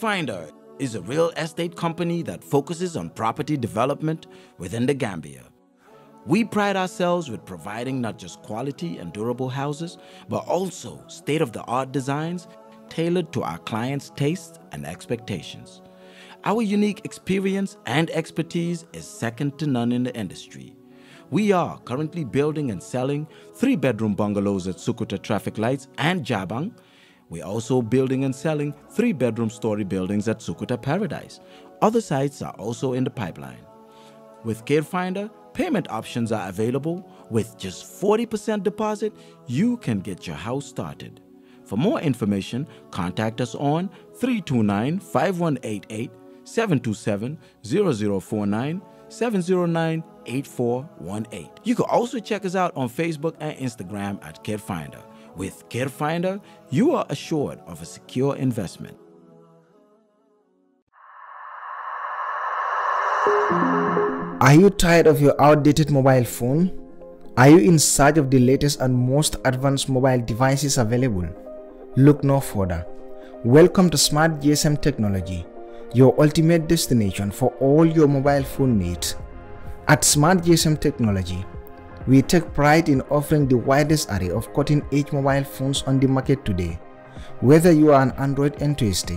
Finder is a real estate company that focuses on property development within the Gambia. We pride ourselves with providing not just quality and durable houses, but also state-of-the-art designs tailored to our clients' tastes and expectations. Our unique experience and expertise is second to none in the industry. We are currently building and selling three-bedroom bungalows at Sukuta Traffic Lights and Jabang, we're also building and selling three bedroom story buildings at Sukuta Paradise. Other sites are also in the pipeline. With CareFinder, payment options are available. With just 40% deposit, you can get your house started. For more information, contact us on 329 5188 727 0049 709 8418. You can also check us out on Facebook and Instagram at CareFinder. With CareFinder, you are assured of a secure investment. Are you tired of your outdated mobile phone? Are you in search of the latest and most advanced mobile devices available? Look no further. Welcome to Smart GSM Technology, your ultimate destination for all your mobile phone needs. At Smart GSM Technology, we take pride in offering the widest array of cutting-edge mobile phones on the market today. Whether you are an Android enthusiast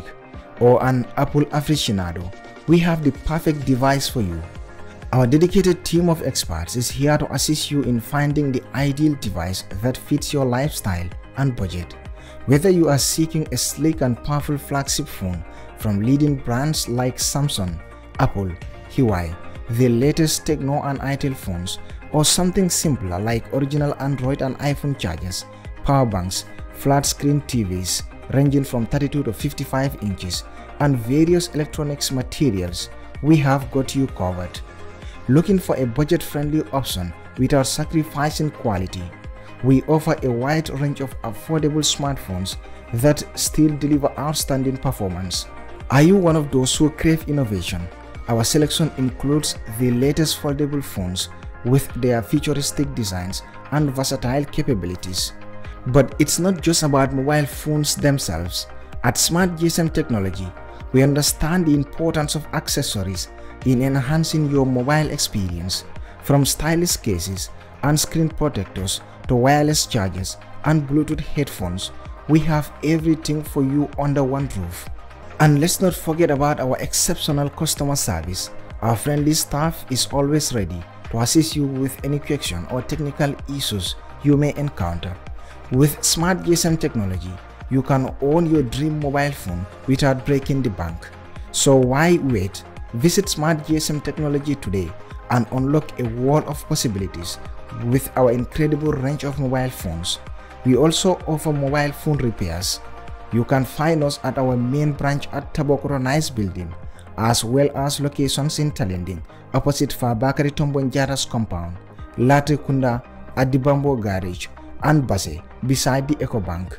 or an Apple aficionado, we have the perfect device for you. Our dedicated team of experts is here to assist you in finding the ideal device that fits your lifestyle and budget. Whether you are seeking a sleek and powerful flagship phone from leading brands like Samsung, Apple, Huawei, the latest Techno and ITIL phones or something simpler like original Android and iPhone chargers, power banks, flat screen TVs ranging from 32 to 55 inches and various electronics materials, we have got you covered. Looking for a budget-friendly option without sacrificing quality, we offer a wide range of affordable smartphones that still deliver outstanding performance. Are you one of those who crave innovation? Our selection includes the latest foldable phones with their futuristic designs and versatile capabilities. But it's not just about mobile phones themselves. At Smart GSM Technology, we understand the importance of accessories in enhancing your mobile experience, from stylish cases and screen protectors to wireless chargers and Bluetooth headphones, we have everything for you under one roof. And let's not forget about our exceptional customer service. Our friendly staff is always ready to assist you with any question or technical issues you may encounter. With smart GSM technology, you can own your dream mobile phone without breaking the bank. So why wait? Visit Smart GSM Technology today and unlock a world of possibilities with our incredible range of mobile phones. We also offer mobile phone repairs. You can find us at our main branch at Tabokoro Nice Building as well as locations in Talending, opposite Fabakari Tombonjara's compound, Late Kunda at the Bamboo Garage, and Base beside the EcoBank.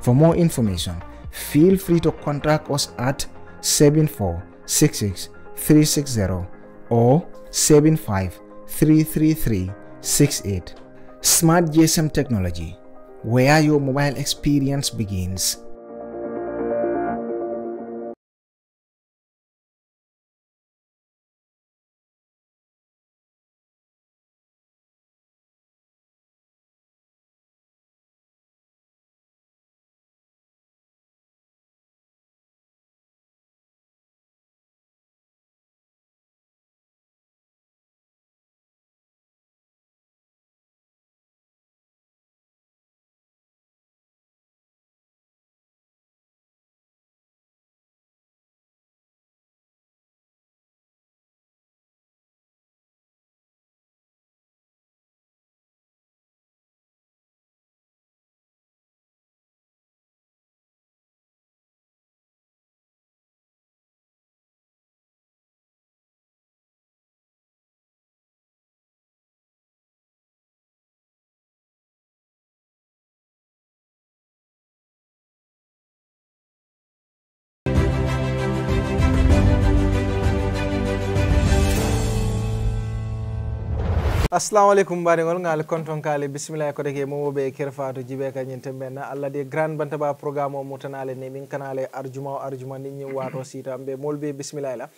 For more information, feel free to contact us at 7466360 or 7533368. Smart GSM technology, where your mobile experience begins. assalamu aleykum mbanigol ngal konton kaali bisimilla ko deke momoɓe kerfato jibe tembe na allah de grande bantaba programme o mutanale ne min kanale arjuma arjuma ninñin wato siita be molɓe Bismillah la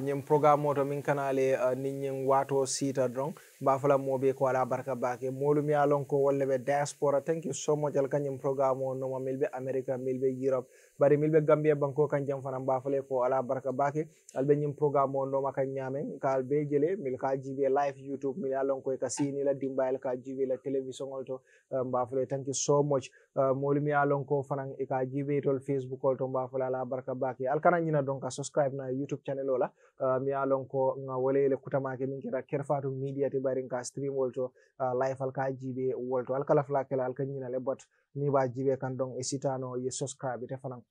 ñin uh, programme o to min kanale uh, ninñin wato siita donc mbafala moɓe ko ala barka bake molum ya lon ko wolle diaspora thank you so much al kañum programme o noma milɓe américa milɓe europe bari milɓe gambia banko kanjam fana mbafale ko ala barka bake alɓe ñim programme o ndoma kan ñamen ka alɓe jele mil ka jibe live youtube mil alon koy ka la dimbayel ka jibe la télévision ol to euh, mbafale tanki so much euh, molumi alon ko fanan e ka jibe tol facebook ol mbafale ala barka bake alkana ñina donc a subscribe na youtube channel ola euh, mi alon ko nga wolele kutamake min kira kerfatu media te bari ka stream wol live al jibe wol alkala flakela alka ñina le bot ni ba jibe kan donc e sitano ye subscribe te fanan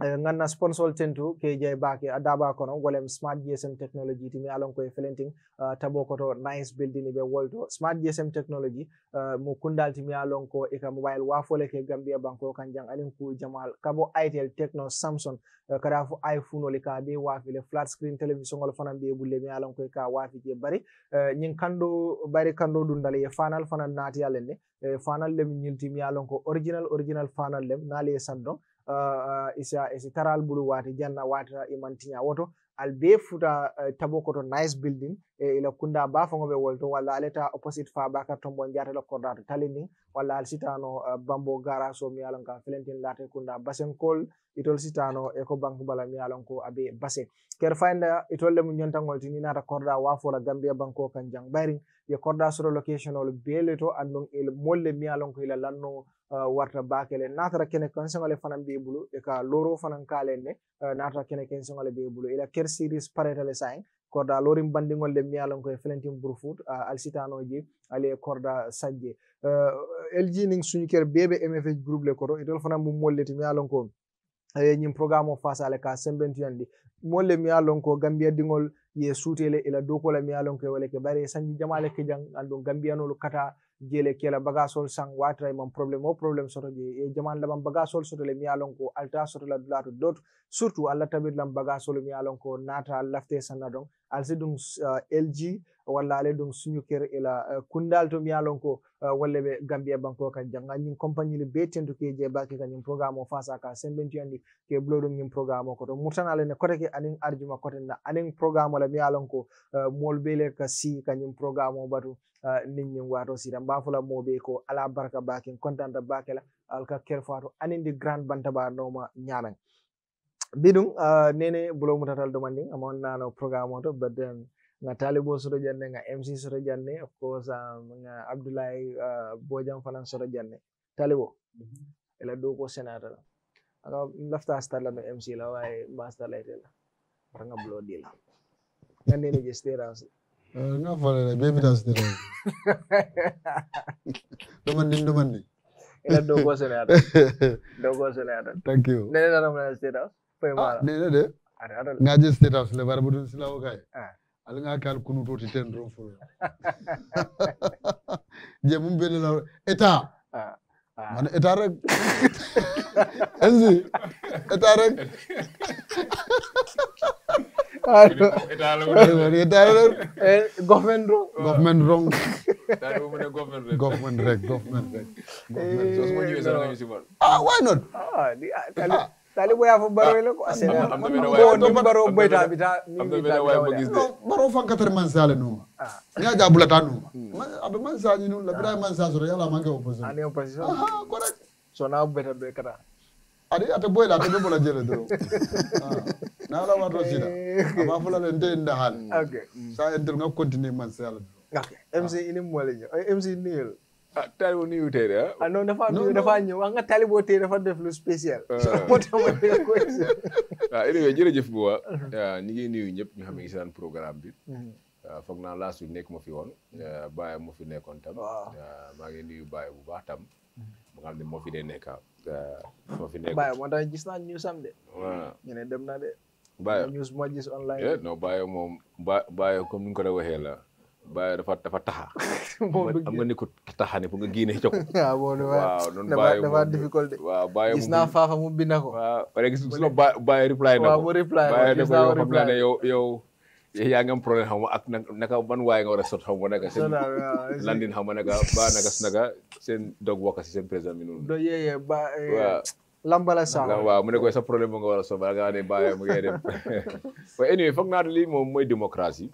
Eh, ganna sponsor tentu ke jay bake adaba kono golem smart gsm technology timi alon koye felenting uh, eh, tabo koto nice building be woldo smart gsm technology uh, mo kundal timi alon ko e ka mobile wafole ke gambia banko kanjang alin ku jamal kabo itel techno samsung uh, kada fu iphone le ka be wafile flat screen television gol fanan be bulle mi alon koye ka wafi ke bari uh, nyin kando bari kando dundal ye fanal fanan nati alenne uh, fanal lem nyilti mi alon ko original original fanal lem nali sandon Uh, uh, isa isi taral bulu wati janna watira imantiña woto al be futa uh, tabo koto nice building e ila kunda ba fango be wolto walla aleta opposite fa baka tombo njata la kordato talini walla al sitano bambo gara so mi alon ka felentin late kunda basen kol itol sitano e bank bala mi alon ko abe base ker fayna itol le mun nyanta ngol nata korda wa fola gambia banko kan jang ye korda soro location ol beleto andon il molle mi alon ko ila lanno warta bakele natara kene kansiŋole fanaŋ be bulu e ka loro fanaŋ kalen ne uh, eh, natara kene kensiŋole be bulu ila ker series paretale sayin korda lorin bandiŋol le miya lon koye felentin burfut eh, alsitanoji ali e korda sajje uh, eh, lg niŋ suñuker bebe mfh groupe le koto itol fanaŋ mum molleti miya ko e ñin programme o fasale ka sembentuyandi molle miya ko gambia diŋol ye suutele ila dokole miya ko wele ke bari sanji jamale ke jaŋ andum gambiyanolu kata jele kela bagasol sang watra imam problem o problem soto je e jaman laban bagasol soto le miyalon ko alta soto la dulato dot surtout alla tabir lam bagasol miyalon ko nata lafte sanna don alsidum uh, lg walla alay ɗum suñukir ila eh, kundal to mi yalon ko eh, walla ɓe gambia banko kan jang ñin compagnie le be tentukeje bake kañum programme o fasa ka sembentu andi ke ɓlo ɗum ñin programme o koto mutanalene koteke anin arjuma kotenna anin programme ola mi yalon ko eh, mol ka si kañum programme o batu nin wato ko ala barka bakin contanta alka kerfato anindi grande bantaba noma ma bidum uh, nene bulo mutatal domandin amon nano programme to but then nga talibo soro janne nga mc soro janne of course um, nga abdullahi uh, bojang falan soro janne talibo mm -hmm. ila do ko senator la aga lafta star la no mc la way master la la nga blo di eh, la nga ne ni gestera nga fala la be mi tas de do man din do man ni ila do ko senator do ko senator thank you ne ne na na state house pe ah, mala ne ne de ngaji state house le bar budun silawo kay ah alanga kal kunuto ti ten ro fo je mum bele la eta ah, ah. man eta rek enzi eta rek eta rek eh, government wrong ah. government wrong government rek government rek government so so you Sali Boye a fɔ Baro ye la quoi. Ah, am na benn waay boo ni Baro Boyita bi taa. am na benn waay boo gis de Baro fan ka tari man sa le nu ma. n'i y'a jaa bulata nu ma. a bɛ man yala a man kɛ opposition. ani opposition. correct. sɔnna bɛɛ tɛ bɛɛ a la a tɛ bɛ bɔla jɛlɛ dɔrɔn. n'ala wa dɔ sida a b'a fɔ sa n tɛ n ka continuer man sa la. ok MC i ni mɔlen ye ah Talibou nuyu tey a ah. ah non nuyu dafa ñëw wax nga Talibou tey dafa def lu spécial. Ah. moo tax ma dégg ah, uh-huh. nuyu ñëpp ñu xam ne programme bi. Uh-huh. foog naa last week nekk ma fi woon. Uh-huh. Baye moo fi nekkoon tam. maa ngi nuyu Baye bu baax tam. mu nga xam ne moo fi dee nekk moo fi nekk. Baye ñu ne dem na de. Baye news moo gis eh, moom Baye comme ni nga ko doon waxee la. ba dafa dafa taxa. am nga ni ko taxa ne pour nga génne coko. waaw ah, moom waaw noonu bàyyi dafa difficult de. waaw bàyyi gis naa faafa mu bind ko. waaw pare gis nga bàyyi reply na ko. waaw mu reply gis naa ko reply yow yow. yaa ngi am problème xam nga naka ban waaye nga war a sot xam nga seen landin xam nga naka ba seen dog waka seen président bi noonu. do yeye ba. Eh, waaw. lambala sax waaw mu ne ko sa problème bu nga war a sobal nga ne bàyyi ne moom mooy démocratie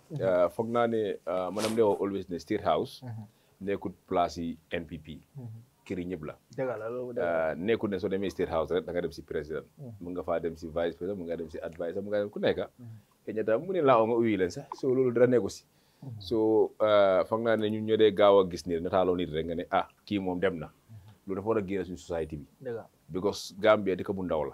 foog naa ne mhm. uh, uh, maanaam ne woo always ne state house mhm. nekkut place yi NPP mhm. kër yi ñëpp la uh, nekkut ne soo demee state house rek da nga dem si président mun nga faa dem si vice président mun nga dem si advisor mun nga dem ne laa oo nga uyi leen sax so loolu dara nekku si so foog naa ne ñu ñoo dee gaaw a gis nii nataaloo nit rek nga ne ah kii moom dem na loolu dafa war a génn suñu société because Gambia di kabunda ndaw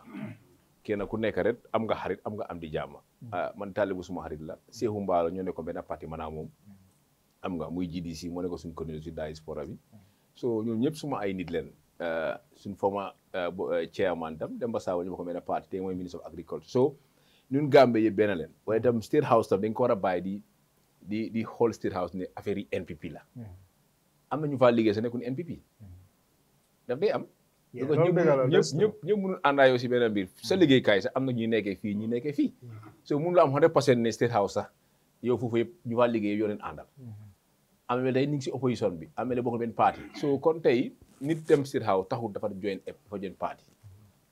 kena kune ku nekk rek am nga xarit am nga am di jàmm ah, man taalibu suma xarit la Seexu mm. Mbaalo ñoo ne ko benn parti mana mum? Mm. am nga muy GDC moo ne ko suñ communauté diaspora bi mm. so ñoom ñëpp suma ay nit leen ah, suñ former ah, chairman tam Demba dam ñu ko benn parti te mooy ministre of agriculture so ñun gambe ye benalen. len waaye tam state house tam dañ ko bai di di di whole state house ni affaire NPP la am na fa faa liggéey sa NPP daf day am ñëpp ñëpp ñëpp mënul àndaayoo si benn biir sa hmm. liggéeykaay sax am na ñuy nekkee fii ñuy nekkee fii hmm. so sax yow foofu yëpp ñu faa liggéey yoo leen àndal hmm. amee day ñu ngi si opposition bi amee la bokk benn parti so kon tey nit dem state house taxul dafa join ep dafa join parti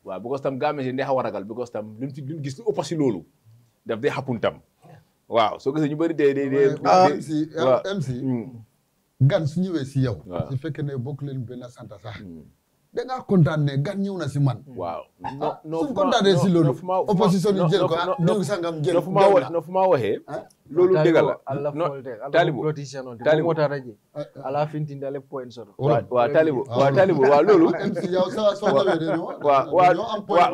waaw because tam gaa mesi ne xaw a ragal because tam lu ci lu gis lu ëpp si loolu daf day xappun tam waaw soo gisee ñu bëri dee dee dee ah, MC MC gan si ñëwee si yow su fekkee ne bokk leen benn santa sax da ngaa kontaan ne gan ñëw na si man. waaw non ah, non su kontaanee si loolu. opposition ñu jël ko ah sangam jël. na fu ma waxee. Ah. loolu dëgg la no taalibu taalibu ala fintinde ale point soto waaw taalibu waaw taalibu ah, ah. waaw loolu waaw waaw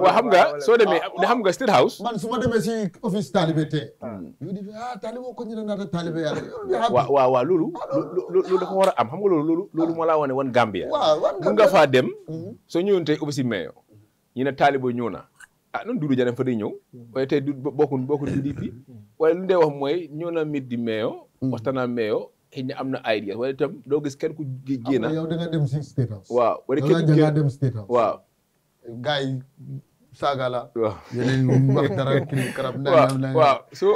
waaw xam nga ah, soo demee da xam ga state house man su demee si office taalibe ko ñu naata waaw waaw waaw loolu loolu war am xam nga loolu loolu loolu moo laa wane wan Gambia mun nga faa dem mm-hmm. soo ñëwoon tey office mayo ñu ne taalibu ñëw na ah noonu Doudou Diané fa day ñëw. Mm. waaye tey du bokkul bokkul UDP. Mm. waaye wax mooy ñëw na mit di meeyoo. Mm. waxtaanaa meeyoo xëy na am na ay ideas wala itam doo gis kenn ku génn. yow da nga dem si state house. waaw wala kenn ku waaw saaga la. waaw yeneen wax dara kii karab. Eh, dafa xew.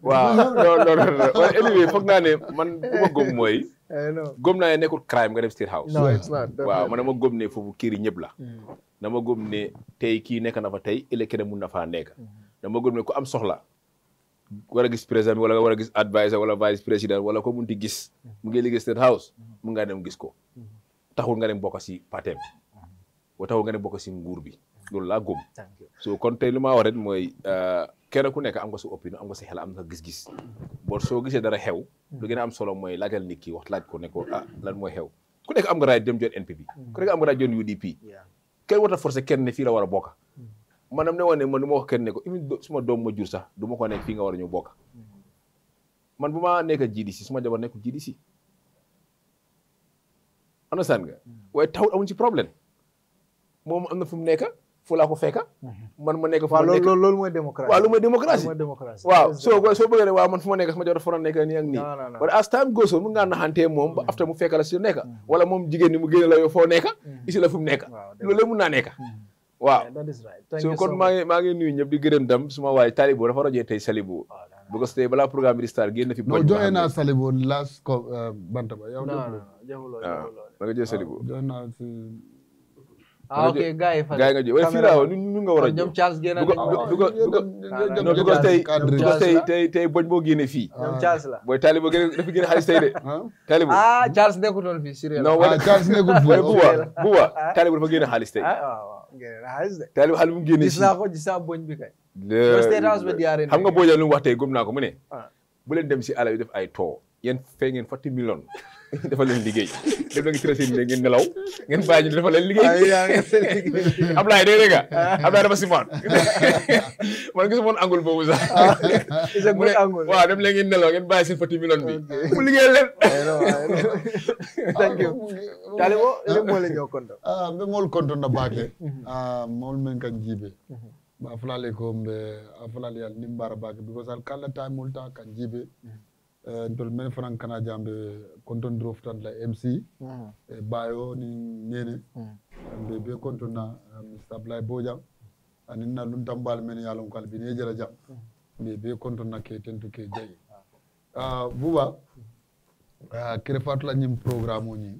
waaw non anyway foog naa man bu mooy. gëm naa ne nekkul crime nga def state house. waaw man dama gëm ne foofu kii ñëpp la. Mm. dama gëm ne tey kii nekk na fa tey ëllëg kenn mun na faa nekk. Mm-hmm. dama gëm ne ku am soxla. war gis président bi wala war a gis advisor wala vice président wala ko mun ti gis. mu ngi liggéey state house. Mm-hmm. mun ngaa dem gis ko. Mm-hmm. taxul nga dem bokk si parteem wo taw nga ne bokk si nguur bi so kon tay luma waret moy euh kene ku nek am nga sa opinion am nga sa xel am nga gis-gis bo so gisse dara xew lu gene am solo moy laajal nit ki wax laj ko ne ko ah lan moy xew ku nek am nga ray dem jot NPP ku nek am nga ray jot UDP kenn wata forcé forcer kenn ne fii la wara a bokk hmm. maanaam ne woné man domo wax kenn ne ko suma dom ma jur sax duma ko nek fi nga wara ñu bokk man buma nek GDC suma jabar nek GDC understand nga hmm. way taw amu ci problème moom am na fu mu nekk fu laa ko fekk. Mhm. man ma nekk fu ma nekk waaw loolu mooy démocratie. waaw loolu soo bëggee ne waaw man ma a faral nekk nii ak nii. waaw as time goes on mun ngaa naxantee moom ba mm-hmm. after mu fekk la si nekk. Mm-hmm. wala moom jigéen ñi mu génne la yow mm-hmm. naa nekk. waaw so ñëpp di gërëm dam suma waay Talibo dafa rajee tey Salibo oh, because tey balaa programme bi di start génn fi no joxe naa Salibo last euh, banta ba yow déglu joxuloo joxuloo ah, ah ok gars yi fan gars yi nga ji wala fii nga war a ñoom Charles génn nañu du ko du ko du ko tey du tey tey boñ boo génne fii. Ah. ñoom la booy Talibo génne dafa génne xaalis tey de. Ah. Talibo ah Charles fii sérieux non wa bu wa Talibo dafa génne xaalis tey. ah, ah waaw génne na xaalis de. Talibo xaalis bu mu boñ bi kay. xam nga boo jëlee wax tey gëm naa ko mu ne. bu leen dem si àll bi def ay to yéen fay ngeen fatti million dafa leen liggéey def la nga tiré seen ngeen nelaw ngeen bàyyi ñu dafa leen liggéey Ablaye dee dégg nga Ablaye dafa man gis moon angul boobu sax ah, dem leen ngeen nelaw ngeen bàyyi seen fati million bi mu liggéey leen thank you ñoo konto ah be konto na baake mm-hmm. ah mol men kan jibe mm-hmm. ba fulale ko mbe afulale yal nimbara baake because al kala time multa kan jibe mm-hmm. Eh, ntol men fanan kana jambe konton drof tan la mc hmm. e eh, bayo ni nene hmm. be be konton na eh, mr blay bojam anin na lun tambal men yalon kal bine jara jam be hmm. be konton na ke tentu ke jayi ah buba ah, kere fatu la nyim programme ni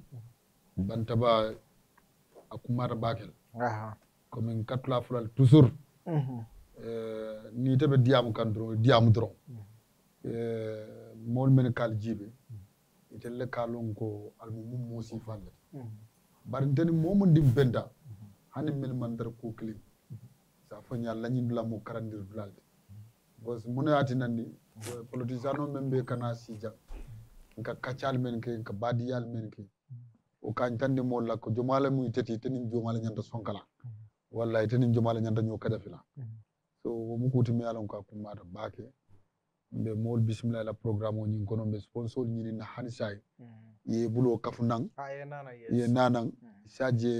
banta ba akumar bakel comme en katula fulal toujours ni tebe diamu kan dron diamu dron euh moolu mene kaali jiibe itelu le ka lon ko alimumu moo siifaa le bari nteni moo mun dim benta hani mene mantara kuu kiliŋ sa fo ñaa lañin dula mu karandiri dulal de parce mun ye ati nandi politicien o meŋ be kana siija nka kaccaali men ke nka baadiyaali men ke o ka moolu la ko jomaale mu iteti iteniŋ jomaale ñanta sonkala walla iteniŋ jomaale ñanta ñoo kadafila so wo mu kuutimi ko a kummaata baake mbe mool bisimilahi la programme o ñin kono mbe sponsor ñinin na hani sayi mm-hmm. ye bulo kafu nang ye nanang saje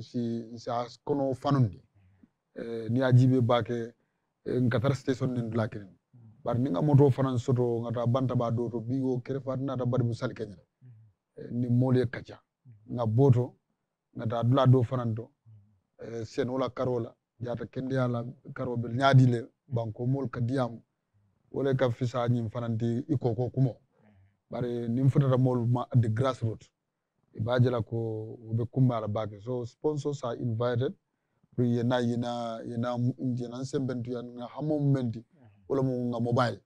si sa kono fanundi eh, ni ajibe bake eh, nkatar station nin dula kinin mm-hmm. bar ni nga moto fanan soto ngata banta ba do bigo kerefa na ta bari musal kenya mm-hmm. eh, ni mool ye kacha nga boto ngata dula do fanan to sen wala karola jata kende yala karobel nyaadi le banko mool ka wala ka fisa ñiŋ fananti iko ko kumo bari niŋ futata mol ma at the grassroot i be je ko be kumba la baake so sponsors are invited pour yena yena yena yena sembentu yan nga hamo menti wala mo nga mobile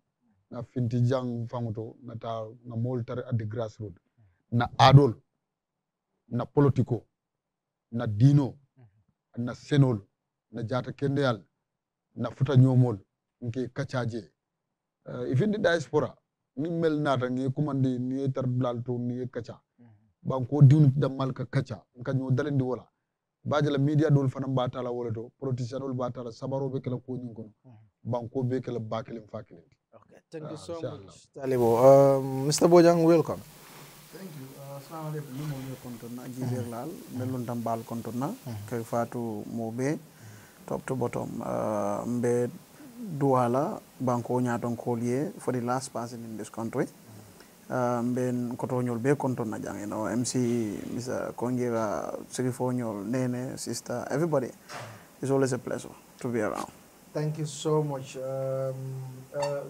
na finti jang fangoto nga ta nga moolu tari at the grassroot na adol na politico na dino na senol na jata kendeal na futa ñomol nke kachaje ifindi diaspora ni mel nata ngi commande ni tar dulal to ni kacha ban ko diwni da ka kacha kanyo dalendi wala bajala media dol fana batala wala to politician dol batala sabaro be kala ko nyin kono ban ko be kala bakelim fakelim okay thank you so much talibo mr bojang welcome thank you assalamu alaikum ni mo yo kontona jiber lal melon dambal kontona kay fatu mo be top to bottom uh, mbe duwala banko ñaton kolie for the last person in this country mben um, kotoñol be konton na jang mc mr kongira sirifoñol nene sister everybody it's always a pleasure to thank you so much um uh,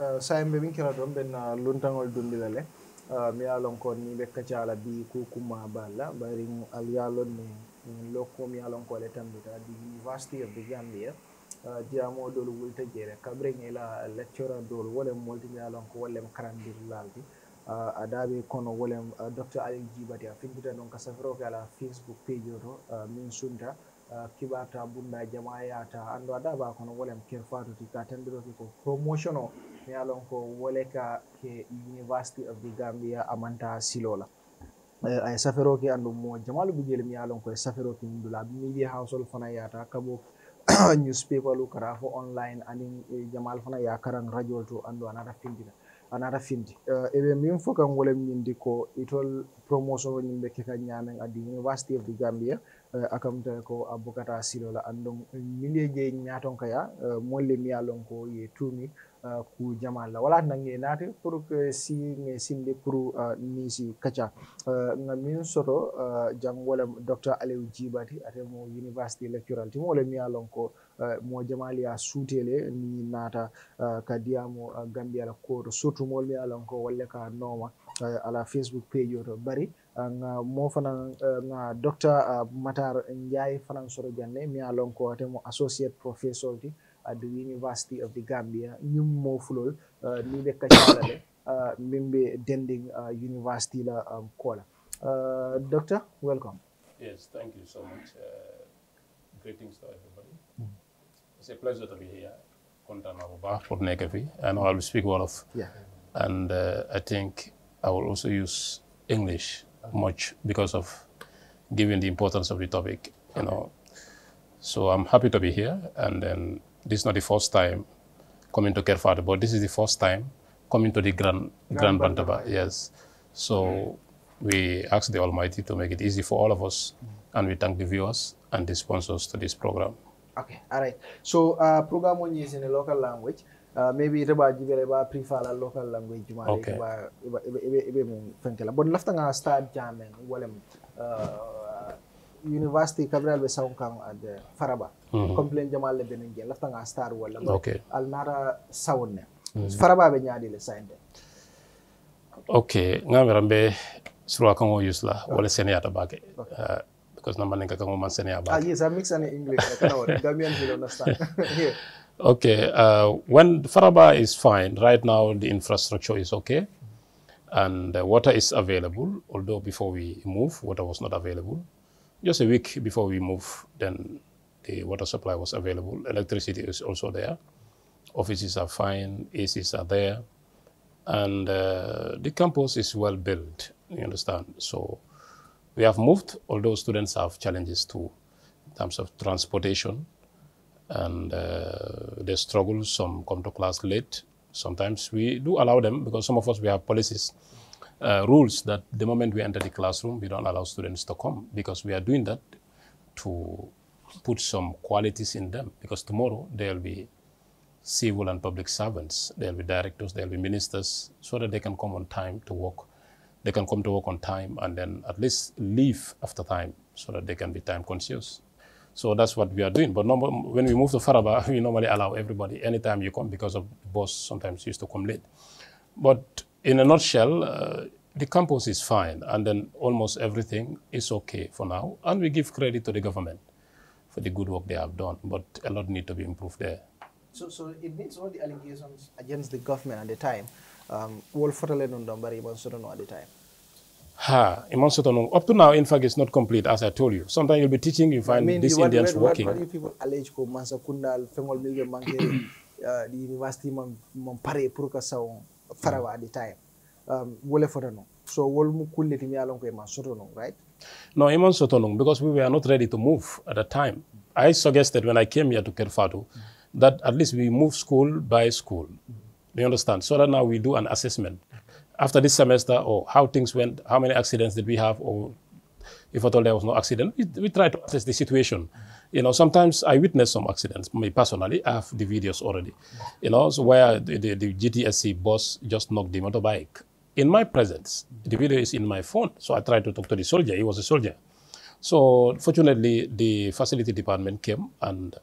uh sayembe min kira don ben uh, luntangol dundilale uh, mi yalon ko ni be kacala bi ko kuma bari al yalon ne lokko tambita di university of the jeyamo ɗol wulta jeere kabre ngela lecturer wole wolem moltiñalon ko wollem karandirlaldi a daaɓe kono wole docteur aliou djibati a findita ɗon ka safiro ala facebook page o to min sunta kibarta bunda jama yata anndu a daaɓa kono wole ker fatuti ka tandiroke promotion o mi ko wole ka ke university of the gambia amanta silola ay safiro ke andu mo jamalu bujel mi alon koye safiro ke ndula media household fana yata kabo newspaper lu kara fo online anin e, jamal fana ya karan radio to ando anata findina anata findi uh, eh, eɓe min fo kan wolem ñindi ko itol promotion o be keka ñamen adi university of the gambia uh, eh, akamta ko abokata silola andon milie eh, jeyi ñaton kaya uh, molle miya lon ko ye tumi uh, ku jama la wala nange nati pour que si nge sinde pour euh, nisi kacha euh, nga min soto uh, jang wala dr aliou jibati atemo university lecturer timo le mi alon euh, mo jamali sutele ni nata uh, kadiamo uh, gambia la surtout mo mi alon ko wala ka noma uh, ala facebook page to bari nga mo fana nga docteur matar ndiaye fana soro janne mi alon ko atemo associate professor ti at the University of the Gambia New mo fulol uh, ni be ka chalale mimbe dending uh, university la um, kola uh, doctor welcome yes thank you so much uh, greetings to everybody mm it's a pleasure to be here kontaan naa bu baax pour and I will speak Wolof yeah. and uh, I think I will also use English okay. much because of giving the importance of the topic you okay. know so I'm happy to be here and then this is not the first time coming to Kerfado, but this is the first time coming to the Grand, Grand, Grand Bantaba. Bantaba. Yes. So mm. we ask the Almighty to make it easy for all of us, mm. and we thank the viewers and the sponsors to this program. Okay, all right. So uh, program one is in a local language. Uh, maybe reba jibe reba prefer a local language juma okay. reba reba reba But lafta nga start German university kabral be sound kan ad uh, faraba mm-hmm. complain jamal le benen gel lafta nga star mm-hmm. eh? wala okay. al nara sawne faraba be nyaadi le sainde okay ngamira be sura kan o yusla wala seniyata baake because number ninka kan o man seniya baake ah yes i ah, mix an english kana wala gambian will understand Okay, uh, when Faraba is fine, right now the infrastructure is okay mm-hmm. and uh, water is available, although before we move, water was not available just a week before we move, then the water supply was available. Electricity is also there. Offices are fine. ACs are there. And uh, the campus is well built, you understand? So we have moved, although students have challenges too in terms of transportation. And uh, they struggle. Some come to class late. Sometimes we do allow them because some of us, we have policies uh, rules that the moment we enter the classroom, we don't allow students to come because we are doing that to put some qualities in them because tomorrow they'll be civil and public servants, they'll be directors, they'll be ministers, so that they can come on time to work. They can come to work on time and then at least leave after time so that they can be time conscious. So that's what we are doing. But when we move to Faraba, we normally allow everybody anytime you come because of the boss sometimes used to come late. But in a nutshell, uh, the campus is fine, and then almost everything is okay for now. And we give credit to the government for the good work they have done, but a lot need to be improved there. So, so it means all the allegations against the government at the time um, were fortaled on Dombari Imonsotono at the time? Ha, Imonsotono. Up to now, in fact, it's not complete, as I told you. Sometimes you'll be teaching, you find I mean, these Indians working. What, people allege Mansa Kundal, Fengol Milge uh, the university man, man pare farawa at the time um, wole fotono so wolmu kulliti ñalon ko e ma sotono right no iman sotono because we not ready to move at the time i suggested when i came here to kerfatu that at least we move school by school mm understand so that now we do an assessment after this semester or how things went how many accidents did we have or if at all there was no accident we, we to assess the situation You know, sometimes I witness some accidents. Me personally, I have the videos already. You know, so where the, the, the GTSC boss just knocked the motorbike in my presence. The video is in my phone. So I tried to talk to the soldier. He was a soldier. So fortunately, the facility department came and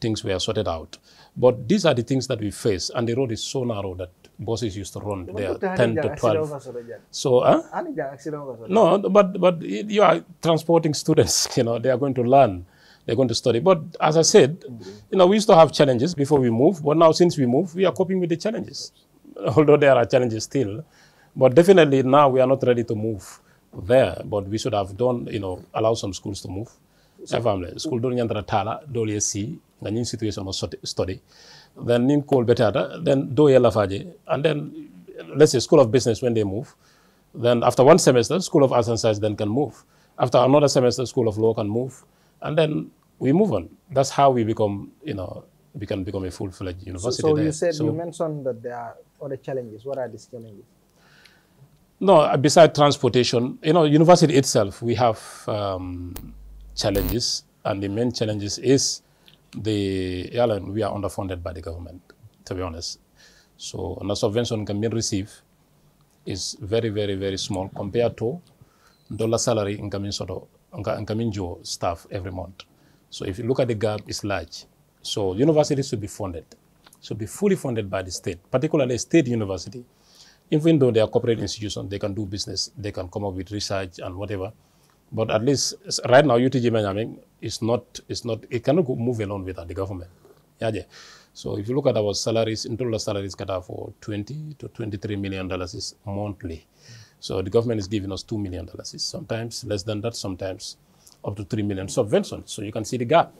things were sorted out. But these are the things that we face, and the road is so narrow that buses used to run there 10 to 12. So, huh? No, but, but you are transporting students, you know, they are going to learn they're going to study. But as I said, you know, we used to have challenges before we move. but now since we move, we are coping with the challenges, although there are challenges still. But definitely now we are not ready to move there, but we should have done, you know, allow some schools to move. family um, school dol ñantata taala tala do si nga ñin situation of study then nin kool betata then do ye lafaje and then let's say school of business when they move then after one semester school of arts and science then can move after another semester school of law can move and then we move on. That's how we become, you know, we can become a full-fledged university. So, so you said so, you mentioned that there are other challenges. What are these challenges? No, besides transportation, you know, university itself, we have um, challenges, and the main challenges is the airline. We are underfunded by the government, to be honest. So, and the subvention can be received is very, very, very small compared to dollar salary income sort of. Nkaminjo staff every month. So if you look at the gap, it's large. So universities should be funded, should be fully funded by the state, particularly a state university. Even though they are corporate institutions, they can do business, they can come up with research and whatever. But at least right now, UTG Benjamin is not, it's not, it cannot move along without the government. Yeah, yeah. So if you look at our salaries, in total salaries, for 20 to 23 million dollars is monthly. Mm -hmm. So the government is giving us $2 million. sometimes less than that, sometimes up to 3 million subvention. So you can see the gap.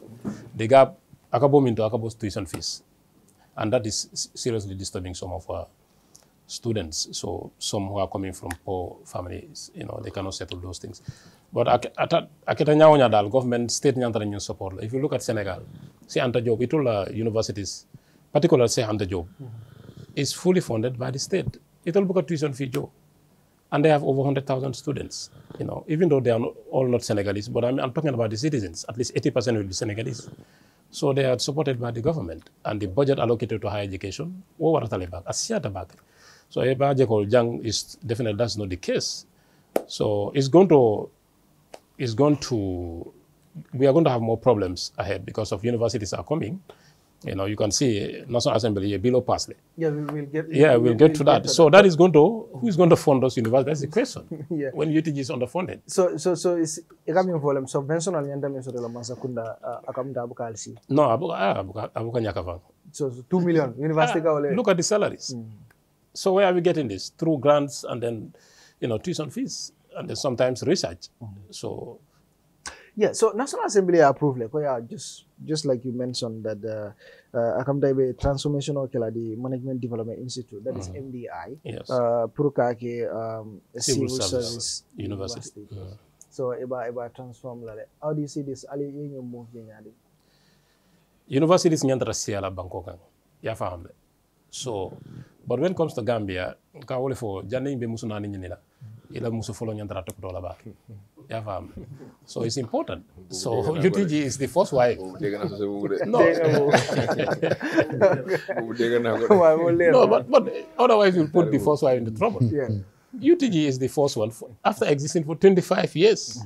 The gap, Akabo into Akabo's tuition fees. And that is seriously disturbing some of our students. So some who are coming from poor families, you know, they cannot settle those things. But aketa nyaonya the government state nyantara support. If you look at Senegal, see Anta Job, it all uh, universities, particularly say Anta Job, mm-hmm. is fully funded by the state. It all book a tuition fee job and they have over 100,000 students, you know, even though they are all not Senegalese, but I'm, I'm, talking about the citizens, at least 80% will be Senegalese. So they are supported by the government and the budget allocated to higher education, over back, So Ebajekol is definitely, that's not the case. So it's going to, it's going to, we are going to have more problems ahead because of universities are coming. You know, you can see National Assembly, below parsley. Yeah, we will get. Yeah, we'll, we'll get to we'll that. Get so that is going to who is going to fund those universities? That's the question. yeah. When UTG is underfunded. So so so it's is ikami volem subvention al yanda min sodela masakunda uh, akamda abuka alsi. No, abuka ah, abuka abuka nyakava. So, so two million ah, university ka Look at the salaries. Mm. So where are we getting this? Through grants and then, you know, tuition fees and then sometimes research. Mm. So Yeah, so National Assembly approved like, yeah, ya, just just like you mentioned that uh, uh, transformation Daibe Transformational the Management Development Institute, that mm -hmm. is MDI, yes. uh, Purukake um, Civil, Civil Service, Service, University. University. Yeah. So eba eba transform like How do you see this? Ali yenyu move yenyadi. Universities nyandra siala banko kan. Ya faham le. So, but when it comes to Gambia, ka wole fo janne be musu nani nyinila. Ila musu folo nyandra to la ba. Yeah, fam. So it's important. So UTG is the first wife. Oh, oh, no. Oh, no, but, but otherwise you'll put the first wife into trouble. Yeah. UTG is the first one for, after existing for 25 years.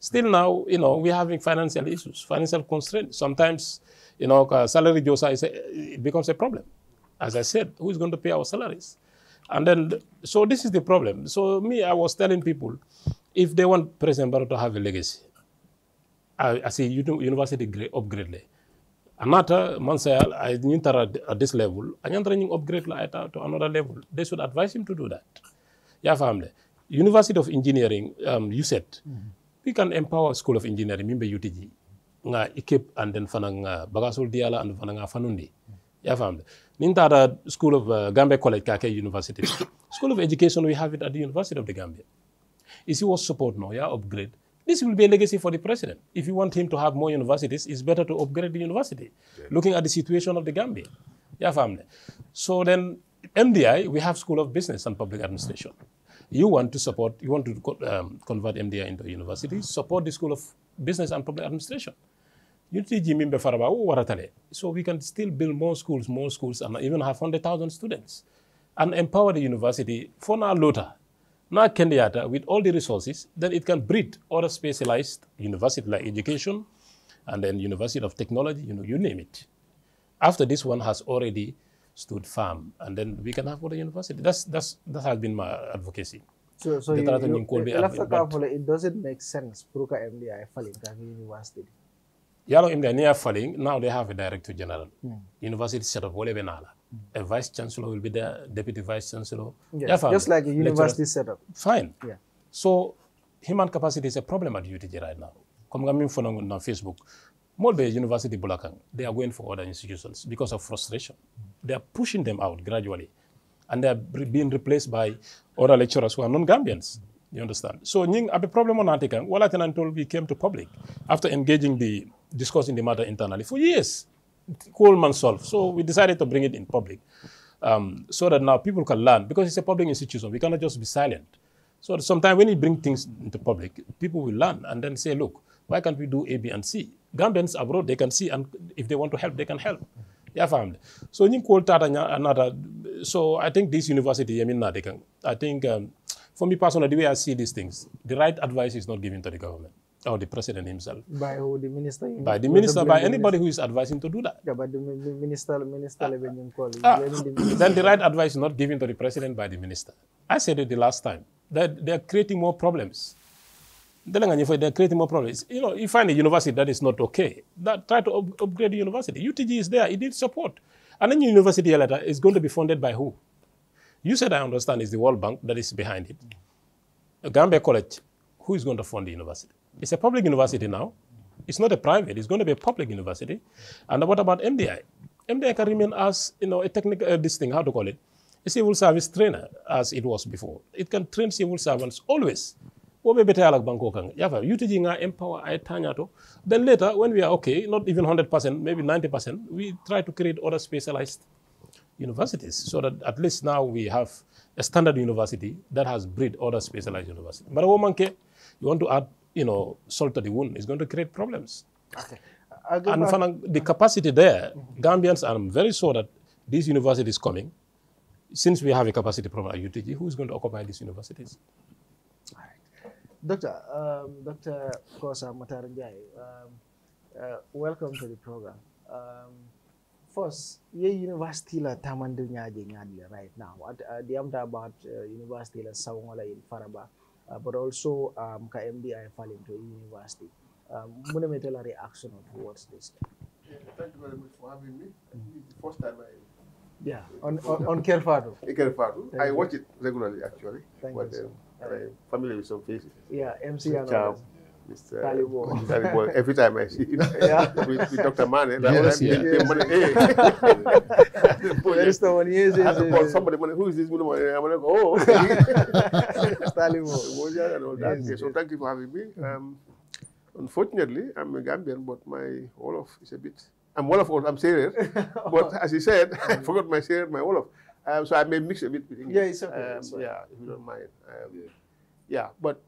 Still now, you know, we're having financial issues, financial constraints. Sometimes, you know, salary josa is a, it becomes a problem. As I said, who is going to pay our salaries? And then, so this is the problem. So me, I was telling people, if they want President Barrow to have a legacy uh, as a university grade, upgrade le anata uh, man say ay ñu tara at this level anyantara ñu upgrade la at to another level they should advise him to do that ya famle university of engineering um, you said mm e -hmm. we can empower school of engineering mimbe UTG nga equip and then fana nga bagasul diala and fana nga fanundi ya famle nin tata school of uh, Gambia college kake university school of education is he was support now? yeah, upgrade. This will be a legacy for the president. If you want him to have more universities, it's better to upgrade the university, yeah. looking at the situation of the Gambia. Yeah, family. So then, MDI, we have School of Business and Public Administration. You want to support, you want to um, convert MDI into a university, support the School of Business and Public Administration. You Faraba, So we can still build more schools, more schools, and even have 100,000 students and empower the university for now later now Kenyatta, with all the resources, then it can breed other specialized university like education and then university of technology, you know, you name it. After this one has already stood firm, and then we can have other university. That's, that's, that has been my advocacy. So, so you, you, you, eh, it doesn't make sense. Pruka MDI falling university. Yalo MDI near falling, now they have a director general. Mm. University set up, whatever a vice chancellor will be there, deputy vice chancellor. Yes. just like a university setup. Fine. Yeah. So human capacity is a problem at UTG right now. Come on Facebook. Molbe University bulakang. they are going for other institutions because of frustration. They are pushing them out gradually. And they are being replaced by other lecturers who are non-Gambians. You understand? So Ning a problem on Antikan, Walatin until we came to public after engaging the discussing the matter internally for years. Coleman solved. So we decided to bring it in public um, so that now people can learn because it's a public institution. We cannot just be silent. So sometimes when you bring things into public, people will learn and then say, look, why can't we do A, B, and C? Gambians abroad, they can see, and if they want to help, they can help. Yeah, family. So you call that another. So I think this university, I mean, they can. I think um, for me personally, the way I see these things, the right advice is not given to the government or the president himself. By who? The minister? By the minister, by anybody who is advising to do that. Yeah, but the minister, minister, uh, when call uh, the minister. then the right advice is not given to the president by the minister. I said it the last time. That they're creating more problems. They're creating more problems. You know, you find a university that is not okay. That, try to up upgrade the university. UTG is there. It needs support. And then university letter is going to be funded by who? You said I understand it's the World Bank that is behind it. Gambia College, who is going to fund the university? It's a public university now. It's not a private. It's going to be a public university. And what about MDI? MDI can remain as you know a technical uh, this thing. How to call it? A civil service trainer, as it was before. It can train civil servants always. empower Then later, when we are okay, not even 100%, maybe 90%, we try to create other specialized universities so that at least now we have a standard university that has bred other specialized universities. But a woman, you want to add you know, salt the wound. It's going to create problems. Okay. And the capacity there, Gambians, I'm very sure that this university is coming. Since we have a capacity problem at UTG, who is going to occupy these universities? Doctor, um, Dr. Kosa Matarangi, um, uh, welcome to the program. Um, first, your university la tamandu nyaje right now. What uh, the about uh, university la Sawangala in Faraba. uh, but also um, ka MBI falling university. Um, Munemetela reaction towards this. Yeah, thank you very mm. time Yeah, on on, on I watch it regularly actually. Thank but, you. So. Um, uh, uh, with some faces. Yeah, MC Mr. Dalibo. Dalibo. Every time I see with, with Dr. Mane, eh, like, yes, yeah. yes. money, hey. That's the one. Yes, yes, yes. Somebody, money, who is this money? I'm going to go, oh, okay. Dalibo. Yes, yes. So thank you for having me. Um, unfortunately, I'm a Gambian, but my Olaf is a bit. I'm Wolof, I'm serious. but as he said, I mm. forgot my serious, my Olaf. Um, so I may mix a bit with English. Yeah, it's okay. Um, Yeah, if you don't mind. Um, yeah. yeah, but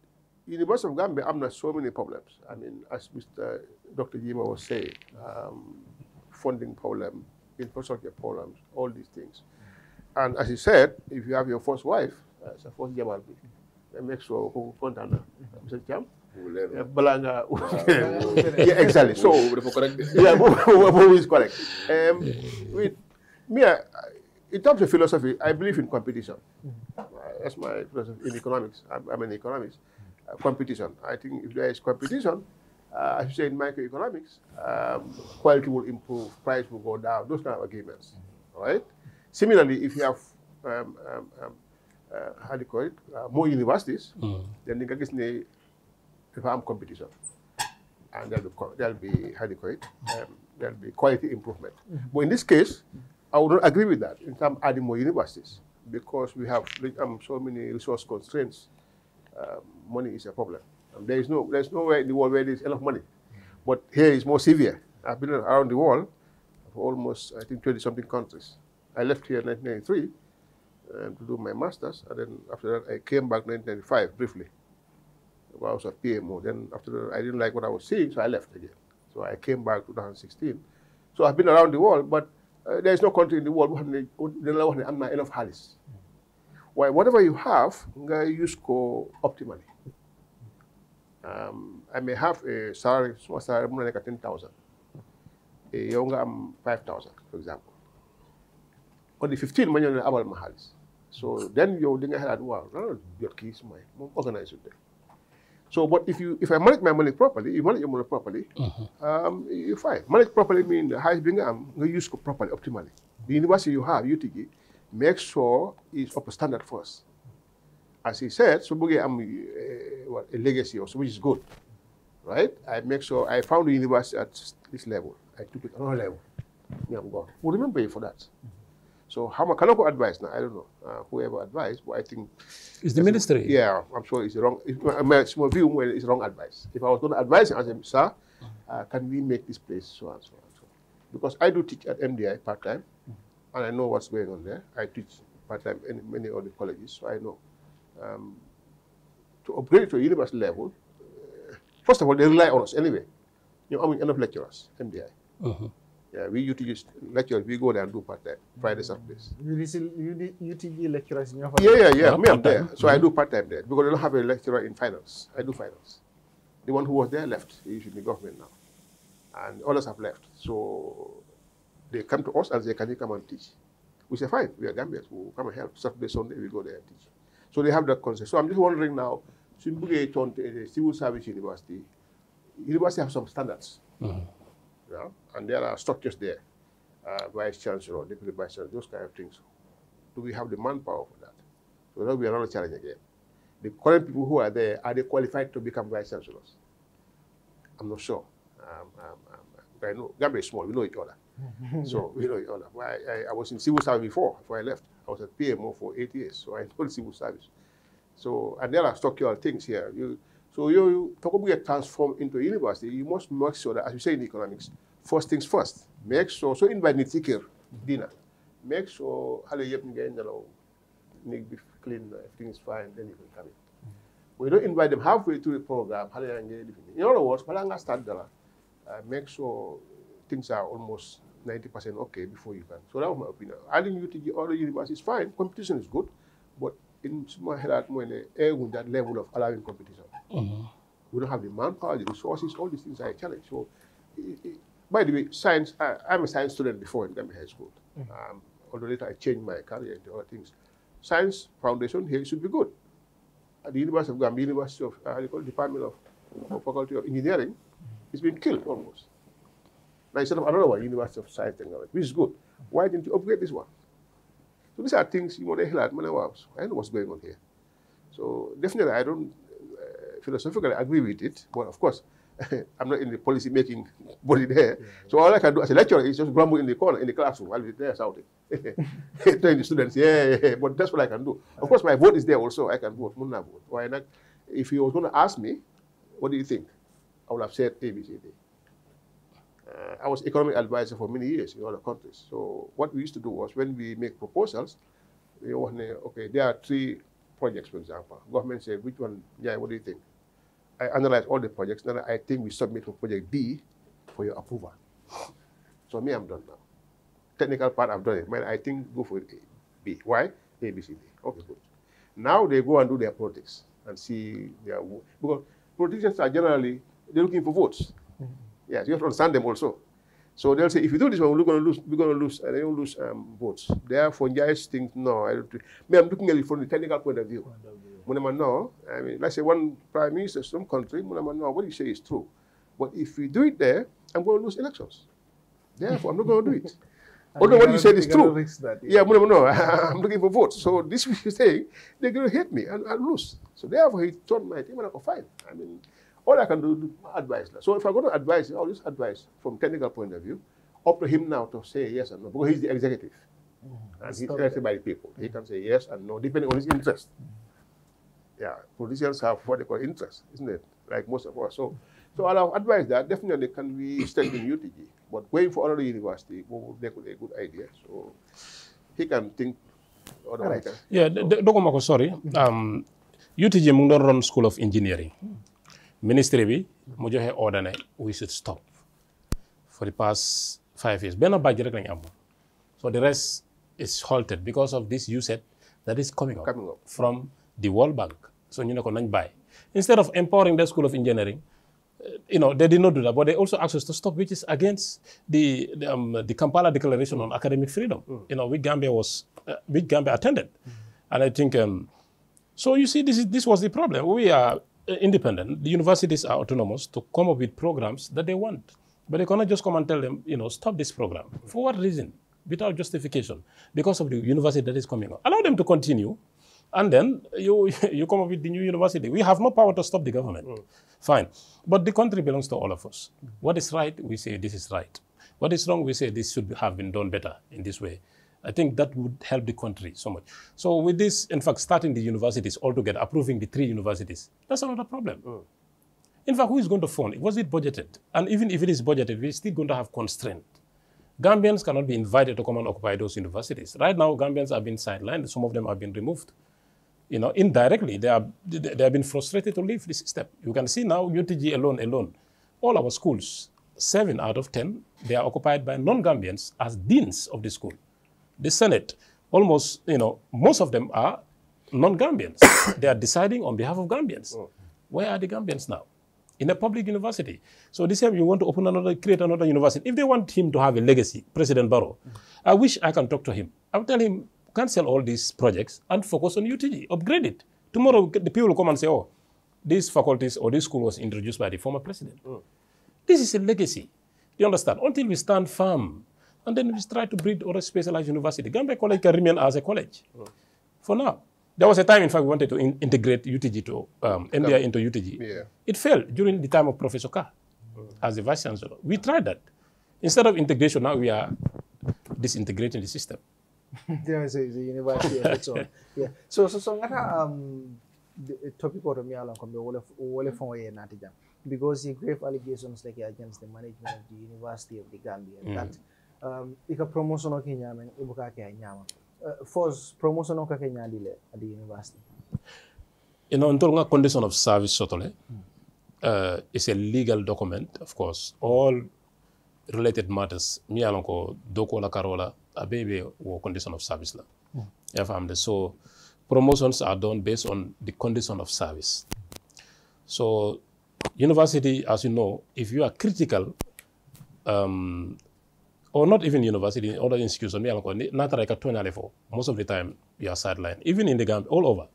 University of Gambia am not so many problems. I mean, as Mr. Dr. Yima was saying, um, funding problem, infrastructure problems, all these things. And as he said, if you have your first wife, uh, suppose Jamal B, make sure who contact her. Mr. Jam, Balanga. yeah, exactly. So, yeah, who is correct? Um, with me, I, in terms of philosophy, I believe in competition. Mm -hmm. That's my philosophy in economics. I'm, I'm an economist. Uh, competition. I think if there is competition, uh, as you say in microeconomics, um, quality will improve, price will go down, those kind of agreements, mm-hmm. right? Similarly, if you have, um, um, um, uh, how do you call it, uh, more universities, mm. then you can say, if I'm competition, and there'll be, there'll be how do you call it, um, there'll be quality improvement. Mm. But in this case, I would not agree with that in terms of adding more universities because we have um, so many resource constraints. Um, money is a problem. Um, there is no, there's nowhere in the world where there's enough money. But here it's more severe. I've been around the world for almost, I think, 20 something countries. I left here in 1993 um, to do my master's, and then after that, I came back in 1995 briefly. I was a PMO. Then after that, I didn't like what I was seeing, so I left again. So I came back 2016. So I've been around the world, but uh, there is no country in the world where I'm enough Harris. Why, whatever you have, you use optimally. Um, I may have a salary, small salary, more like a 10,000. A younger, I'm 5,000, for example. Only 15 million abal mahalis. So then you're doing a wow, no, your keys, my organize with them. So, but if you if I manage my money properly, you manage your money properly, mm -hmm. um, you're fine. Manage properly means the highest being I'm going to use properly, optimally. The university you have, UTG, make sure it's up standard first. as he said, so I'm uh, what, a legacy also, which is good, right? I make sure I found the university at this level. I took it another level. Yeah, I'm gone. We'll remember you for that. So how much Kanoko advice now? I don't know uh, whoever advised, but I think it's the ministry. yeah, I'm sure it's the wrong. It's my, view when it's wrong advice. If I was going to advise him, I said, sir, uh, can we make this place so and so and so? Because I do teach at MDI part time, mm -hmm. and I know what's going on there. I teach part time in many other colleges, so I know um, to upgrade to a university level, uh, first of all, they rely on us anyway. You know, I mean, enough lecturers, MDI. Mm -hmm. Yeah, we UTG lecturers, we go there and do part-time, Friday, Saturdays. UTG lecturers in your family? Yeah, yeah, yeah, me, I'm there. So mm -hmm. I mm-hmm. do part-time there because I don't have a lecturer in finance. I do finance. The one who was there left. He should be government now. And others have left. So they come to us and say, can you come and teach? We say, fine, we are Gambians. We'll come and help. Saturday, Sunday, we go there and teach. So they have that concept. So I'm just wondering now, Simbuge turned a civil service university. University have some standards. Mm -hmm. yeah? And there are structures there. Uh, vice chancellor, deputy vice chancellor, those kind of things. Do we have the manpower for that? So that will be another challenge again. The current people who are there, are they qualified to become vice chancellors? I'm not sure. Um, um, um, I know Gambia is small, we know each other. so we know each other. I, I, I was in civil service before, before I left. I was at PMO for eight years, so I know the civil service. So, and there are structural things here. You, so you, you talk about get transformed into a university, you must make sure that, as you say in economics, first things first. Make sure, so invite Nitikir dinner. Make sure, hello, you have be clean, everything is fine, then you can come in. Mm-hmm. We don't invite them halfway through the program, In other words, Palanga start there, uh, make sure things are almost 90% okay before you can. So that was my opinion. Adding you to the other universities is fine. Competition is good, but in my head, I'm in that level of allowing competition. Mm-hmm. We don't have the manpower, the resources, all these things are a challenge. So, it, it, by the way, science, I, am a science student before in Gambia High School. Mm-hmm. Um, although later I changed my career into other things. Science foundation here should be good. At the University of Gambia, University of, uh, Department of, of Faculty of Engineering, mm-hmm. it's been killed almost. Now instead of another one, University of Science Technology, which is good. Why didn't you upgrade this one? So these are things you want to hear at Manawabs. I know what's going on here. So definitely, I don't uh, philosophically agree with it, but of course, I'm not in the policy making body there. Yeah. So all I can do as a lecturer is just grumble in the corner, in the classroom, I'll be there shouting, telling the students, yeah, yeah, but that's what I can do. Of course, my vote is there also. I can vote, Munna vote. Why not? If he was going to ask me, what do you think? I would have said A, B, C, D. Uh, I was economic advisor for many years in other countries. So what we used to do was when we make proposals, we want okay, there are three projects, for example. Government said which one, yeah, what do you think? I analyze all the projects, then I think we submit for project B for your approval. So me, I'm done now. Technical part, I've done it. Man, I think go for B. Why? A, B, C, D. Okay, good. Now they go and do their politics and see their, because politicians are generally, they're looking for votes. Mm -hmm. Yes, you have to understand them also. So they'll say, if you do this one, we're going to lose, we're going to lose, and uh, they will lose um, votes. Therefore, Njai's think, no, I don't think. Me, I'm looking at it from the technical point of view. Munama, no. I mean, let's say one prime minister from country, no, what you say is true. But if we do it there, I'm going to lose elections. Therefore, I'm not going to do it. Although what you said is true. That, yeah, yeah no, I'm looking for votes. So this you say, they're going to hate me and I lose. So therefore, he turned my team and I go fight. I mean, all I can do is advise. So if I go to advise, all this advice from technical point of view, up to him now to say yes and no, because he's the executive. Mm And he's elected by the people. He can say yes and no, depending on his interest. Mm-hmm. Yeah, politicians have what they call interest, isn't it? Like most of us. So, so I'll advise that definitely can we stay in UTG, but going for another university would be a good idea. So he can think otherwise. Right. Yeah, so, Dokomako, sorry. Mm-hmm. Um, UTG Mungdon School of Engineering. Mm ministry bi mu joxe order ne we should stop for the past five years benn bàjj rek lañu amoon so the rest is halted because of this said that is coming up from the World Bank so ñu ne ko nañ bàyyi instead of empowering the School of Engineering eh, you know, they did not do that, but they also asked us to stop, which is against the the, um, the Kampala Declaration on Academic Freedom. Mm. You know, which Gambia was, uh, which Gambia attended, mm. and I think um, so. You see, this is this was the problem. We are uh, independent. The universities are autonomous to come up with programs that they want. But they cannot just come and tell them, you know, stop this program. For what reason? Without justification. Because of the university that is coming up. Allow them to continue. And then you, you come up with the new university. We have no power to stop the government. Mm. Fine. But the country belongs to all of us. What is right, we say this is right. What is wrong, we say this should have been done better in this way. I think that would help the country so much. So with this, in fact, starting the universities altogether, approving the three universities, that's another problem. Mm. In fact, who is going to fund? Was it budgeted? And even if it is budgeted, we're still going to have constraint. Gambians cannot be invited to come and occupy those universities. Right now, Gambians have been sidelined. Some of them have been removed. You know, indirectly, they are they have been frustrated to leave the system. You can see now UTG alone, alone, all our schools, seven out of ten, they are occupied by non-Gambians as deans of the school the Senate, almost, you know, most of them are non-Gambians. they are deciding on behalf of Gambians. Mm. Where are the Gambians now? In a public university. So this year you want to open another, create another university. If they want him to have a legacy, President Barrow, mm. I wish I can talk to him. I'll tell him, cancel all these projects and focus on UTG, upgrade it. Tomorrow the people will come and say, oh, this faculties or this school was introduced by the former president. Mm. This is a legacy. Do you understand? Until we stand firm and then we try to build other specialized university. Gambia College can remain as a college mm. for now. There was a time, in fact, we wanted to in integrate UTG to um, into UTG. Yeah. It failed during the time of Professor Carr mm. as the vice chancellor. We tried that. Instead of integration, now we are disintegrating the system. there is a, the university and so on. Yeah. So, so, so, ngata, um, the topic of me along come the whole phone way because the grave allegations like against the management of the University of the Gambia mm. that um, ika promotion o uh, ke ñamen i buka ke a ñama uh, promotion o ka ke ñaadi le adi university you know ntol nga condition of service sotole uh, is a legal document of course all related matters mi ye ko doko la karola la a bee be wo condition of service la mm. ya famde so promotions are done based on the condition of service so university as you know if you are critical um, or not even university, in other institutions, natara ka twenty level. Most of the time, you are sidelined. Even in the Gambia, all over,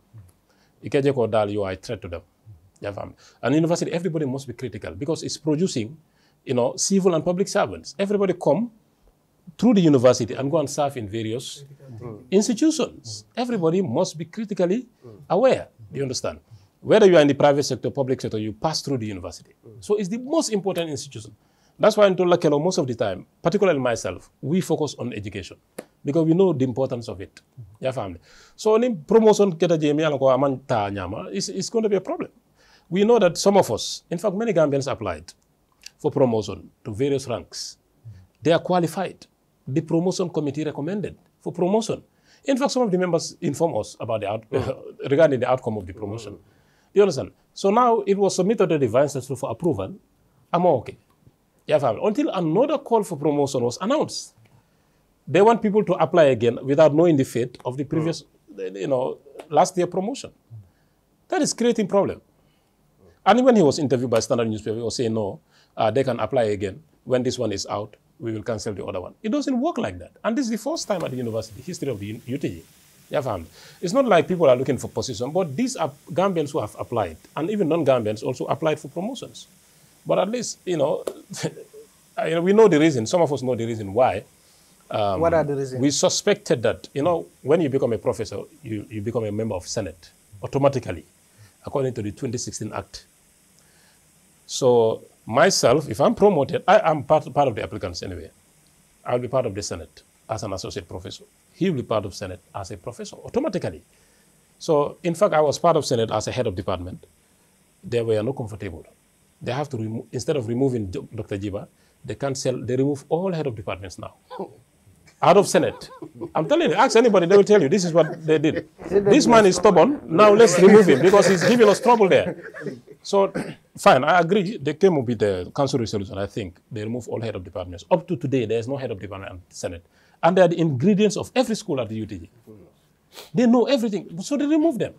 ikeje ko dal, you are a threat to them. Your family. And university, everybody must be critical because it's producing, you know, civil and public servants. Everybody come through the university and go and serve in various mm. institutions. Mm. Everybody must be critically mm. aware. Do you understand? Whether you are in the private sector, public sector, you pass through the university. Mm. So it's the most important institution. That's why in Tola Kelo, most of the time, particularly myself, we focus on education because we know the importance of it. Yeah, family. So any promotion keta jemi alako amanta nyama is going to be a problem. We know that some of us, in fact, many Gambians applied for promotion to various ranks. They are qualified. The promotion committee recommended for promotion. In fact, some of the members inform us about the out mm. regarding the outcome of the promotion. You understand? So now it was submitted to the vice Minister for approval. I'm okay until another call for promotion was announced. They want people to apply again without knowing the fate of the previous, mm. you know, last year promotion. That is creating problem. And when he was interviewed by Standard newspaper, he was saying, no, uh, they can apply again. When this one is out, we will cancel the other one. It doesn't work like that. And this is the first time at the university, history of the UTG. Yeah, it's not like people are looking for position, but these are Gambians who have applied, and even non-Gambians also applied for promotions. But at least, you know, you know, we know the reason. Some of us know the reason why. Um, what are the reasons? We suspected that, you know, when you become a professor, you, you become a member of Senate automatically, according to the 2016 Act. So myself, if I'm promoted, I am part, part of the applicants anyway. I'll be part of the Senate as an associate professor. He will be part of Senate as a professor automatically. So in fact, I was part of Senate as a head of department. They were not comfortable they have to remove, instead of removing Dr. Jiba, they cancel, they remove all head of departments now. Out of Senate. I'm telling you, ask anybody, they will tell you this is what they did. This man is stubborn, now let's remove him because he's giving us trouble there. So, fine, I agree. They came up with the council resolution, I think. They remove all head of departments. Up to today, there is no head of department and Senate. And they are the ingredients of every school at the UTG. They know everything, so they remove them.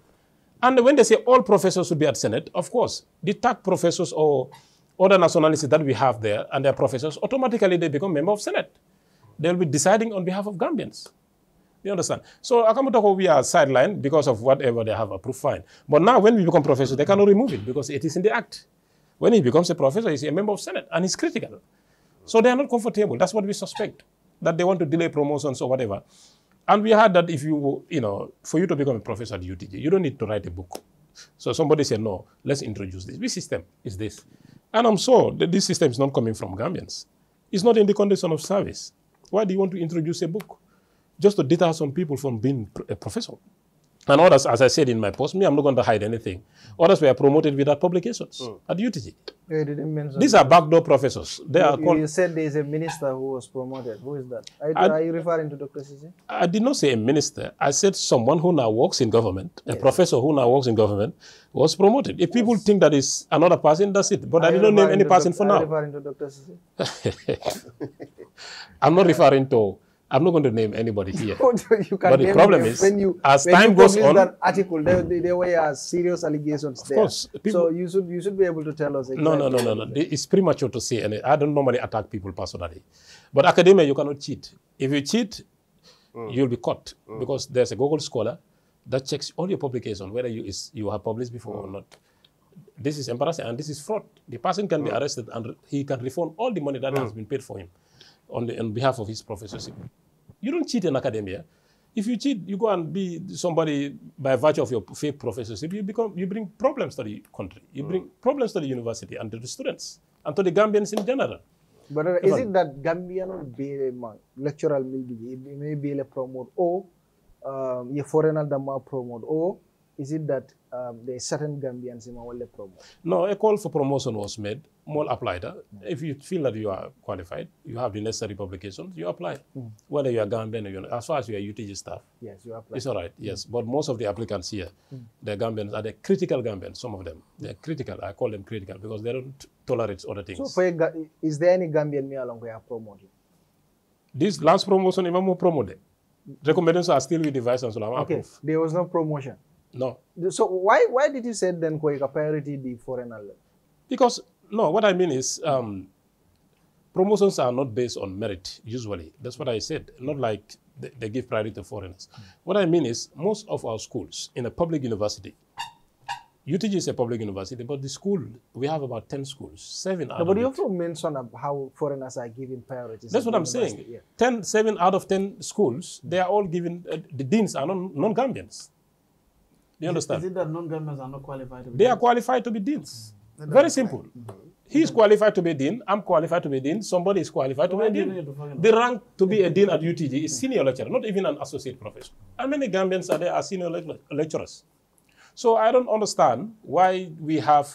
And when they say all professors should be at Senate, of course, the TAC professors or other nationalities that we have there and their professors, automatically they become member of Senate. They'll be deciding on behalf of Gambians. You understand? So Akamutako, we are sidelined because of whatever they have approved, fine. But now when we become professors, they cannot remove it because it is in the act. When he becomes a professor, he's a member of Senate and he's critical. So they are not comfortable. That's what we suspect, that they want to delay promotions or whatever. And we had that if you, you know, for you to become a professor at UTD you don't need to write a book. So somebody said, no, let's introduce this. Which system is this? And I'm sure that this system is not coming from Gambians. It's not in the condition of service. Why do you want to introduce a book? Just to deter some people from being a professor. And others, as I said in my post, me, I'm not going to hide anything. Others were promoted without publications mm. at UTG. These are backdoor professors. They you, are called... You said there is a minister who was promoted. Who is that? Are, I, are you referring to Dr. Sisi? I did not say a minister. I said someone who now works in government, a professor who now works in government, was promoted. If yes. people think that is another person, that's it. But are I did not name any person for now. Are you referring to Dr. Sisi? I'm not referring to I'm not going to name anybody here. but the problem is, when you, as when time you goes on, that article there, there were uh, serious allegations of there. Course, people, so you should you should be able to tell us. Exactly no, no, no, no, no. It's premature to say, and I don't normally attack people personally, but academia you cannot cheat. If you cheat, mm. you'll be caught mm. because there's a Google scholar that checks all your publication whether you is you have published before mm. or not. This is embarrassing and this is fraud. The person can be mm. arrested and he can refund all the money that has mm. been paid for him on, the, on behalf of his professorship. You don't cheat in academia. If you cheat, you go and be somebody by virtue of your fake professorship, you become you bring problems to the country. You mm. bring mm. problems to the university and to the students and to the Gambians in general. But uh, is it that Gambian BLA lecturer may be a promote or um, a foreigner that promote or is it that um, are certain Gambians in Mawale program? No, a call for promotion was made. more applied. mm. If you feel that you are qualified, you have the necessary publications, you apply. Mm. Whether you are Gambian or you're not, as far as you are UTG staff. Yes, you apply. It's all right, yes. Hmm. But most of the applicants here, hmm. the Gambians are the critical Gambians, some of them. They're critical. I call them critical because they don't tolerate other things. So, for, is there any Gambian me along where promoted? This last promotion, even more promoted. Hmm. Recommendations are still with the vice and so okay. Approved. There was no promotion. No. So why why did you say then Koika priority the foreigner level? Because no, what I mean is um, promotions are not based on merit usually. That's what I said. Not like they, they give priority to foreigners. Mm. What I mean is most of our schools in a public university. UTG is a public university, but the school, we have about 10 schools, seven no, But you also mentioned how foreigners are given priorities. That's what I'm saying. Yeah. Ten, seven out of 10 schools, they are all given, uh, the deans are non, non-Gambians you understand? Is it that non-governments are not qualified to be They deans? are qualified to be deans. Very simple. Mm He's qualified to be dean. I'm qualified to be dean. Somebody is qualified so to be dean. The rank to be a dean at UTG is senior lecturer, not even an associate professor. And many Gambians are there are senior lecturers. So I don't understand why we have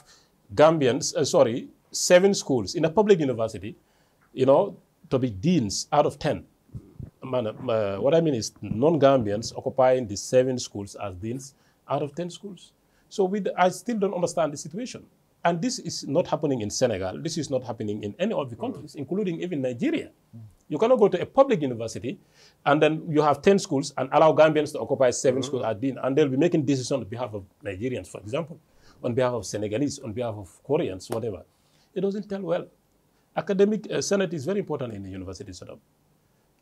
Gambians, uh, sorry, seven schools in a public university, you know, to be deans out of 10. Man, uh, what I mean is non-Gambians occupying the seven schools as deans out of 10 schools. So we, I still don't understand the situation. And this is not happening in Senegal. This is not happening in any of the countries, mm. including even Nigeria. Mm. You cannot go to a public university and then you have 10 schools and allow Gambians to occupy 7 mm schools at Dean, and they'll be making decisions on behalf of Nigerians, for example, on behalf of Senegalese, on behalf of Koreans, whatever. It doesn't tell well. Academic uh, senate is very important in the university setup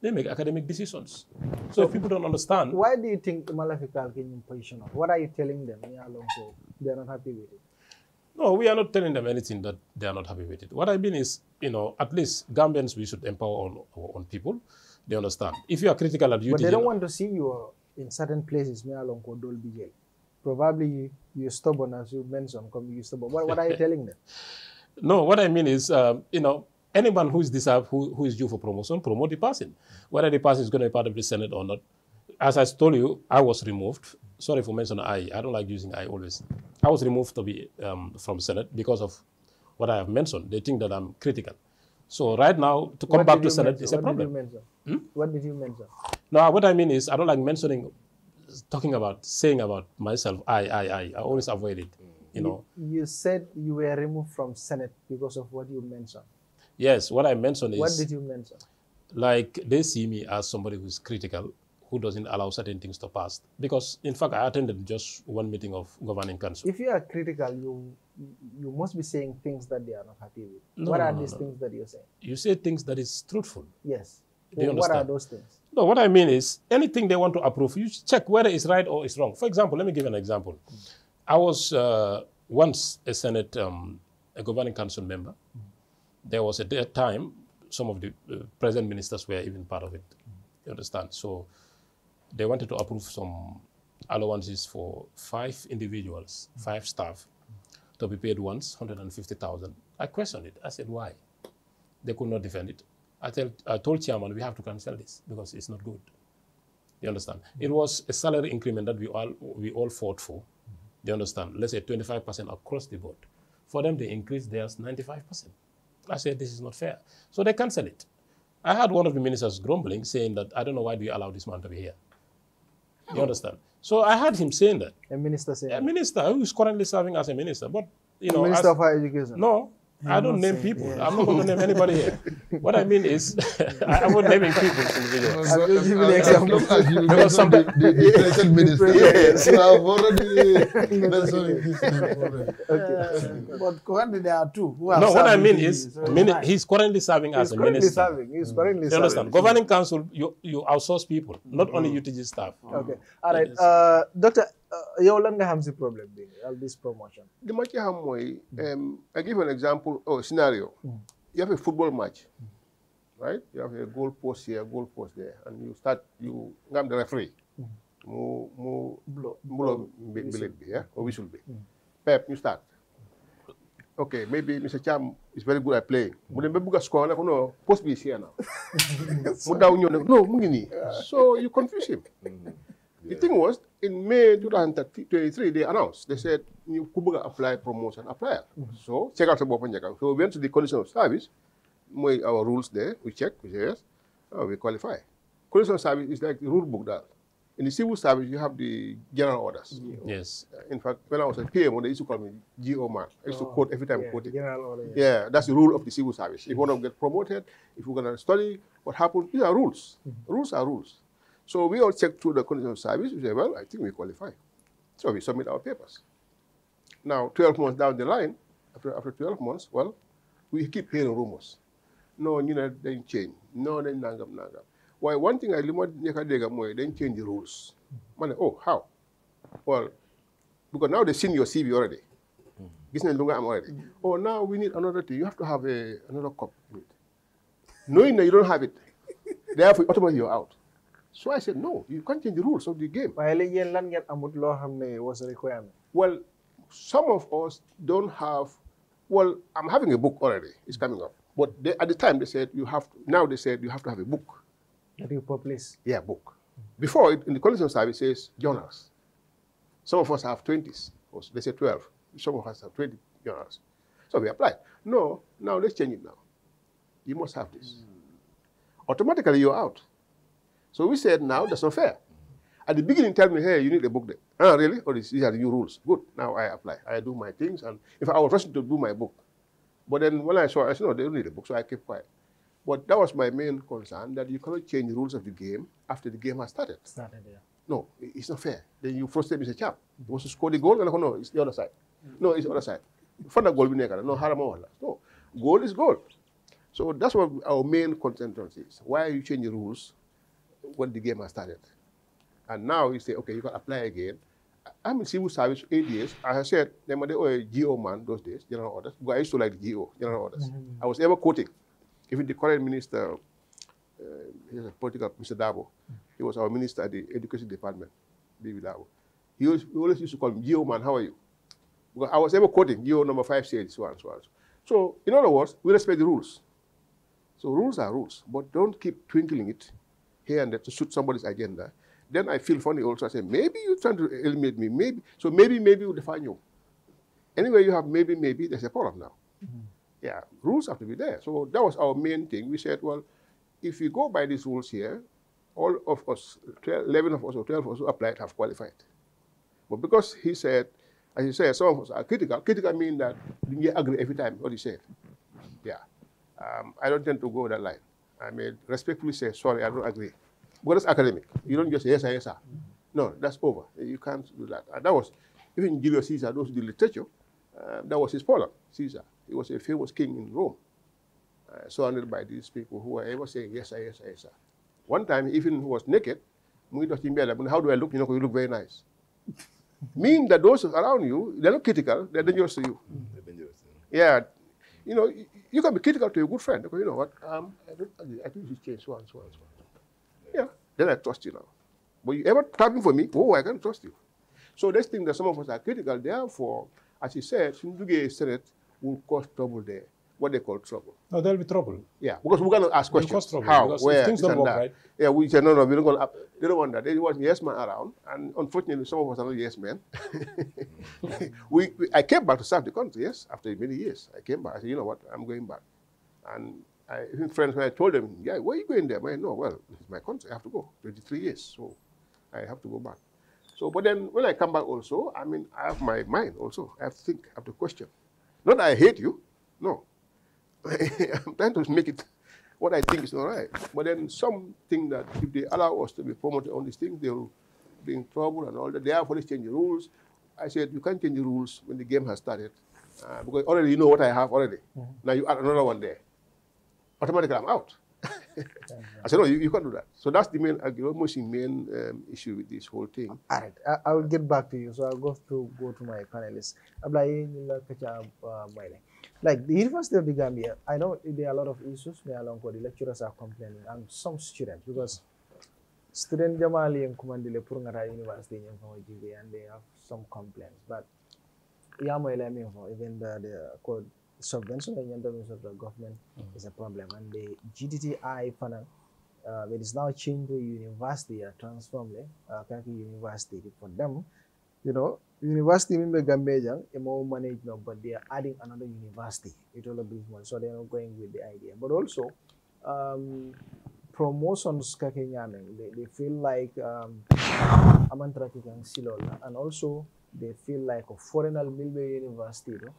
they make academic decisions. So, so people don't understand. Why do you think Malafi Kalkin position of? What are you telling them? They are not happy with it. No, we are not telling them anything that they are not happy with it. What I mean is, you know, at least Gambians, we should empower on our own people. They understand. If you are critical at UDG... But they don't want to see you in certain places, Probably you're stubborn, as you mentioned, you're stubborn. What, what are you telling them? No, what I mean is, um, you know, anyone who is deserved, who, who is due for promotion, promote the person. Whether the person is going to be part of the Senate or not. As I told you, I was removed. Sorry for mentioning I. I don't like using I always. I was removed to be um, from Senate because of what I have mentioned. They think that I'm critical. So right now, to come what back to Senate mention? is a what problem. Did hmm? What did you mention? No, what I mean is I don't like mentioning, talking about, saying about myself, I, I, I. I always avoid it, you know. You said you were removed from Senate because of what you mentioned. Yes, what I mentioned is... What did you mention? Like, they see me as somebody who's critical, who doesn't allow certain things to pass. Because, in fact, I attended just one meeting of governing council. If you are critical, you you must be saying things that they are not happy with. No, what are no, these no. things that you're saying? You say things that is truthful. Yes. Well, what are those things? No, what I mean is anything they want to approve, you check whether it's right or it's wrong. For example, let me give an example. Mm. I was uh, once a Senate, um, a governing council member. Mm there was a time some of the uh, present ministers were even part of it. You understand? So they wanted to approve some allowances for five individuals, five staff, to be paid once, 150,000. I questioned it. I said, why? They could not defend it. I, tell, I told chairman, we have to cancel this because it's not good. You understand? Mm -hmm. It was a salary increment that we all, we all fought for. Mm -hmm. You understand? Let's say 25% across the board. For them, they increased theirs 95%. I said, this is not fair. So they cancel it. I had one of the ministers grumbling, saying that, I don't know why do you allow this man to be here? You hmm. understand? So I heard him saying that. A minister saying A minister who is currently serving as a minister, but, you know. A minister as, of Higher Education. No, I don't name people. Yeah. I'm not going to name anybody here. What I mean is, I, am not naming people in the video. I'm just giving an example. There was some the, the, the minister. Yes. so I've already. That's what it is. Okay. Uh, but currently there are two. Who are no, what I mean is, he's currently serving he's as a currently minister. Serving. He's mm. currently serving. You understand? Governing council, you, you outsource people, not mm. only UTG staff. Okay. All right. Uh, Doctor, Uh, yow lan nga xam si problème bi daal this ci xam mooy. Mm. Um, I give an example or oh, scenario. Mm. you have a football match. Mm. right you have a goal post here goal post there and you start you nga am mu mu mbulo bi yeah or whistle bi. Pep you start. ok maybe Mr. Cham is very good at playing. mu dem ba bugg a score ne ko non post bi is here now. mu daw ñëw ne no mu ngi nii. so you confuse him. The thing was, in May 2023, they announced, they said, you could apply promotion, apply. So, check out the So, we went to the condition of service, our rules there, we check, we say, yes, oh, we qualify. Condition of service is like the rule book that. In the civil service, you have the general orders. Yes. Uh, in fact, when I was a PM, they used to call me GO man. I used oh, to quote every time yeah, quoting. General order, yeah. yeah. that's the rule of the civil service. If you want to get promoted, if you're going to study, what happened, these are rules. Mm -hmm. Rules are rules. So we all check through the condition of service. We say, well, I think we qualify. So we submit our papers. Now, 12 months down the line, after, after 12 months, well, we keep hearing rumors. No, you know, they change. No, they nangam nangam. Why, one thing I remember, they change the rules. oh, how? Well, because now they've seen your CV already. Business longer I'm already. Oh, now we need another thing. You have to have a, another copy. Knowing that you don't have it, therefore, automatically you're out. So I said, no, you can't change the rules of the game. Well, some of us don't have, well, I'm having a book already. It's coming up. But they, at the time they said you have, to, now they said you have to have a book. That you publish? Yeah, book. Before, in the collection service, journals. Some of us have 20s. Or they say 12. Some of us have 20 journals. So we applied. No, now let's change it now. You must have this. Mm. Automatically, you're out. So we said, now that's not fair. At the beginning, tell me, hey, you need a book there. Ah, really? Oh, these are the new rules. Good. Now I apply. I do my things. And if I was rushing to do my book, but then when I saw, I said, no, they don't need a book, so I kept quiet. But that was my main concern, that you cannot change the rules of the game after the game has started. Started, yeah. No, it's not fair. Then you frustrate Mr. Chap. He wants to score the goal, and I go, no, it's the other side. Mm. No, it's the other side. Further goal, we No, mm. harama No, goal is goal. So that's what our main contention is. Why are you changing rules when the game has started. And now you say, okay, you can apply again. I'm in civil service eight years. As I said, they were a GO man those days, general orders. I used to like GO, general orders. Mm -hmm. I was ever quoting. Even the current minister, uh, he's a political, Mr. Dabo, he was our minister at the education department, Bibi Dabo. He, was, he always used to call him, GO man, how are you? Because I was ever quoting, GO number five says, so and so on. So, in other words, we respect the rules. So rules are rules, but don't keep twinkling it here and there to suit somebody's agenda, then I feel funny also. I say, maybe you're trying to eliminate me. Maybe. So maybe, maybe will define you. Anyway, you have maybe, maybe, there's a problem now. Mm -hmm. Yeah, rules have to be there. So that was our main thing. We said, well, if you go by these rules here, all of us, 12, 11 of us or 12 of us who applied have qualified. But because he said, as he said, some of us are critical. Critical means that we agree every time what he said. Yeah. Um, I don't tend to go that line. I may respectfully say, sorry, I don't agree. But it's academic. You don't just say, yes, sir, yes, sir. No, that's over. You can't do that. And that was, even Julius Caesar, those the literature, uh, that was his problem, Caesar. He was a famous king in Rome, uh, surrounded by these people who were ever saying, yes, sir, yes, sir, yes, sir. One time, even he was naked, how do I look? You know, you look very nice. mean that those around you, they look critical, they're dangerous to you. They're dangerous. Yeah. You know, you can be critical to your good friend. you know what? Um, I don't I think you change so and so and so. Yeah. Then I trust you now. But you ever clapping for me? Oh, I can trust you. So let's think that some of us are critical. Therefore, as he said, Shinduge Senate will cause trouble there. what they call trouble. No, there'll be trouble. Yeah, because we're going to ask questions. Cause trouble, How? Where? Things don't work, that. right? Yeah, we say, no, no, we don't go up. They don't want that. They want yes man around. And unfortunately, some of us are not yes men. we, we, I came back to serve the country, yes, after many years. I came back. I said, you know what? I'm going back. And I, even friends, when I told them, yeah, where are you going there? I said, no, well, it's my country. I have to go. 23 years. So I have to go back. So, but then when I come back also, I mean, I have my mind also. I have to think, I have to question. Not that I hate you. No, I'm trying to make it what I think is not right. But then something that if they allow us to be promoted on these things, they'll be in trouble and all that. They have always changed the rules. I said, you can't change the rules when the game has started. Uh, because already you know what I have already. Mm -hmm. Now you add another one there. Automatically, I'm out. I said, no, you, you, can't do that. So that's the main, almost uh, the main um, issue with this whole thing. All right, I, I, will get back to you. So I'll go to go to my panelists. Uh, like the university of the Gambia, I know there are a lot of issues. Me along with the lecturers are complaining and some students because student Jamali and Kumandile Purungara University in and they have some complaints. But even the, the code subvention and of the government mm. is a problem. And the GDTI panel, uh, it is now changed to university, uh, transformed uh, University. For them, you know, university member Gambia and more management, but they are adding another university. It will be one, so they are going with the idea. But also, um, promotions kakenyaming, they, they feel like um, amantratikang silola, and also they feel like a foreigner milbe university. No?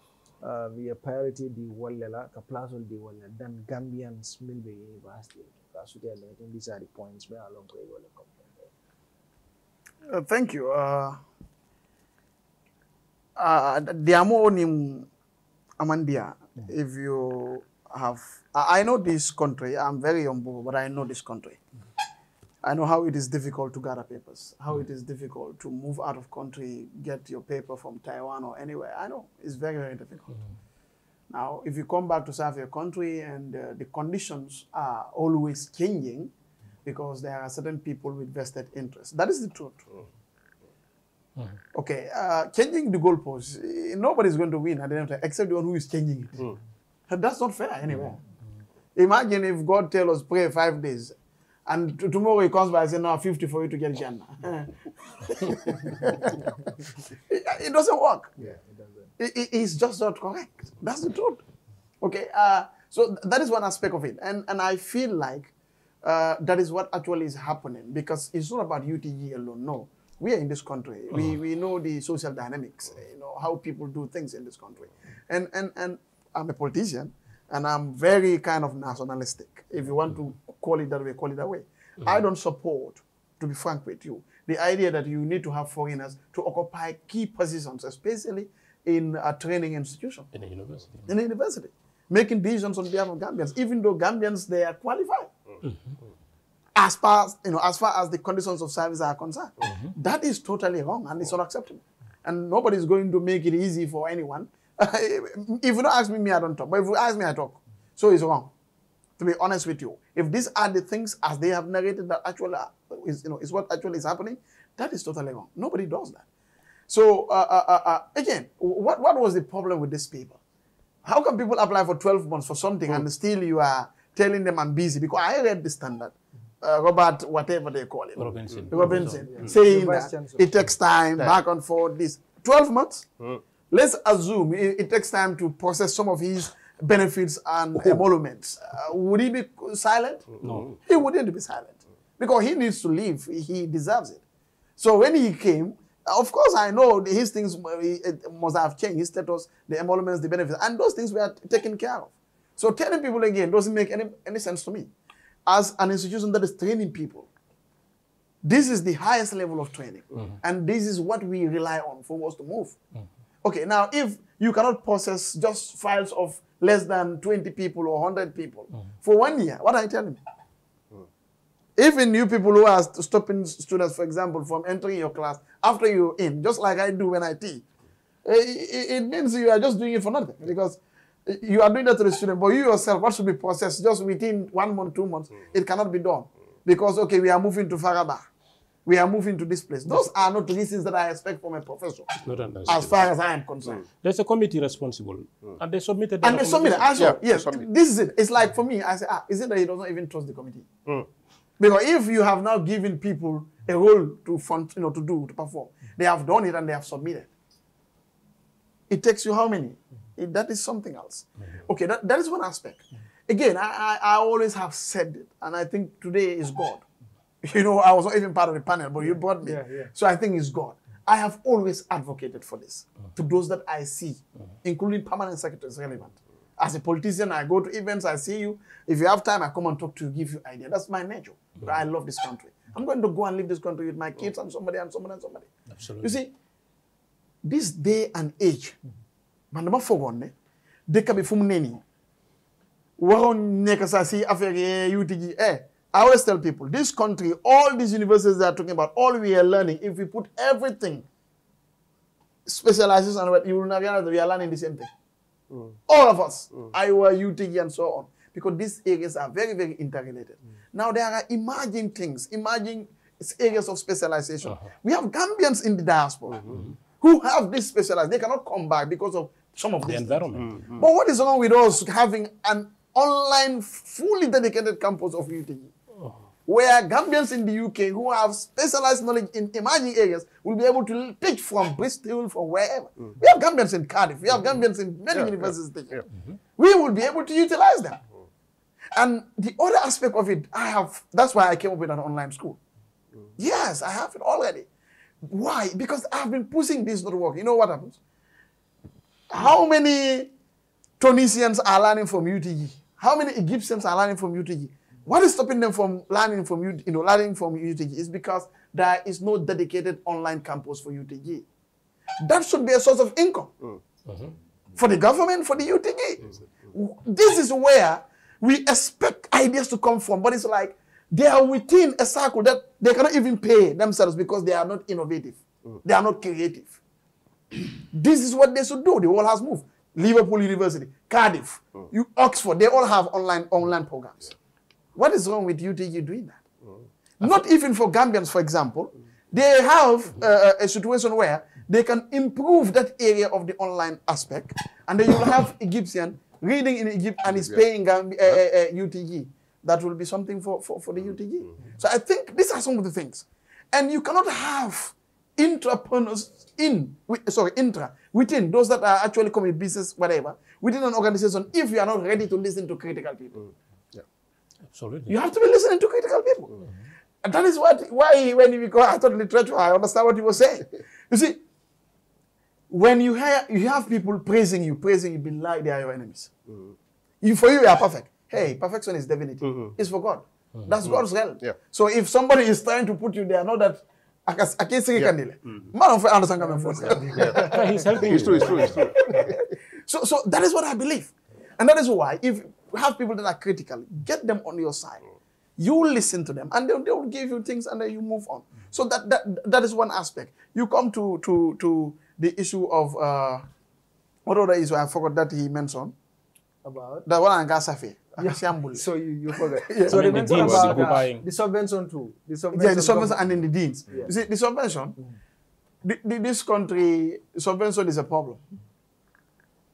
Uh, we are priority di wallela ka plasol wallela than Gambians milbe university. That's what I think these are the points where along the way will come from. Uh, thank you. Uh uh, Diamo Onim Amandia, mm. if you have, I know this country, I'm very humble, but I know this country. I know how it is difficult to gather papers, how it mm. is difficult to move out of country, get your paper from Taiwan or anywhere. I know it's very, very difficult. Mm-hmm. Now, if you come back to serve your country and uh, the conditions are always changing because there are certain people with vested interests. That is the truth. Mm. Mm-hmm. Okay, uh, changing the goalposts, eh, nobody's going to win at the end of time except the one who is changing it. Mm. That's not fair anymore. Mm. Imagine if God tells us pray five days, and tomorrow he comes by and says, "No, fifty for you to get Jannah." it, it, doesn't work. Yeah, it doesn't. It, it's just not correct. That's the truth. Okay, uh, so that is one aspect of it, and and I feel like uh, that is what actually is happening because it's not about UTG alone. No we are in this country. Oh. We, uh-huh. we know the social dynamics, you know, how people do things in this country. And, and, and I'm a politician and I'm very kind of nationalistic. If you want to call it that way, call it that way. Mm -hmm. I don't support, to be frank with you, the idea that you need to have foreigners to occupy key positions, especially in a training institution. In a university. In a university. Making decisions on behalf of Gambians, even though Gambians, they are qualified. Mm -hmm as far as, you know, as far as the conditions of service are concerned. Mm -hmm. That is totally wrong and it's unacceptable. And nobody is going to make it easy for anyone. if you don't ask me, me, I don't talk. But if you ask me, I talk. So it's wrong. To be honest with you, if these are the things as they have narrated that actually is, you know, is what actually is happening, that is totally wrong. Nobody does that. So uh, uh, uh, uh again, what, what was the problem with these people? How can people apply for 12 months for something mm and still you are telling them I'm busy? Because I read the standard uh, Robert, whatever they call him, Robinson, mm. Robinson, mm. saying that it takes time, back and forth, this 12 months. Mm. Let's assume it, it, takes time to process some of his benefits and oh. emoluments. Uh, would he be silent? No. He wouldn't be silent because he needs to leave. He deserves it. So when he came, of course, I know his things uh, uh, must have changed, his status, the emoluments, the benefits, and those things were taken care of. So telling people again doesn't make any, any sense to me as an institution that is training people. This is the highest level of training. Mm-hmm. And this is what we rely on for us to move. Mm-hmm. Okay, now if you cannot process just files of less than 20 people or 100 people mm-hmm. for one year, what are you telling me? Mm. Even you people who are stopping students, for example, from entering your class after you're in, just like I do when I teach, eh, it, means you are just doing it for nothing because you are doing that to the student, but you yourself, what should be processed just within one month, two months, mm. it cannot be done. Because, okay, we are moving to Faraba. We are moving to this place. Those are not reasons that I expect from a professor. It's not As far as I am concerned. Mm. There's a committee responsible. Mm. And they submitted And they submitted. Answer, yeah, yes, submit. this is it. It's like for me, I say, ah, is it that he doesn't even trust the committee? Mm. Because if you have now given people a role to fund, you know, to do, to perform, they have done it and they have submitted. It takes you how many? That is something else. Mm-hmm. Okay, that, that is one aspect. Mm-hmm. Again, I, I, I always have said it, and I think today is God. You know, I was not even part of the panel, but you brought me. So I think it's God. I have always advocated for this mm. to those that I see, mm. including permanent secretaries relevant. As a politician, I go to events, I see you. If you have time, I come and talk to you, give you ideas. That's my nature. Mm. I love this country. I'm going to go and leave this country with my kids and somebody and somebody and somebody. Absolutely. You see, this day and age, man dama foogoon ne dëkk bi fu mu ne nii waroon si affaire yee eh, eh I always tell people this country all these universities they are talking about all we are learning if we put everything specializes on what you will not realize that we are learning the same thing. Mm. All of us, mm. Iowa, UTG, and so on, because these areas are very, very interrelated. Mm. Now there are emerging things, emerging areas of specialization. Uh -huh. We have Gambians in the diaspora -hmm. who have this specialization. They cannot come back because of some of the environment. Mm, mm But what is wrong with us having an online, fully dedicated campus of UTE? Oh. Where Gambians in the UK who have specialized knowledge in emerging areas will be able to teach from mm. Bristol, from wherever. Mm -hmm. We have mm. Gambians in Cardiff, we have mm-hmm. Gambians in many yeah, universities. Yeah, yeah. Mm-hmm. We will be able to utilize that. And the other aspect of it, I have, that's why I came up with an online school. Mm. Yes, I have it already. Why? Because I've been pushing this network. You know what happens? How many Tunisians are learning from UTG? How many Egyptians are learning from UTG? What is stopping them from learning from you, you know, learning from UTG is because there is no dedicated online campus for UTG. That should be a source of income mm. Mm-hmm. uh -huh. for the government, for the UTG. This is where we expect ideas to come from, but it's like they are within a circle that they cannot even pay themselves because they are not innovative. Mm. They are not creative. this is what they should do. The world has moved. Liverpool University, Cardiff, mm. you Oxford, they all have online online programs. Yeah. What is wrong with UTG doing that? Mm. Not even for Gambians, for example. They have hmm. uh, uh, a situation where they can improve that area of the online aspect, and then you'll have Egyptian reading in Egypt and is paying Gamb- uh, uh, UTG. Uh, that will be something for, for, for the hmm. UTG. Hmm. So I think these are some of the things. And you cannot have intrapreneurs in sorry intra within those that are actually coming business whatever within an organization if you are not ready to listen to critical people mm. yeah absolutely you have to be listening to critical people mm -hmm. and that is what why when you go out of literature i understand what he was saying you see when you hear you have people praising you praising you like they are your enemies mm. you for you you are perfect hey perfection is divinity -hmm. it's for god mm-hmm. that's god's realm yeah. so if somebody is trying to put you there know that I can't akisiki candle. Mm-hmm. man I understand coming forward he's helping it's true it's true it's true so so that is what i believe and that is why if you have people that are critical get them on your side you listen to them and they, they will give you things and then you move on so that that that is one aspect you come to to to the issue of uh what other issue i forgot that he mentioned about the one on gasafi yeah. So you, you forget. yeah. So I mean, the, deans, about, uh, the subvention too. The subvention yeah, the subvention and in the deans. Yeah. You see, the subvention, mm. the, the, this country, subvention is a problem.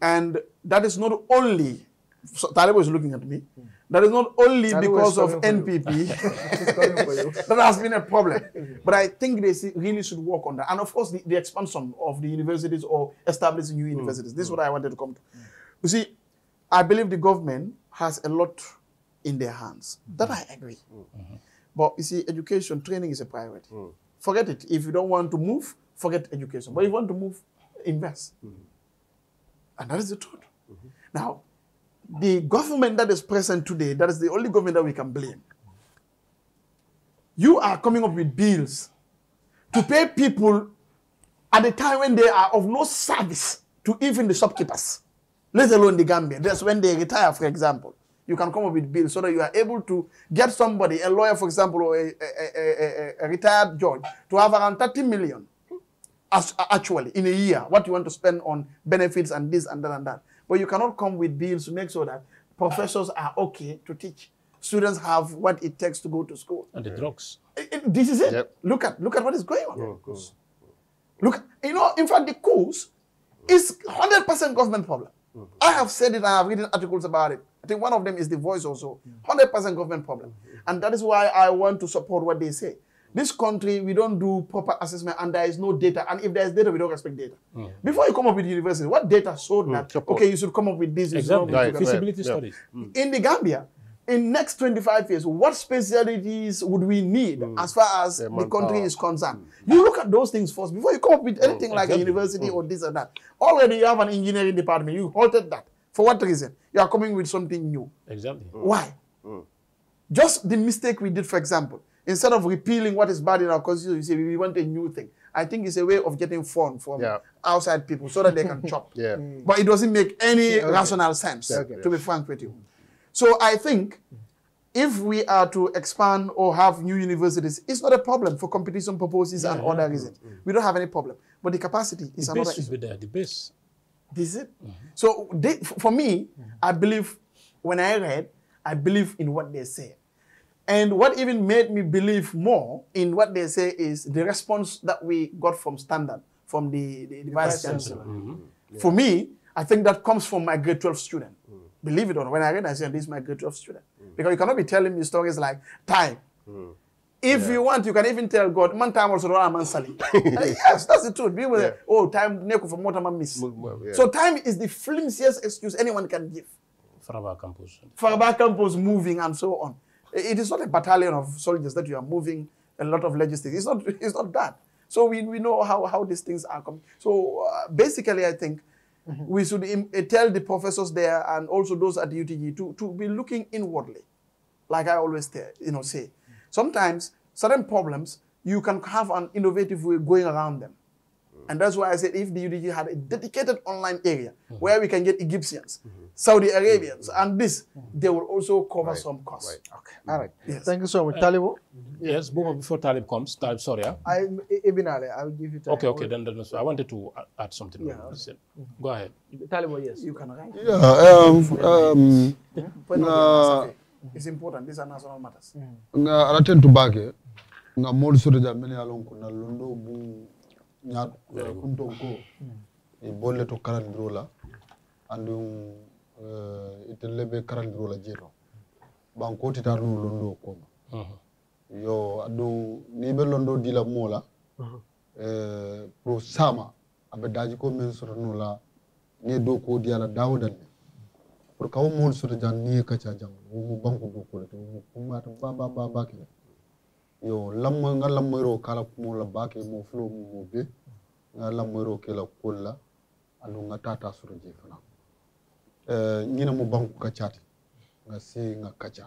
And that is not only, so Talibu is looking at me, mm. that is not only Talibu because of NPP that has been a problem. but I think they really should work on that. And of course, the, the expansion of the universities or establishing new mm. universities. This is what mm. I wanted to come to. You see, I believe the government has a lot in their hands. Mm -hmm. That I agree. Mm -hmm. But you see, education training is a priority. Forget it. If you don't want to move, forget education. But if you want to move, invest. And that is the truth. Now, the government that is present today, that is the only government that we can blame. You are coming up with bills to pay people at a time when they are of no service to even the shopkeepers let alone the Gambia. That's when they retire, for example. You can come up with bills so that you are able to get somebody, a lawyer, for example, or a, a, a, a retired judge, to have around 30 million as, actually in a year, what you want to spend on benefits and this and that and that. But you cannot come with bills to make sure that professors are okay to teach. Students have what it takes to go to school. And the drugs. this is it. Yep. Look at look at what is going on. Go, go. Look, you know, in fact, the cause is 100% government problem. Mm -hmm. I have said it. I have written articles about it. I think one of them is the voice also. Hundred percent government problem, mm -hmm. and that is why I want to support what they say. This country, we don't do proper assessment, and there is no data. And if there is data, we don't respect data. Mm -hmm. Before you come up with university, what data showed hmm. that? Support. Okay, you should come up with this. Exactly. Right. Feasibility right. studies. Yeah. In the Gambia, hmm in next 25 years, what specialities would we need mm. as far as yeah, the country is concerned? You look at those things first before you come up with hmm, anything mm. like a university hmm. or this or that. Already you have an engineering department. You halted that. For what reason? You are coming with something new. Exactly. Hmm. Why? Just the mistake we did, for example. Instead of repealing what is bad in our constitution, you say we want a new thing. I think it's a way of getting fund from yeah. outside people so that they can chop. yeah. But it doesn't make any yeah, okay. rational sense, okay. to be frank with you. So I think if we are to expand or have new universities, it's not a problem for competition purposes yeah, and yeah, other reasons. Yeah. Mm-hmm. We don't have any problem. But the capacity is the another base should Be there, the base. Is it? Mm -hmm. So they, for me, mm -hmm. I believe, when I read, I believe in what they say. And what even made me believe more in what they say is the response that we got from Standard, from the, the, the, the Vice Chancellor. Mm -hmm. For me, I think that comes from my grade 12 student believe it or not, when I read, I said, this is my grade 12 student. Mm. Because you cannot be telling me stories like time. Mm. If yeah. you want, you can even tell God, man time also run man sali. yes, that's the truth. People yeah. say, oh, time neko for more time miss. Yeah. So time is the flimsiest excuse anyone can give. Faraba campus. Faraba campus moving and so on. It is not a battalion of soldiers that you are moving a lot of logistics. It's not, it's not that. So we, we know how, how these things are coming. So uh, basically, I think -hmm. We should eh, tell the professors there and also those at UTG to, to be looking inwardly, like I always tell, you know, say. Mm -hmm. Sometimes certain problems, you can have an innovative way going around them. And that's why I said if the UDG had a dedicated online area mm-hmm. where we can get Egyptians, mm-hmm. Saudi Arabians, mm-hmm. and this, they will also cover right. some costs. Right. Okay. All right. Yes. Thank you so much. Uh, Talibu? Yes, before Talib comes, Talib, sorry. yeah. I, Ibn Ali, I'll give you time. Okay, okay, then, then I wanted to add something. Yeah, okay. Go ahead. Talibu, yes. You can write. Yeah, um, um, it's important. These are national matters. Mm. Na, to back, na, more so that many along, na, ñaat kunton ko e eh, bolle to karandiro la andum eh, itelle be karandiro la jeeto banko titar no londo koma uh-huh. yo adu ni be londo dila mola uh-huh. eh, pro sama abe daji ko men soto no la ne do ko diala dawdan ne pour kawo mol soto jan ni e ka ca jam wo banko do ko le to ko mata ba ba ba ba ke yo lamma nga lammayro kala kumo la bake mo fulo mo be nga lammayro la kolla alo nga tata sura je fana eh ngina mo banku kacati nga se nga kaca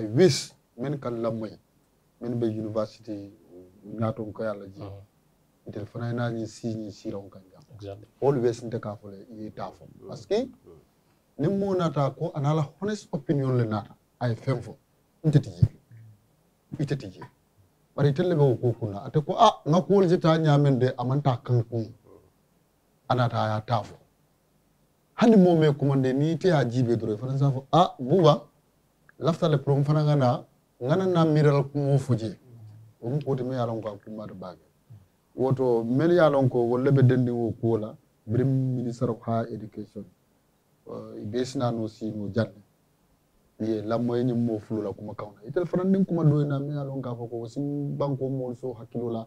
i wish men kan lammay men be university nato ko yalla ji itel mm-hmm. fana na ni si ni siron kan ga always nta ka fole yi ta fo parce que ni mo nata ko anala honest opinion le nata ay fem fo ntati jibi ɓitatije ɓari telle ɓeo ko kunna ate ko ah, a ngakuwol jeta ñamen de amanta kankun anata ya tafo hani momee kumande ni teya jiibe doro fana safo a ah, buba laftale prom fana gana nganana miral kumo foje omu kotime yalonko a kummata baage woto mel yalonko wolle ɓe dendi o kuwola brim ministre of high education ɓe sinano sino jalle ye lamɔ ye ɲɛ m'o fulo la kumakanw na itali fana ni kuma dɔ ye na min y'a lɔn k'a fɔ ko sin banko mɔliso hakilo la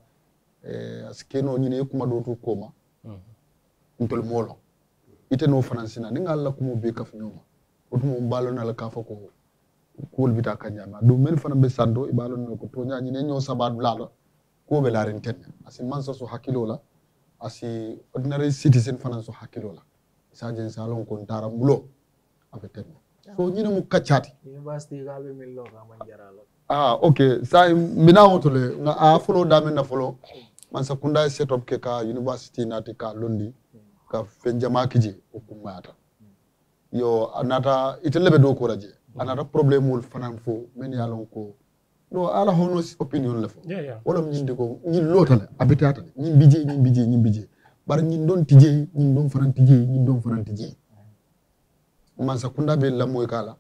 eh, a sike n'o ɲini e kuma dɔw t'u ko ma mm-hmm. ntoli m'o lɔn i tɛ n'o fana sin na ni k'ale la kuma bɛ kafi ɲɔgɔn ma o tuma n balo na la k'a fɔ ko k'olu bɛ taa ka ɲa mɛ a don mɛli fana bɛ san dɔ i b'a lɔn ko to ɲa ɲini ɲɔ saba bila a la k'o bɛ laare tɛ ɲa a si mansa so hakilo la a si ordinary citizen fana so hakilo la isajen sa lɔn ko n taara n bolo a bɛ tɛ ɲa so ñine mu kaccaati university ka be min lo ka ah okay sa mina wotole nga a folo dame na man sa kunda set ke ka university na te ka londi ka fen jama kije o kumata yo anata itele be do ko raje anata problem wol fanan fo men ya lon ko no ala hono opinion le fo yeah, yeah. wala min ndiko ñin lotale abitata ñi bije ñin bije ñin bije bar ñin don tije ñin don fanan tije ñin don fanan tije mansa kunda be lamɔ e k'a la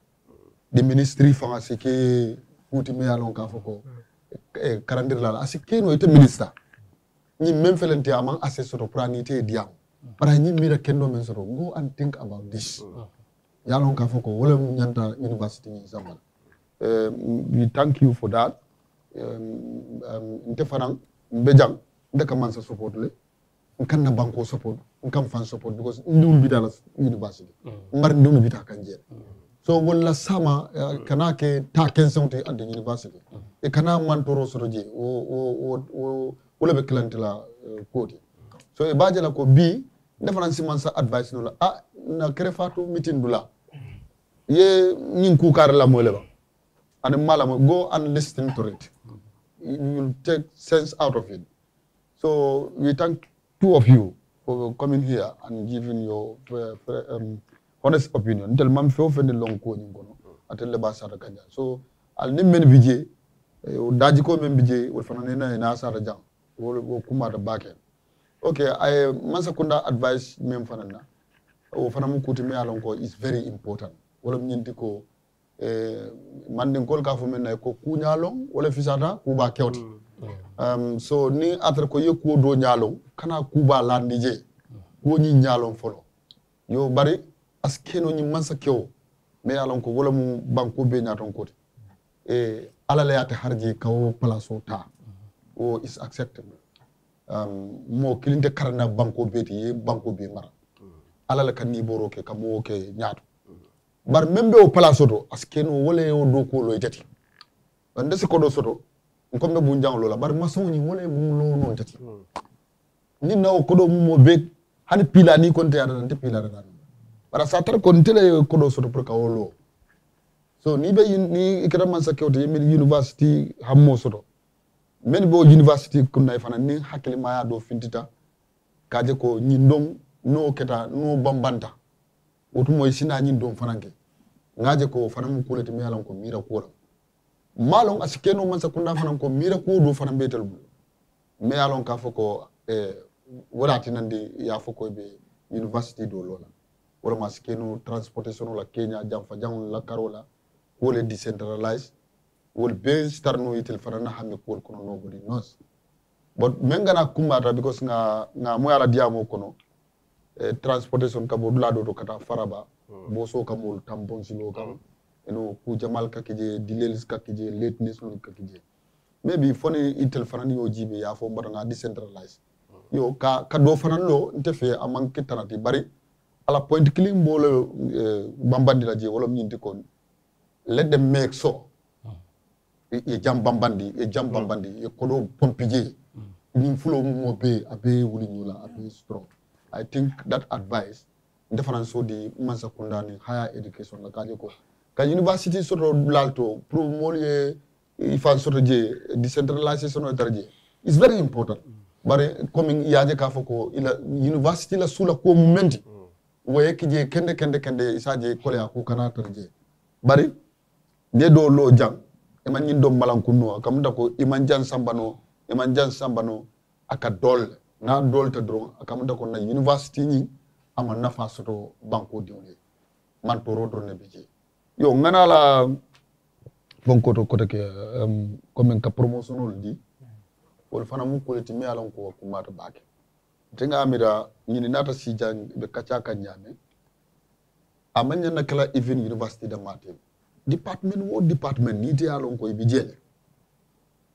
de ministiri fanga se ke k'u ti mɛn alɔn k'a fɔ ko eh, e, karandiri la la asi ke no ite minista ni men fɛlɛn tɛ ase sɔrɔ pura ni te ni mira kendo men sɔrɔ go and think about this yalɔn k'a fɔ wala mu university ni zama um, e, we thank you for that um, um, nte fana n bɛ mansa support le nkanna na banko support nkan fan support because ndiwul bita la university mm. mbar ndiwul bita kan jere mm. so walla sama uh, kana ke ta kensen te ande university mm. e kana man toro soro je o o wala be client la koti uh, so e baje la ko bi ndefana si man sa advice no la ah na kere fatu meeting dula ye ñing ku kar la mo le ba and mala mo go and listen to it you will take sense out of it so we thank two of you for coming here and giving your um, honest opinion. Ntel mam feo fende long ko nyingono. Mm. Atele basara kanya. So al nim men bije o eh, daji ko men bije o fanane na na sara jang. O kuma da baken. Okay, I masa kunda advice mem fanana. O fanamu kuti me alon ko is very important. Wala mnyinti ko eh, manden kol ka fo men na ko kunyalong wala fisata kuba kewti. Mm. Um, so ni a ko ye kuwo do ɲaalon kana kuba landije kuwo ɲi ɲaalon folo yo bari askeno ɲi mansa kewo me ye lon ko wo mu banko be ɲaton koti e ala la yate harji ka wo palaso ta wo is acceptable um, mo kilin te banko be ti ye banko be mara ala la ka niboro ke ka ke ɲato bari men be wo palaso to askeno wo le yo do ko lo jati wande se ko do soto nkombe bunjangulola bari masoŋoñiŋ wo le ye bumuloonoŋ teti hmm. niŋ nawo kodoo mumo be hani piila niŋ konte yadana nte piila dadana bara sa tara ko ntele ye kodoo soto pour ka wo loo so niŋ be ni i keta mansa te ye miŋ university hammoo soto meŋ be wo university kunna i fanaŋ niŋ hakkilimaya doo fintita ka je ko ñiŋ doŋ n'o keta n'o banbanta wotumo i sinaa ñiŋ doŋ fanaŋ ke ŋa je ko fanaŋ mu kuu le ti miŋ ye a loŋ ko miira kuwo malon keno man sakunda fanan ko mira ko do fana betel bulu me yalon ka foko eh wurati nandi ya foko be university do lola wala ma asikeno transportation la Kenya jamfa jam la karola ko le decentralize wol be star no yitel fana na hamme ko kono nobody knows but men gana kumbata because nga nga moyala diamo kono eh, transportation ka bo dula do kata faraba mm. bo so silo kam mm. eɗo kujamal ka je dilelis kake lateness lu ka maybe fone intel fanan yo jibe ya fo mbaɗaga decentralize yo ka ka do fanan lo nte fe a tanati bari ala point le eh, bambandi la je wala kon Let them make so ye e jam bambandi ye jam bambandi ye koɗo pompije abe fulo mo be a wuli a be strong i think that advice nde fanan sodi mansakundani higher education la kaje ko ka university soto dulal pour moolu ye i fan soto jee decentralisation o tara jee is very important bare comme yaaje ka fo ko ila university la suula ko mu menti woye ki mm. jee kende kende kende isa jee koleya ko kana tara jee bari de do lo jang iman ñin do malankun kam da ko iman jan sambano iman jan sambano aka dol na dol ta dron ko na university ñi ama nafa soto banko diwle man toro dron ne bije yo ngana la bon koto koto ke um, comme ka promotion di wol fana mu ko yeti mi ko ko mata baake nga amira ni nata si jang be kacha ka nyame amanya na kala even university de matem department wo department ni te yalon ko e bi jele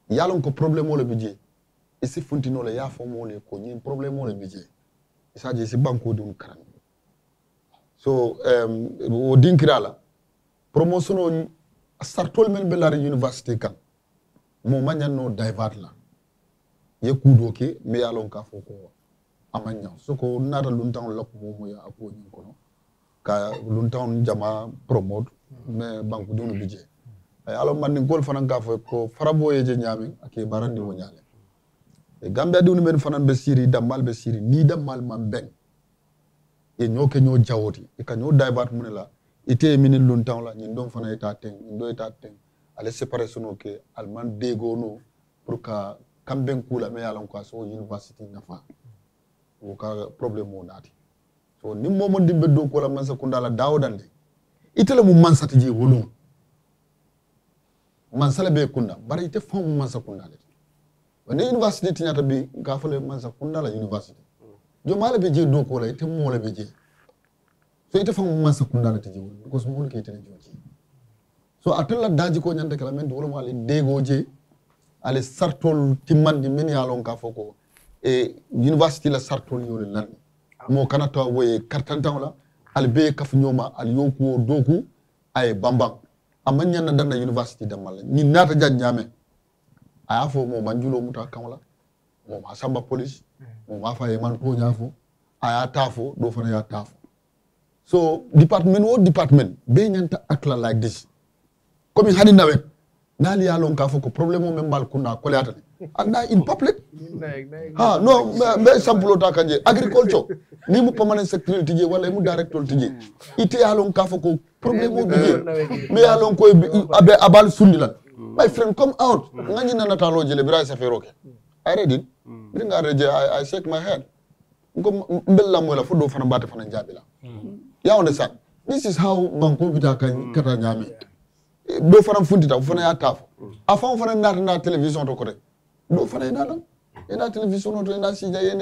yalon ko problème wala bi je isi e funtino la ya fo le ko ni problème wala bi et ça je e si banko dun karan so um, wo dinkira promotion o sartol men be laari université kan mo mañanno divert la ye kuuɗo ke mi yaalon ka fo ko aman ñaw soko naata luntaŋo lakkumomoya a kuwo ñin kono ka luntaŋo jama promote mais banque joŋno bi jee ay alo mandinkol fanaŋ ka fo ko farabo ye je ñaameŋ a ke barandi wo ñaale e gambia diwni men fanaŋ be siri dammal be siri ni dammal man beŋ e ñoo ke ñoo jawoti e ka ñoo divert mune la ite ye miniti lontaŋo la ñiŋ doŋ fana ita teŋ ñiŋ doŋ ita teŋ ale séparation ke ali maŋ deegono pour ka kambeŋ kuu la meŋ ye a loŋ ko a university nafa wo ka problème o naati so niŋ moo moŋ diŋ be la mansa kunda la daa wo dandi ite mu mansa ti jee wo loŋ mansa be kunda bari ite faŋo mu mansa le ni university tiñata bi nka fo le mansa la university jomaa le be jee dooko la ite moo le be jee so ite fama mansa kundana ti jiwol ko so mun ke tene joji so atella daji ko nyande kala men dole mali degoje ale sartol timmandi min ya lon ka foko e university la sartol yole lan mo kana to woye kartantan la al be kaf nyoma al yonku doku ay bambang amma nyanna danna university da ni nata jan nyame aya fo mo manjulo muta kamala mo ma samba police mo ma fa e man ko nyafo aya tafo do fana ya tafo so department wo department be ñanta akla like this comme hadi nawet nali yalon ka foko problème o bal kunna ko leata anda in public ha no be sample ta kanje agriculture ni mu permanent secretary tije wala mu director tije ite yalon ka foko problème o e bi me yalon ko abe abal sundi la my friend come out ngani na talo jele bra sa feroke i read it bring hmm. i i shake my head ngom mbella mo la fodo fana bata fana la You understand? This is how Mankopita can Katanyami. Do for a funtita, for a taf. I found for a nat in television to correct. Do for a nana. In that television to in that CJ in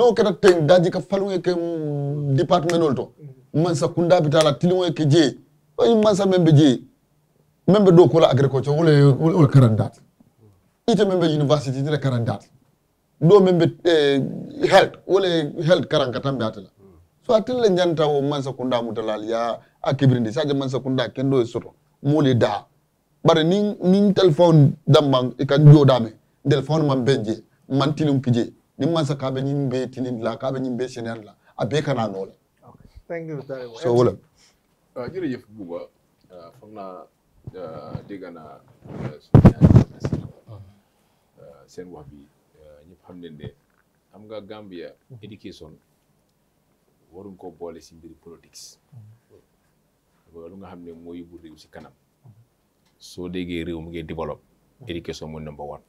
a kata teng daji ka falwe ke department olto. Mansa kunda bitala tilwe ke je. Oyi mansa membe je. Membe do kola agriculture ole ole karandat. Ite membe university dire karandat. Do membe eh, health ole health karankatambe atala. so atille ñanta o mansa kunda mutalal ya a kibirindi sadio mansa kunda kendo e soto muli da bare nin nin telephone damma e kan jodame telephone man benje man tilum kije nin mansa kaɓe ñin be tilin la kaɓe ñin be sénér la a be kana nola so wala jërëjëf buuba foog waruñ ko boole politics mbiri politique hmm. lu nga xamné moy moo rew ci kanam so déggee rew mu ngi develop éducation mo number one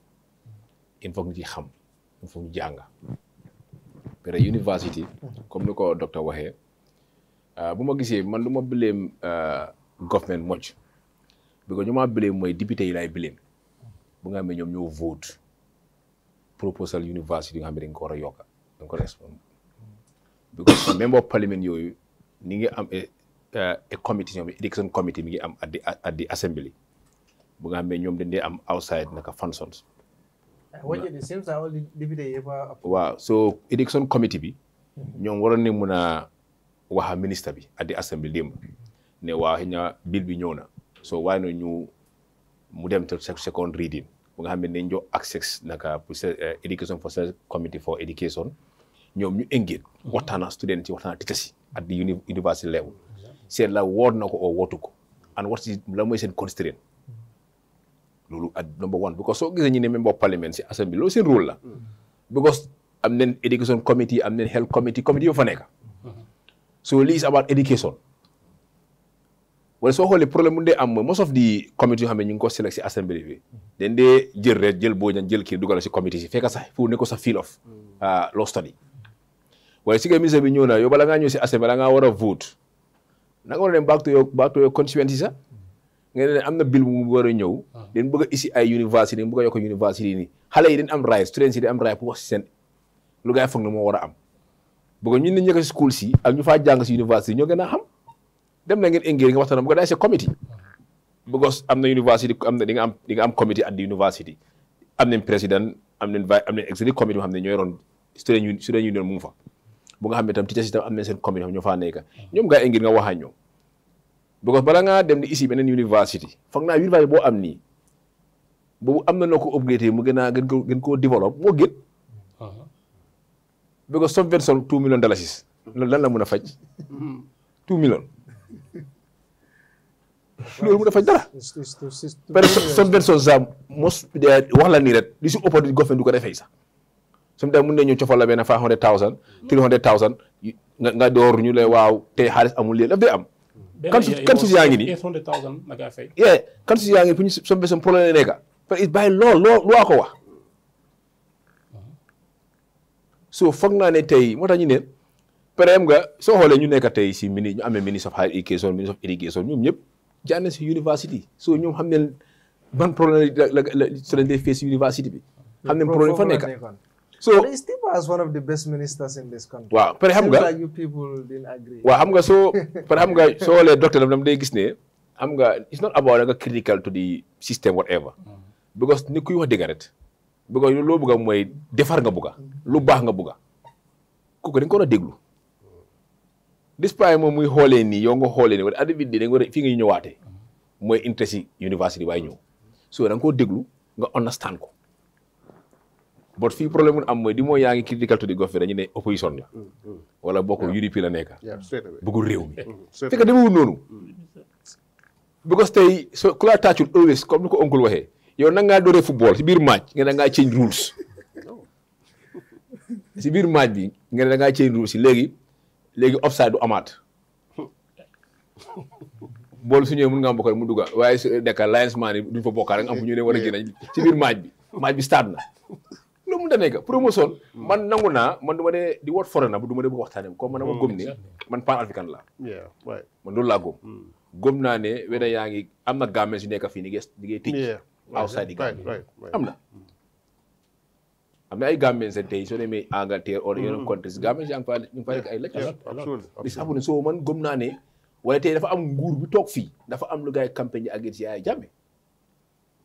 il faut ñu ci xam il faut ñu jàng pare university comme ni ko docteur waxé euh ah, buma gisé man du ma euh ah, government mocc bi ko ñuma ma moy député yi lay bileem bu nga amé ñom ñoo vote proposal university nga amé dañ ko wara yokka dañ ko respect because member of parliament yooyu ni ngi am a eh, eh, eh, committee ñoom education committee mi ngi am at the at the assembly bu nga xam ne ñoom dañ dee am outside naka functions ah, waaw so education committee bi mm-hmm. ñoom waroon ne mun a waxa ministre bi at the assembly démb ne waa xëy na bi ñëw na so waaye na ñu mu dem to second reading bu nga xam ne nañ jox access naka pour education for committee for education ñoom ñu engage waxtaan ak student yi waxtaan ak teachers yi at the university level seen la woot na ko oo wootu ko and what is la mooy seen constraint loolu at number one because soo gisee ñu ne member of parliament si assembly loolu seen rôle la because am nañ education committee am nañ health committee committee yoo fa nekk so lii is about education wala soo xoolee problème mu dee am mooy most of the committee yoo xam ne ñu ngi ko select si assembly bi dañ dee jël rek jël boo jël kii dugal si committee si fekk sax ne ko sa field of uh, law waaye si nga ministre bi ñëw na yow bala ngaa ñëw si assemblée bala ngaa war vote na nga war a dem back to your back to your constituency sax nga ne am na bill bu mu war a ah. ñëw dañ bëgg a isi ay am raay students yi dañ am raay pour wax lu gaa yi foog ne moo war am bëgg ñun ne ñëkk si school si ak ñu si université ñoo gën a xam dem na ngeen engagé nga waxtaan bu ko daay c'est committee because am na university am di nga am di nga am committee at the university am nañ président am nañ am ne ñooy roon student union student fa bu nga xam ne tam teachers itam am na seen commune ñoo faa nekk ñoom gaa yi nga wax ak ñoom because bala ngaa dem di isi beneen university foog naa university boo am nii boobu am na noo ko upgrade mu gën a gën ko gën koo développe moo gën uh-huh. because subvention two million dalasis loolu lan la mun a faj two million loolu mun a faj dara subvention eh, la nii rek li si ëpp di government du ko defee sax sometimes mën nañu cofal la benn five hundred thousand three hundred thousand nga nga door ñu lay waaw te xaalis amul léegi daf am kan su yaa ngi nii yeah kan su yaa ngi fu ñu sombe seen problème nekka parce que bàyyi lool lool so foog naa ne tey moo tax ñu ne prem nga soo xoolee ñu nekka tey si mini ñu amee ministre of higher education ministre of education ñoom ñëpp jàng si university so ñoom xam ne ban problème la la la si university bi xam ne problème fa nekka so they still as one of waaw pare xam nga like xam nga soo pare xam nga soo lee docteur lam day gis ne xam nga it's not about nga critical to the system whatever. Mm. because ni kuy wax dëgg rek. because loo bëgg a mooy defar nga bëgg a lu baax nga bëgg a dañ ko war a déglu. despite moom muy xoolee ni yow nga xoolee nii wala at bii dañ ko war a fi nga ñëwaatee. Mm. mooy interest yi university waaye ñëw so da nga koo déglu nga understand ko. bot fii problème mun am mooy di mooy yaa ngi critical to the government dañu ne opposition la mm, mm. wala bokkul UDP la nekk bëggul réew mi mm, fekk demewul noonu because tey ku la tàccul always comme ni ko oncle waxee yow nag ngaa dooree football si biir match nga ne ngaa change si biir match bi nga ne ngaa change si léegi léegi offside du nga am bokkal mu dugga waaye su nekk linesman yi duñ fa bokkaa rek am fu ñu ne war a génn si biir maaj bi match bi start na loolu mun na nekk promotion mm. man nangu naa man du ma dee di word foreigner bu du ma dee bëgg waxtaanee comme man dama mm. gëm ne man pan africain laa man loolu laa gëm mm. gëm naa ne weda yaa ngi am na gammes yu nekk fii ni ngay ni ngay am na ay gammes tey soo demee Angleterre or yeneen countries gammes yi fa ñu ay lecture man gëm naa ne wala tey dafa am nguur bi toog fii dafa am lu gaay campagne yi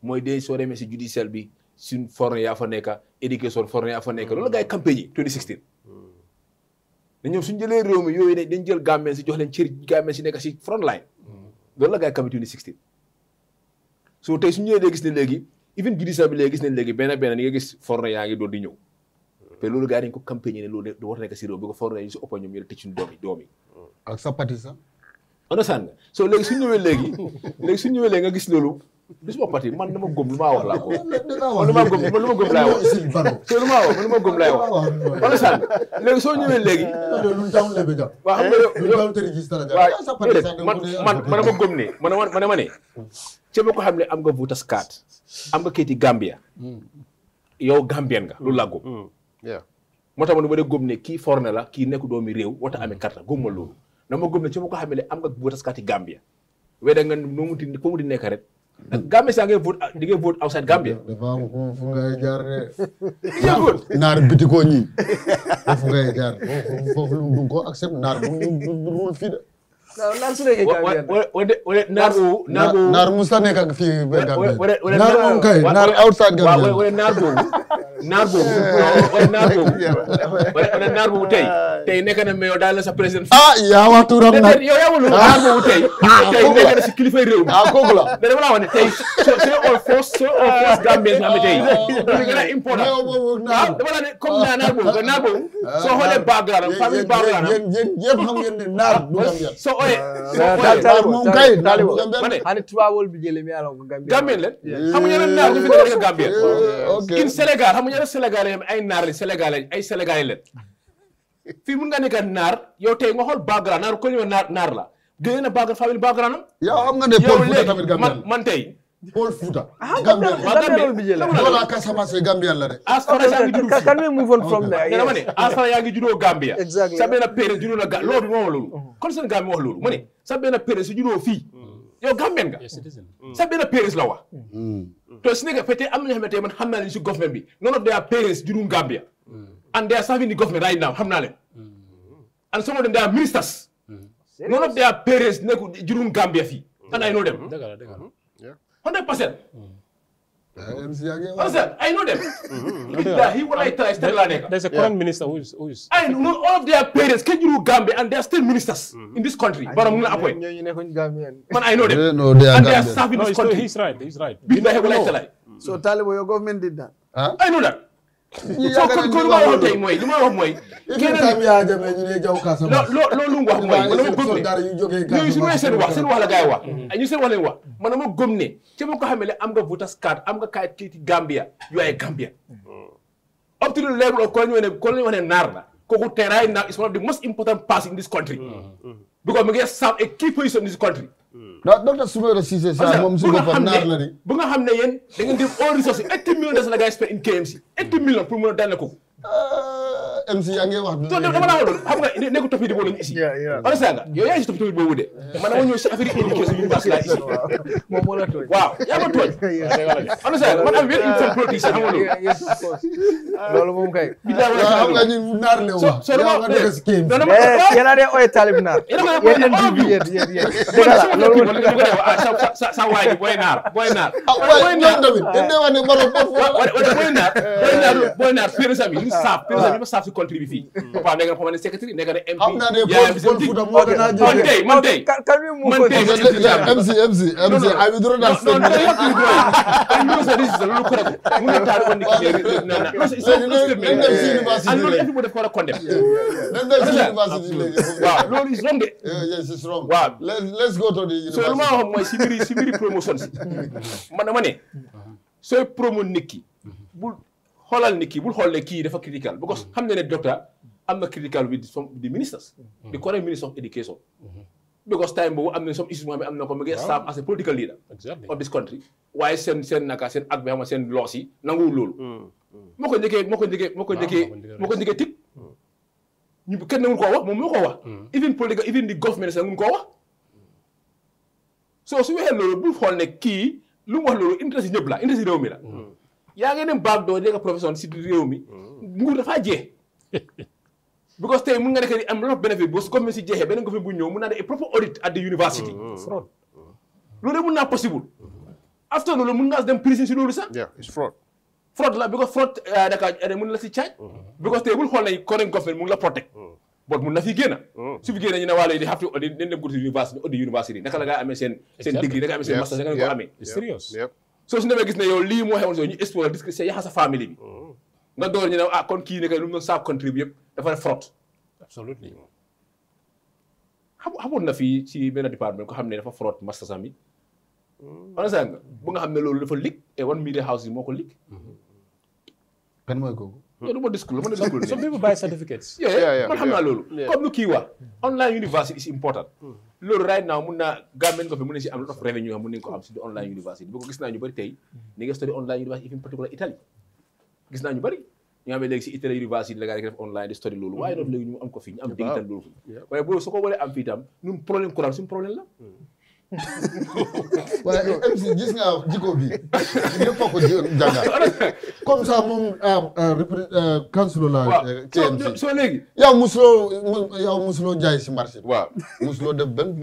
mooy dee soo demee si judiciaire bi suñ foreign yaa fa nekk éducation foreign yaa fa nekk loolu la ngay campagne 2016. ne ñoom suñ jëlee réew mi yooyu dañ jël gàmmeen si jox leen ci gàmmeen si nekk si front line. loolu la ngay campagne 2016. so tey suñu ñëwee dee gis ne léegi even judiciaire bi léegi nañ léegi benn benn ni gis foreign yaa ngi doon di ñëw. te loolu gars yi dañ ko campagne ne loolu du war nekk si réew bi ko foreign yi ñu si ëppoon ñoom ñu ne tëj sa pati sax. understand léegi suñu ñëwee léegi léegi ñëwee léegi nga gis loolu gisuma parti man na ma gëm lu ma wax laa ko. li ma gëm lu ma gëm laa wax. te lu ma wax lu ma gëm laa wax. man man ma gëm ne man ma man ma ne. ca ma ko xam ne am ga voter's card am nga kayiti Gambia. yow Gambien nga loolu laa gëm. Mm, moo tax ma ne ma de gëm ne kii forne la kii nekk doomi réew wata amee carte gëm ma loolu. na ma gëm ne ca ko xam ne am nga voter's card Gambia. wéy da nga nu mu di nekk rek Gambia saa ngay vote di vote outside Gambia. dafa am fu ngay jaar de. yaa ngi vote naar bitikoo ñi foofu ngay jaar foofu du ko accept naar du du naar mus la nekk ak fii ba Gambie. naar moom kay naar outside Gambie. waaw wala naar boobu. naar boobu. wala naar boobu tey. tey nekk na mais daal na sa président. ah yaa wax tuuram nag. yow yaa wala naar boobu tey. Ah, tey ah, nekk na si kilifa réew mi. ah kooku la. mais dama la wax ne tey c'est all force c'est all force Gambie nga xam ne tey. dafa ah, gën a important. ah dama la ne comme naar naar boobu naar boobu. soo xoolee background famille background. yéen yéen yéen xam ngeen ne naar du Gambie. Eh, gambien leen xamuñu ne naar mu fi nekk gambien kin sénégal xamuñu ne sénégal yi ay naar lañ sénégal ay sénégal yi leen fii mun nga nekk naar yow tey nga xool background naar ko ñëw naar la gën a background famille background am yow xam nga ne Paul Fouta tamit gambien man tey Paul Futa. Ah, Gambien la wala Casamance Gambien la yaa ngi juddoo kan move on from there. dama ne Asfara yaa ngi sa benn péré juddoo la Gambia moo wax loolu. kon seen wax loolu mu ne sa benn péré si juddoo fii. yow Gambien nga. sa benn péré la hmm. to su nekkee peut am na ñoo xamante man xam naa leen si government bi none of their parents juddoo Gambia. Hmm. and they are serving the government right now xam naa leen. Hmm. and some of them they are ministers. none of their parents nekk juddoo Gambia fii. and I know them. hundred percent. Hmm. Understand? I know them. Hmm. he what I tell still Laneka. There's a current yeah. minister who is, who is. I know all of their parents came to Gambia and they are still ministers mm-hmm. in this country. But I'm not appoint. Man, I know them. No, they are and Gambian. they are serving no, this country. He's right. He's right. He's right. So Taliban, your government did that. Huh? I know that. ñu kon kon lu ma wax tey mooy lu ma wax mooy. keneen tamit yaa demee ñu ne jaw Casamance. loo loolu mu wax mooy man dama gëm ne ñooñu seen wax seen wax la gars wax. Mm-hmm. ñu seen wax leen wax ne ci ma ko xamee ne am nga voter's card am nga kaay kii Gambia you are a Gambian. Mm-hmm. up to the level of kon ñu ne kon ñu wax ne naar la kooku teraay naar is one of the most important parts in this country. Mm-hmm. because mi ngi serve a key position in this country. non docteur Soumaïla Cissé Sarr moom su ko fa naar la de. bu nga xam ne yéen da di all resources eighty million des na spend in KMC eighty million pour mën a dale ko. Euh, MC yaa ngi wax. non dama la waxoon xam nga nekkul topp di boobu lañu ici. understand nga yow yaa ngi si topp tamit boobu de. man dama ñëw si affaire yi éducation yu baax laa ici. moom moo la tooñ. waaw yaa ma tooñ. understand man am une femme productrice xam nga loolu. loolu moom kay. xam nga ñu naar ne wu. soo dama nga def si kii bi. yéen a de oye taalib naar. yéen a de yéen yéen yéen. dëgg la loolu moom dëgg la ah sa sa waa ji booy naar booy naar. ah booy naar tamit dañ dee wax ne maro booy naar booy naar booy naar féer sa bi saaf féer sa bi ba saaf si country bi fii. papa nekk na permanent secretary nekk na MP. am na ne Paul Futa moo gën a jege man tey man tey. kan mi mu ko def MC MC MC abi duro da sen. non non yow kii quoi ay numéro sa registre loolu ko rek mu ne taal woon ni kii na na. non c'est université and loolu everybody ko war a condemn. dañ dem si université léegi. waaw loolu is wrong de. yes it's wrong. waaw let's go to the university. so lu ma wax mooy si mbiri si mbiri promotion si. man dama ne. sooy promo nit ki. bul xoolal ni kii bul xool ne kii dafa critical because xam ne ne docteur am na critical with some the ministers mm-hmm. the current minister of education mm-hmm. because time boobu am na some issues moo xam ne am na ko mu ngi serve as a political leader of this country waaye seen seen naka seen ak bi xam seen loos yi loolu mm-hmm. moo ko njëkkee moo ko njëkkee moo ko njëkkee moo ko njëkkee tig ñu kenn nangu koo wax moom moo ko wax even political even the government sax koo wax so su waxee loolu bul xool ne kii lu wax loolu interest yi ñëpp la interest yi réew mi la yaa ngi dem baag doo nekk profession si réew mi. Hmm. nguur dafaa jeex. because tey mun nga nekk ni am lot benefit boo su si jeexee beneen government ñëw mun naa def proper audit at hmm, hmm. possible. after loolu mun ngaa dem prison si loolu sax. fraud. fraud la because fraud uh, uh, mun la si caaj. because tey bul xool current government mu ngi la protect. bon mun na fi génn. su fi génn ñu ne waa léegi di have to audit nañ dem university audit university la ngaa amee seen. degree naka amee seen master ko amee. it's serious. soo su demee gis ne yow lii moo xewoon soo ñu explore dis que yaxa sa bi mm-hmm. nga door ñu ne ah kon kii ne que lu mu doon saab yëpp dafa def fraude absolument xam xamoon na fii ci benn département ko xam ne dafa fraude master sami understand nga bu nga xam ne loolu dafa lig et one million house yi moo ko lig mm-hmm. kan mooy kooku loolu ma discours ma certificates man xam naa loolu comme lu kii wax online university is important hmm. loolu right now mun naa government ko fi mun nañ si am lot revenue am si online ko gis naa gis naa ñu bëri ñu nga xam ne si Italie university la nga def online study loolu waaye noonu hmm. léegi ko fi am fii tam ñun problème courant suñu problème la hmm. waaye MC gis nga jiko bi ñëpp a ko jàngal comme ça moom councilor la KMC soo léegi yow musuloo yow jaay si marché waaw musuloo def benn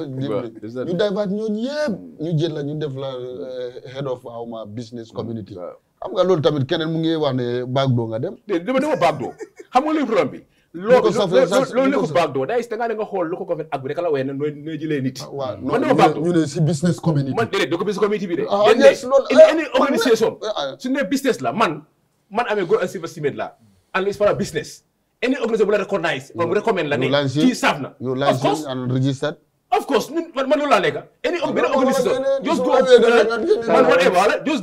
ñu daybaat ñooñu yëpp ñu jël la ñu def la head of awma business community xam nga loolu tamit keneen mu ngi wax ne baag doo nga dem dama dama baag doo xam nga luy problème bi loolu loolu ko backdoor day da ngaa ne nga xool lu ko ko fen la waaye nooy nooy nit ah, man dama business community man déedéet da community bi de any organisation su ne business la man man amee góor and silver cement la any organisation bu la or bu of course man, man, man, man, any no, just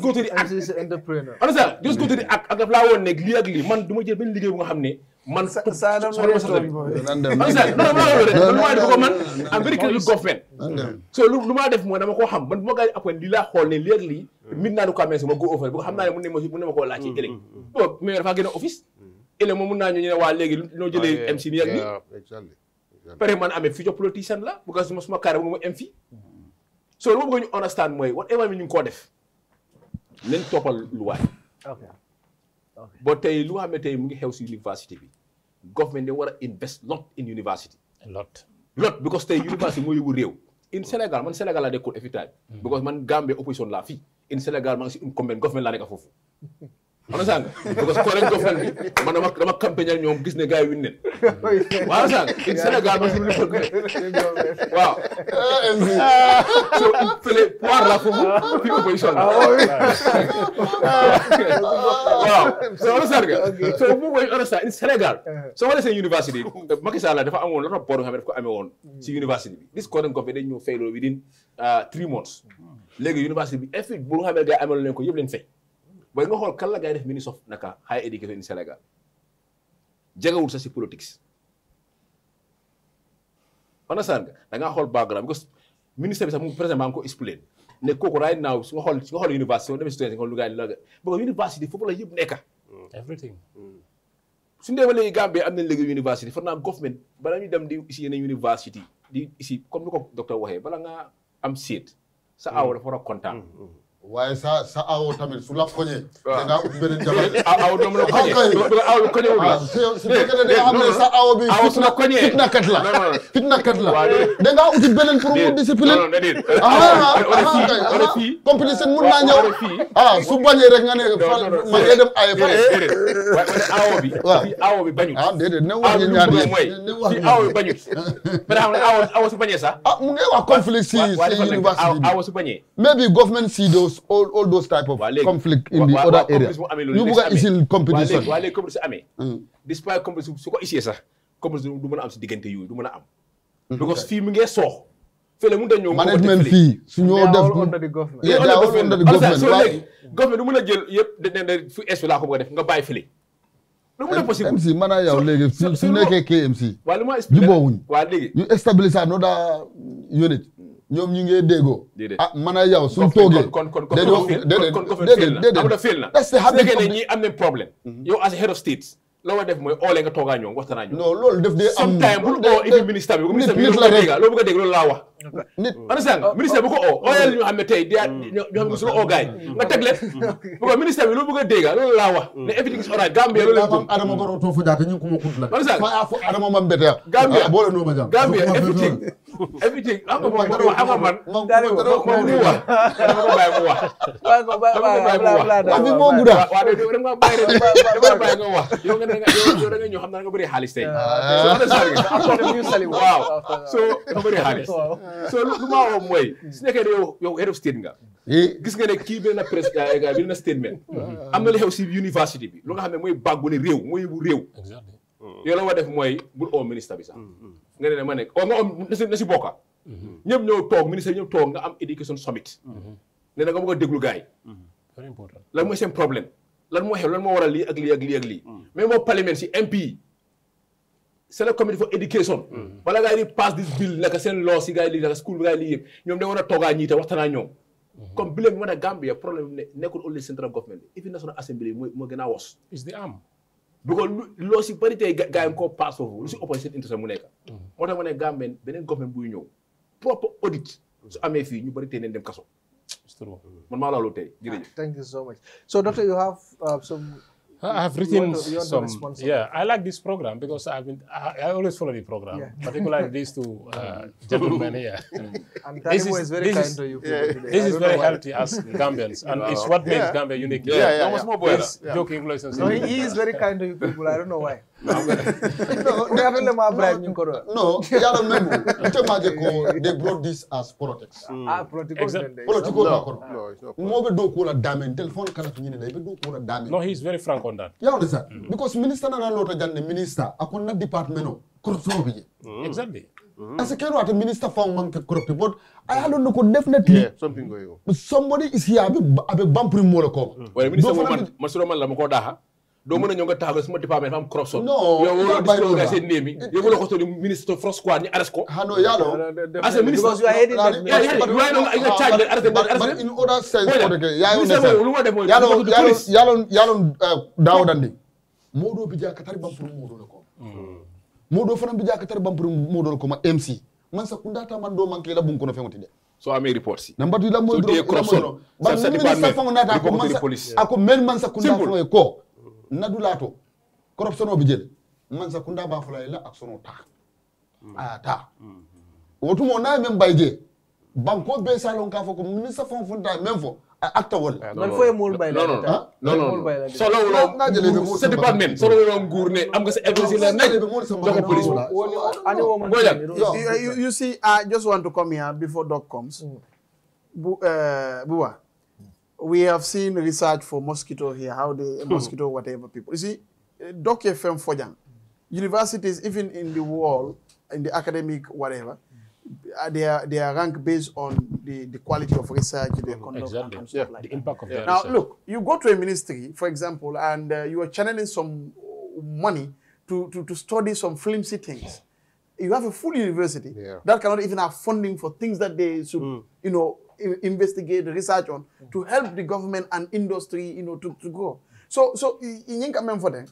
go, to the act. Understand? la won nek li ak man duma jël ben liggéey bu nga xamné man sa saa dama ne sa dama ko man am very critical so lu ma def mooy dama koo xam man bu ma gars yi après lii laa xool ne léegi lii hmm. mit naa nu ko amee si ma go offer bu ko xam naa ne mun ne ma mun ne ma koo laajte hmm, hmm, ëllëg bo mais mun naa ñu ne waa léegi noo jëlee ah, MC nii ak nii pare man amee future politicien la bu ko suma suma carré bu ma am fii so lu ma bëgg ñu understand mooy whatever mi ñu ngi koo def leen toppal luwaay ba tey lu nga xam ne tey mu ngi xew si university bi government da war a invest lot in university lot lot because tey university moo yóbbu réew in mm. senegal man Sénégal laa nekkoon every time mm. because man Gambie opposition laa fii in Sénégal maa ngi si incumbent government laa nekk foofu ana sànq parce que koo leen Jofal bi man dama dama campagne ak ñoom gis ne gars yi win nen waaw sànq Sénégal ma suñu bëgg waaw so il fallait pouvoir la foofu ah la waaw so ana sànq so bu koy ana sànq Sénégal uh-huh. so wala seen université Macky Sall dafa la rapport nga xam ne ko amee woon hmm. si bi gis koo leen ko fi dañ ñëw fayloo within uh, three months hmm. léegi université bi effet bu nga xam ne gars ko yëpp leen fay ba nga xool kan la gaa yi def ministre of naka higher education in Sénégal jegewul sa si politics understand nga da xool background because ministre bi sax mu président maa ngi ko explain ne kooku right now su nga xool su nga xool université wala demee si nga xool lu gaa yi foofu la yëpp nekk. everything. su ñu demee léegi Gambie am nañ léegi université foog naa government bala ñu dem di si yeneen université di si comme ni ko docteur waxee bala ngaa am seet. sa aw dafa war a kontaan. Mm, mm. waaye sa sa awo tamit su la koñee. waaw da ngaa ut beneen jabar. aw doom ah, la koñee aw koñewul la. su fekkee sa awo bi. la koñee fitna kat fitna kat la da ngaa uti beneen pour mu discipline. non non déedéet. Ah, ah, ah su bañee rek nga ne ma bi. waaw si bi bañut. ah déedéet ne wax ñu ñaar yëpp si awo bi bañut. par exemple awo awo mu ngi wax conflit si si université government si doo those all all those type of conflict in the other area ñu bugg a isil competition waa hmm. competition du mën a am si diggante yooyu du mën a am hmm. because fii mu ngee soox fële mu dañoo management fii su ñoo def yeah they are all a jël yëpp dañ ne laa ko bëgg a def nga bàyyi fële mu ne possible MC man a yow léegi su nekkee KMC jubóowuñ ñu establish another unit ñoom ñu ngi déggoo. ah man a yow suñ toogee. kon kon kon am na problème. Mhm. yow as head of state. la war def mooy oolee nga toogaa ñoom waxtaan ak ñoom. non loolu def dee am. sometime bul oo ibi ministre bi. laa wax. nit understand ministère bu ko oo ooyal ñu xam ne tey dia ñu xam ne suñu oo gaay nga teg bu ko ministère bi lu bëgg a dégg loolu laa wax ne everything is alright Gambia loolu lañ Adama la understand fa fo Adama mam beter Gambia boole no ma jam Gambia everything everything am ko man am ko man daal di wax ko mu wax dama ko bàyyi mu wax waaye naa nga bëri xaalis tey so understand waaw nga bëri xaalis so lu ma wax mooy su nekkee ne yow yow head of state nga gis nga ne kii benn presse benn statement mm-hmm. Mm-hmm. am na li xew si university bi lu nga xam ne mooy bàggule réew mooy yóbbu réew mm-hmm. yow la war def mooy bul oo ministre bi sax nga ne ne ma ne oo nga om na si bokka ñëpp ñëw toog ministre yi toog nga am education summit ne da nga bëgg a lan mooy seen problème lan moo xew lan moo waral lii lii ak lii ak lii mais mm. moo parlement si MP c'est le committee for education mm-hmm. wala gaa yi di pass this bill naka seen law gaa yi lii naka school gaa yi lii yëpp ñoom da war a toogaa ñii te ñoom mm-hmm. comme bi léegi mën a Gambia problème ne only central government even national assembly moo moo gën a wos is the tey gaa yi koo pass foofu lu si opposition interest mu nekk mm-hmm. moo tax ne Gambia beneen government buy ñëw propre audit su amee fii ñu bëri tey neen dem kaso man maa loolu I've written some. Yeah, I like this program because I've been. I, I always follow the program, yeah. particularly these two uh, gentlemen here. And this is, very this is, you, yeah. This is very healthy as Gambians, and it's what makes Gambia unique. Yeah, yeah. yeah, yeah. Joking No, he is very kind to you people. I don't know why. non mais avec le mois Brian ko doon. non yàlla même tellement de ko they brought this as politics. politics moo be doo ko la daamen kala ko ñine be doo ko la no he is very frank on that you understand mm. because minister na lota jande minister akon na department no corruption bi mm. exactly a care what a minister found man corrupt, but I don't know definitely yeah, something going on. Somebody is here, I've been bumping more. Mm-hmm. Well, minister, Masuro Malamukodaha. doo mën a ñëw nga taxaw sama département dafa am croissant. non yow wala dislo nga seen néem yi. yow wala ko sori ministre France quoi ñu arrest ko. hano yalo. asa ministre yalon dawo dandi moɗo bija ka tari bampuru moɗol ko moɗo fana bija ka tari bampuru moɗol ko ma mc man sakundata man do man kila bun kono fengoti de so ami report si nambatu la ko so sa sa di ban ko police ako men man sakunda ko nadulaato korop sono ɓe jeeli mansakunda bafulayla ak sono ta mm. aya ta mm-hmm. wotumo nayi men mbayde banko be salon ka fo ko ministre fon fonta même fo acte wol ah, man foye mool bay non non ah? solo wulo c'est pas même solo wulo nguur ne am nga sa église la nek doko police ani wo man you see i uh, just want to come here before doc comes mm. bu euh buwa we have seen research for mosquito here, how the hmm. mosquito, whatever people. You see, Doc FM young universities, even in the world, in the academic, whatever, uh, they are, they are ranked based on the, the quality of research they hmm, conduct exactly. and stuff yeah, like the that. impact of yeah. Now, research. look, you go to a ministry, for example, and uh, you are channeling some money to, to, to study some flimsy things. You have a full university yeah. that cannot even have funding for things that they should, mm. you know, investigate, research on mm. to help the government and industry, you know, to, to grow. So, so in them,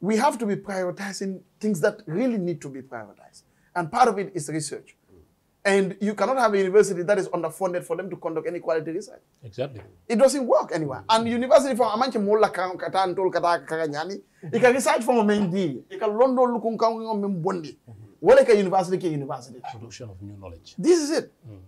we have to be prioritizing things that really need to be prioritized. And part of it is research. Mm. And you cannot have a university that is underfunded for them to conduct any quality research. Exactly. It doesn't work anywhere. And mm. university from Amanche Mola Katan Tol Kata Karanyani, you can research from a main deal. It can London Lukun Kang Bondi. Mm-hmm. Well, like a university, university. Production of new knowledge. This is it. Mm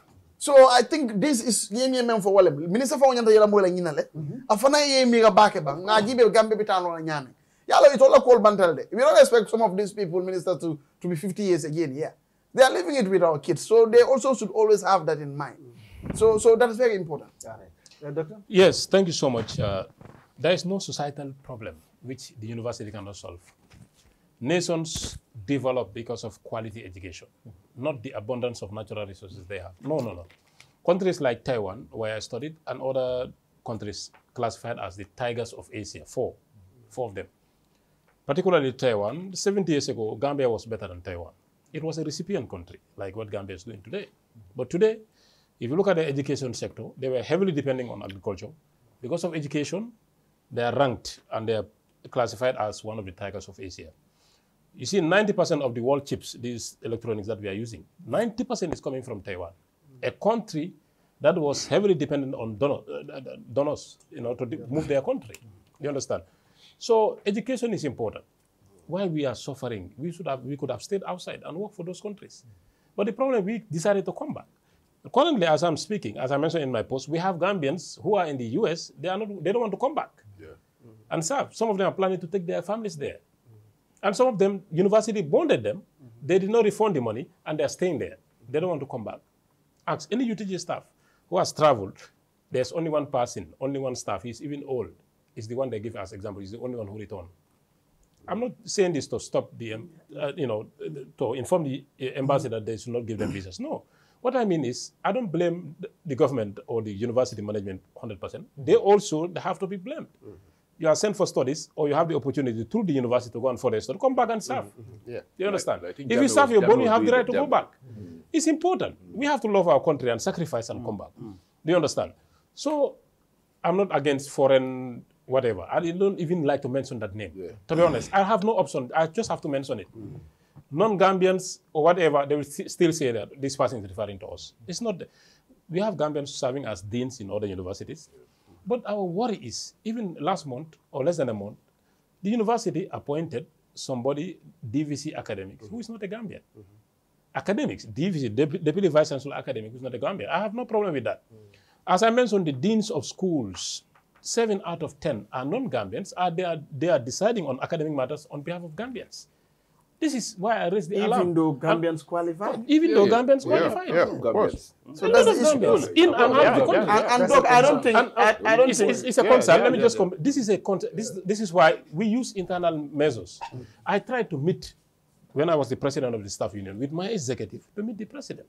so i think this is yemi men for Wale. minister for wonyanta yela mola nyina le mhm. afana yemi ga bake ba nga jibe gambe bitano na nyame yalla a call bantal de we don't expect some of these people minister to to be 50 years again yeah they are living it with our kids so they also should always have that in mind mm. so so that is very important uh, doctor yes thank you so much uh, there is no societal problem which the university cannot solve Nations develop because of quality education, not the abundance of natural resources they have. No, no, no. Countries like Taiwan, where I studied, and other countries classified as the tigers of Asia, four, four of them. Particularly Taiwan, 70 years ago, Gambia was better than Taiwan. It was a recipient country, like what Gambia is doing today. But today, if you look at the education sector, they were heavily depending on agriculture. Because of education, they are ranked and they are classified as one of the tigers of Asia. You see, 90% of the world chips, these electronics that we are using, 90% is coming from Taiwan, a country that was heavily dependent on uh, uh, donors you know, to move their country. You understand? So education is important. Why we are suffering, we, should have, we could have stayed outside and worked for those countries. But the problem, we decided to come back. Currently, as I'm speaking, as I mentioned in my post, we have Gambians who are in the US, they, are not, they don't want to come back yeah. and serve. Some of them are planning to take their families there. And some of them, university bonded them. Mm -hmm. They did not refund the money, and they're staying there. They don't want to come back. Ask any UTG staff who has traveled. There's only one person, only one staff. He's even old. He's the one they give as example. He's the only one who returned. I'm not saying this to stop the, um, uh, you know, to inform the uh, embassy that they should not give them mm-hmm. visas. No. What I mean is, I don't blame the government or the university management 100%. They mm-hmm. also have to be blamed. Mm -hmm you are sent for studies or you have the opportunity through the university to go and the study, come back and serve. Mm -hmm. Yeah. You understand? Right. If you serve your bone, you have the right to go back. Mm-hmm. It's important. Mm-hmm. We have to love our country and sacrifice and come back. Do you understand? So I'm not against foreign whatever. I don't even like to mention that name. Yeah. To be honest, I have no option. I just have to mention it. Non-Gambians or whatever, they will still say that this person is referring to us. It's not. We have Gambians serving as deans in other universities. Yeah but our worry is, even last month or less than a month, the university appointed somebody, DVC academics, mm -hmm. who is not a Gambian. Mm -hmm. Academics, DVC, Deputy Vice Chancellor academic, who is not a Gambian. I have no problem with that. Mm. As I mentioned, the deans of schools, seven out of 10 are non-Gambians, are they, are, they are deciding on academic matters on behalf of Gambians. This is why I raised the even alarm. Though Gambians qualified. Even yeah, though yeah. Gambians qualified. Yeah, yeah, of course. So that's the issue. In and out the country. and, and look, I don't think, and, uh, I, I don't it's, think. It's, it's a concern. Let me just, com- this is a concern. this, this is why we use internal measures. I tried to meet, when I was the president of the staff union, with my executive to meet the president.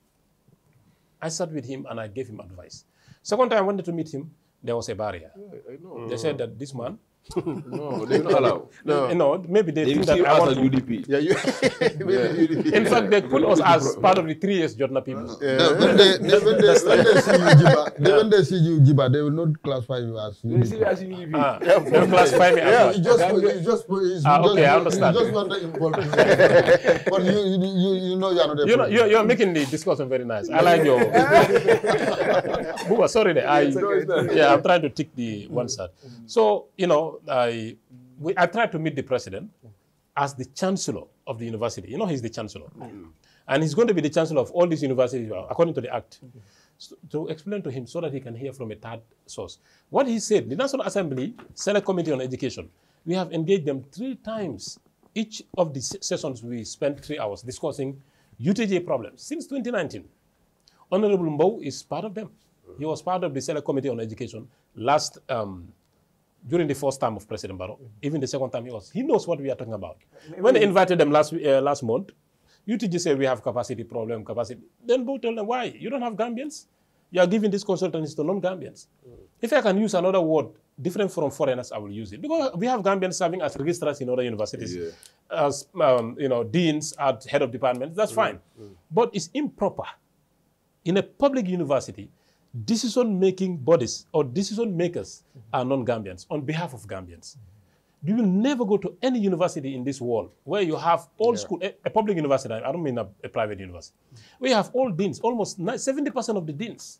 I sat with him and I gave him advice. Second time I wanted to meet him, there was a barrier. Yeah, they said that this man no, they're not allowed. No, eh, no maybe they, they think that I want to... UDP. Yeah, you, maybe yeah. UDP. In fact, they put us as part of the three years Jotna people. Yeah. Yeah. When, they, they, when, they, when they see you Jiba, they, when they see you Jiba, they will not classify you as UDP. They see you as UDP. Ah, yeah, they will classify me as Yeah, you just, you just, ah, you just, ah, okay, just, I understand. You just want to involve me. but you, you, you, you know you are not. You know, you're, you're making the discussion very nice. I like your. Buba, sorry, there. I, yeah, I'm trying to tick the one side. So you know. I, we, I tried to meet the president as the chancellor of the university. You know, he's the chancellor. Mm. And he's going to be the chancellor of all these universities, uh, according to the act. Mm -hmm. so, to explain to him so that he can hear from a third source. What he said, the National Assembly Select Committee on Education, we have engaged them three times. Each of the sessions we spent three hours discussing UTJ problems since 2019. Honorable Mbou is part of them. He was part of the Select Committee on Education last um, during the first time of President Barrow, mm -hmm. even the second time he was, he knows what we are talking about. Maybe when they invited them last, uh, last month, UTG said we have capacity problem, capacity. Then both tell them why. You don't have Gambians. You are giving these consultants to non-Gambians. Mm -hmm. If I can use another word different from foreigners, I will use it. Because we have Gambians serving as registrars in other universities, yeah. as um, you know, deans, at head of departments. That's mm -hmm. fine. Mm. But it's improper in a public university decision-making bodies or decision-makers mm -hmm. are non-Gambians on behalf of Gambians. Mm -hmm. You will never go to any university in this world where you have all yeah. school, a, a, public university, I don't mean a, a private university. Mm -hmm. We have all deans, almost 70% of the deans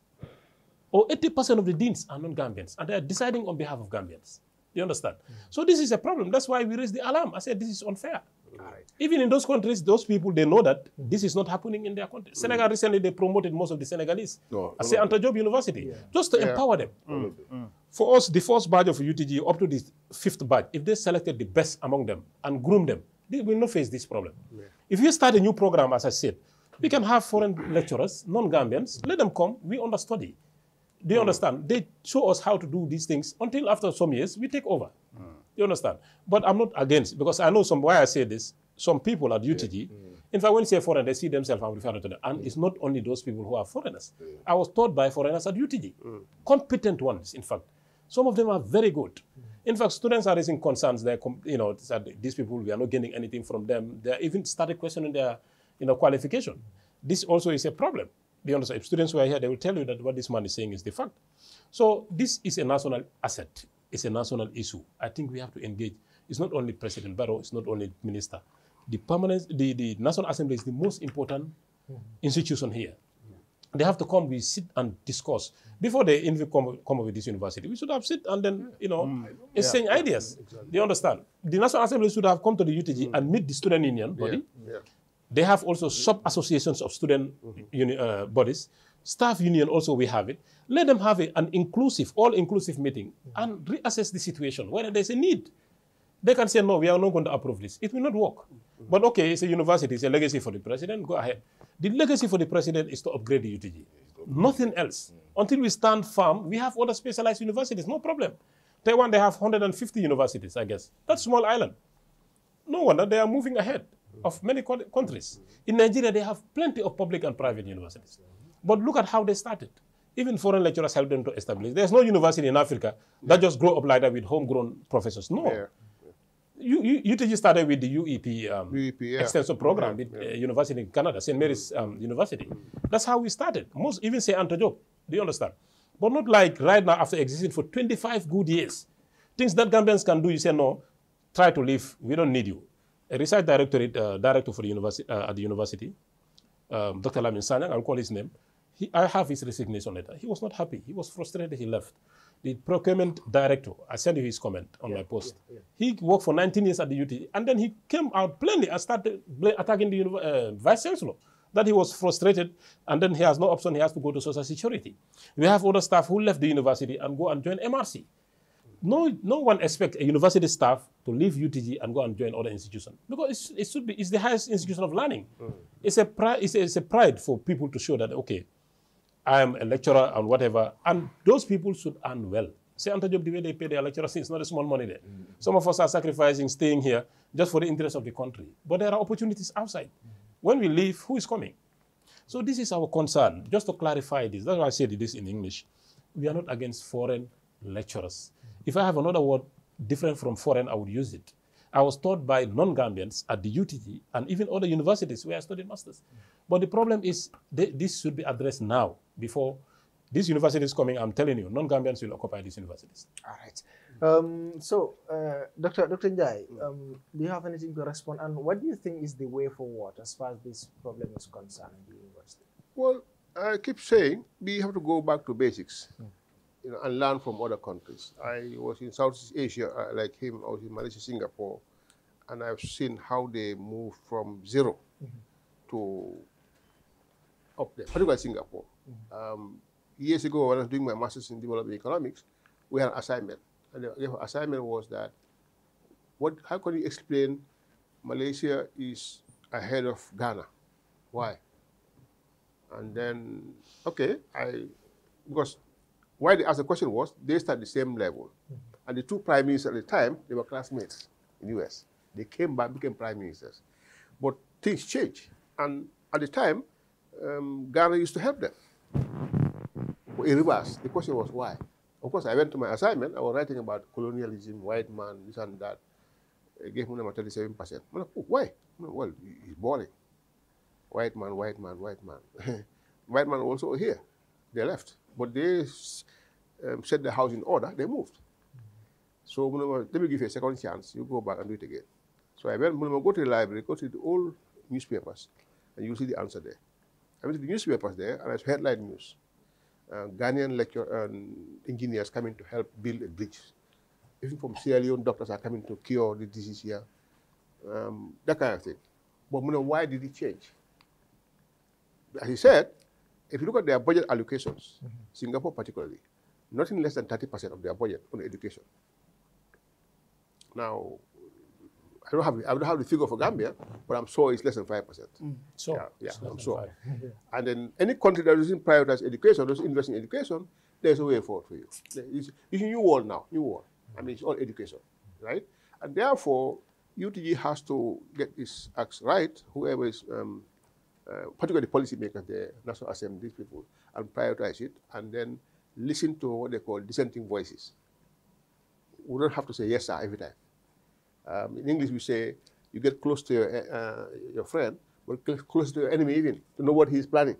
or 80% of the deans are non-Gambians and they are deciding on behalf of Gambians. You understand? Mm. So this is a problem. That's why we raised the alarm. I said, this is unfair. Right. Even in those countries, those people, they know that this is not happening in their country. Mm. Senegal recently, they promoted most of the Senegalese no, at Anta University, yeah. just to yeah. empower them. Mm. Mm. For us, the first batch of UTG up to the fifth batch, if they selected the best among them and groomed them, they will not face this problem. Yeah. If you start a new program, as I said, we can have foreign lecturers, non-Gambians, let them come, we understudy. They mm. understand. They show us how to do these things until after some years, we take over. You understand? But I'm not against because I know some why I say this. Some people at UTG, yeah. mm. in fact, when you say foreign, they see themselves I'm referring to them. And mm. it's not only those people who are foreigners. Yeah. I was taught by foreigners at UTG, mm. competent ones, in fact. Some of them are very good. Mm. In fact, students are raising concerns. They, you know, these people we are not gaining anything from them. They even started questioning their, you know, qualification. This also is a problem. You understand. If students were here, they will tell you that what this man is saying is the fact. So this is a national asset. It's a national issue. I think we have to engage. It's not only President Barrow, it's not only Minister. The National Assembly is the most important mm-hmm. institution here. They have to come, with this university, we should have sit and then, mm. exchange ideas. They understand. The National Assembly should have come to the UTG mm. and meet the student union body. They have also sub-associations of student mm-hmm. uh, bodies. Staff union also, we have it. Let them have a, an inclusive, all-inclusive meeting mm -hmm. and reassess the situation, whether there's a need. They can say, no, we are not going to approve this. It will not work. Mm -hmm. But okay, it's a university, it's a legacy for the president, go ahead. The legacy for the president is to upgrade the UTG. Nothing else. Until we stand firm, we have other specialized universities, no problem. Taiwan, they have 150 universities, I guess. That's small island. No wonder they are moving ahead of many countries. In Nigeria, they have plenty of public and private universities. But look at how they started. Even foreign lecturers helped them to establish. There's no university in Africa that just grow up like that with homegrown professors. No. Yeah. You, you, UTG started with the UEP, um, UEP yeah. extensive program yeah, with uh, university in Canada, St. Mary's um, University. That's how we started. Most even say Antojo, do you understand? But not like right now after existing for 25 good years. Things that Gambians can do, you say, no, try to leave. We don't need you. A research directorate, uh, director for the university, uh, at the university, um, Dr. Lamin Sanyang, I'll call his name, he, I have his resignation letter. He was not happy. He was frustrated. He left. The procurement director, I sent you his comment on yeah, my post. Yeah, yeah. He worked for 19 years at the UT, and then he came out plainly and started attacking the uh, vice chancellor. That he was frustrated, and then he has no option. He has to go to social security. We have other staff who left the university and go and join MRC. No, no one expects a university staff to leave UTG and go and join other institutions because it should be it's the highest institution of learning. Mm. It's a pride. It's, it's a pride for people to show that okay, I am a lecturer and whatever. And those people should earn well. See, job, the way they pay their lecturers, it's not a small money there. Mm -hmm. Some of us are sacrificing staying here just for the interest of the country. But there are opportunities outside. Mm -hmm. When we leave, who is coming? So this is our concern. Just to clarify this, that's why I said this in English. We are not against foreign lecturers. Mm -hmm. If I have another word different from foreign, I would use it. I was taught by non-Gambians at the UTT and even other universities where I studied masters. But the problem is they, this should be addressed now before these universities coming, I'm telling you, non-Gambians will occupy these universities. All right. Um, so, uh, Dr. Dr. Njai, um, do you have anything to respond? And what do you think is the way forward as far as this problem is concerned in the university? Well, I keep saying we have to go back to basics hmm. you know, and learn from other countries. I was in Southeast Asia, uh, like him, I was in Malaysia, Singapore, and I've seen how they move from 0 mm -hmm. to up there, particularly Singapore um, years ago, when I was doing my master's in development economics, we had an assignment. And the assignment was that what, how can you explain Malaysia is ahead of Ghana? Why? And then, okay, I, because why they asked the question was they start the same level. Mm -hmm. And the two prime ministers at the time, they were classmates in the US. They came back, became prime ministers. But things change. And at the time, um, Ghana used to help them in reverse. The question was why? Of course, I went to my assignment. I was writing about colonialism, white man, this and that. I gave number 37%. Like, oh, why? Well, it's boring. White man, white man, white man. white man also here. They left. But they um, set the house in order. They moved. So let me give you a second chance. You go back and do it again. So I went, go to the library, go to the old newspapers, and you'll see the answer there. I mean, the newspapers there, and it's headline news. Uh, Ghanaian lecture, um, engineers coming to help build a bridge. Even from Sierra Leone, doctors are coming to cure the disease here. Um, that kind of thing. But you know, why did it change? As he said, if you look at their budget allocations, mm -hmm. Singapore particularly, nothing less than 30% of their budget on education. Now, I don't have I don't have the figure for Gambia, but I'm sure it's less than five percent. Mm. So yeah, yeah I'm sure. yeah. And then any country that doesn't prioritize education, doesn't invest in education, there's a way forward for you. It's, it's a new world now, new world. I mean, it's all education, right? And therefore, UTG has to get its acts right. Whoever is, um, uh, particularly policymakers, the National Assembly, these people, and prioritize it, and then listen to what they call dissenting voices. We don't have to say yes sir every time. Um, in English, we say you get close to your, eh, uh, your friend, but close to your enemy even to know what he's planning.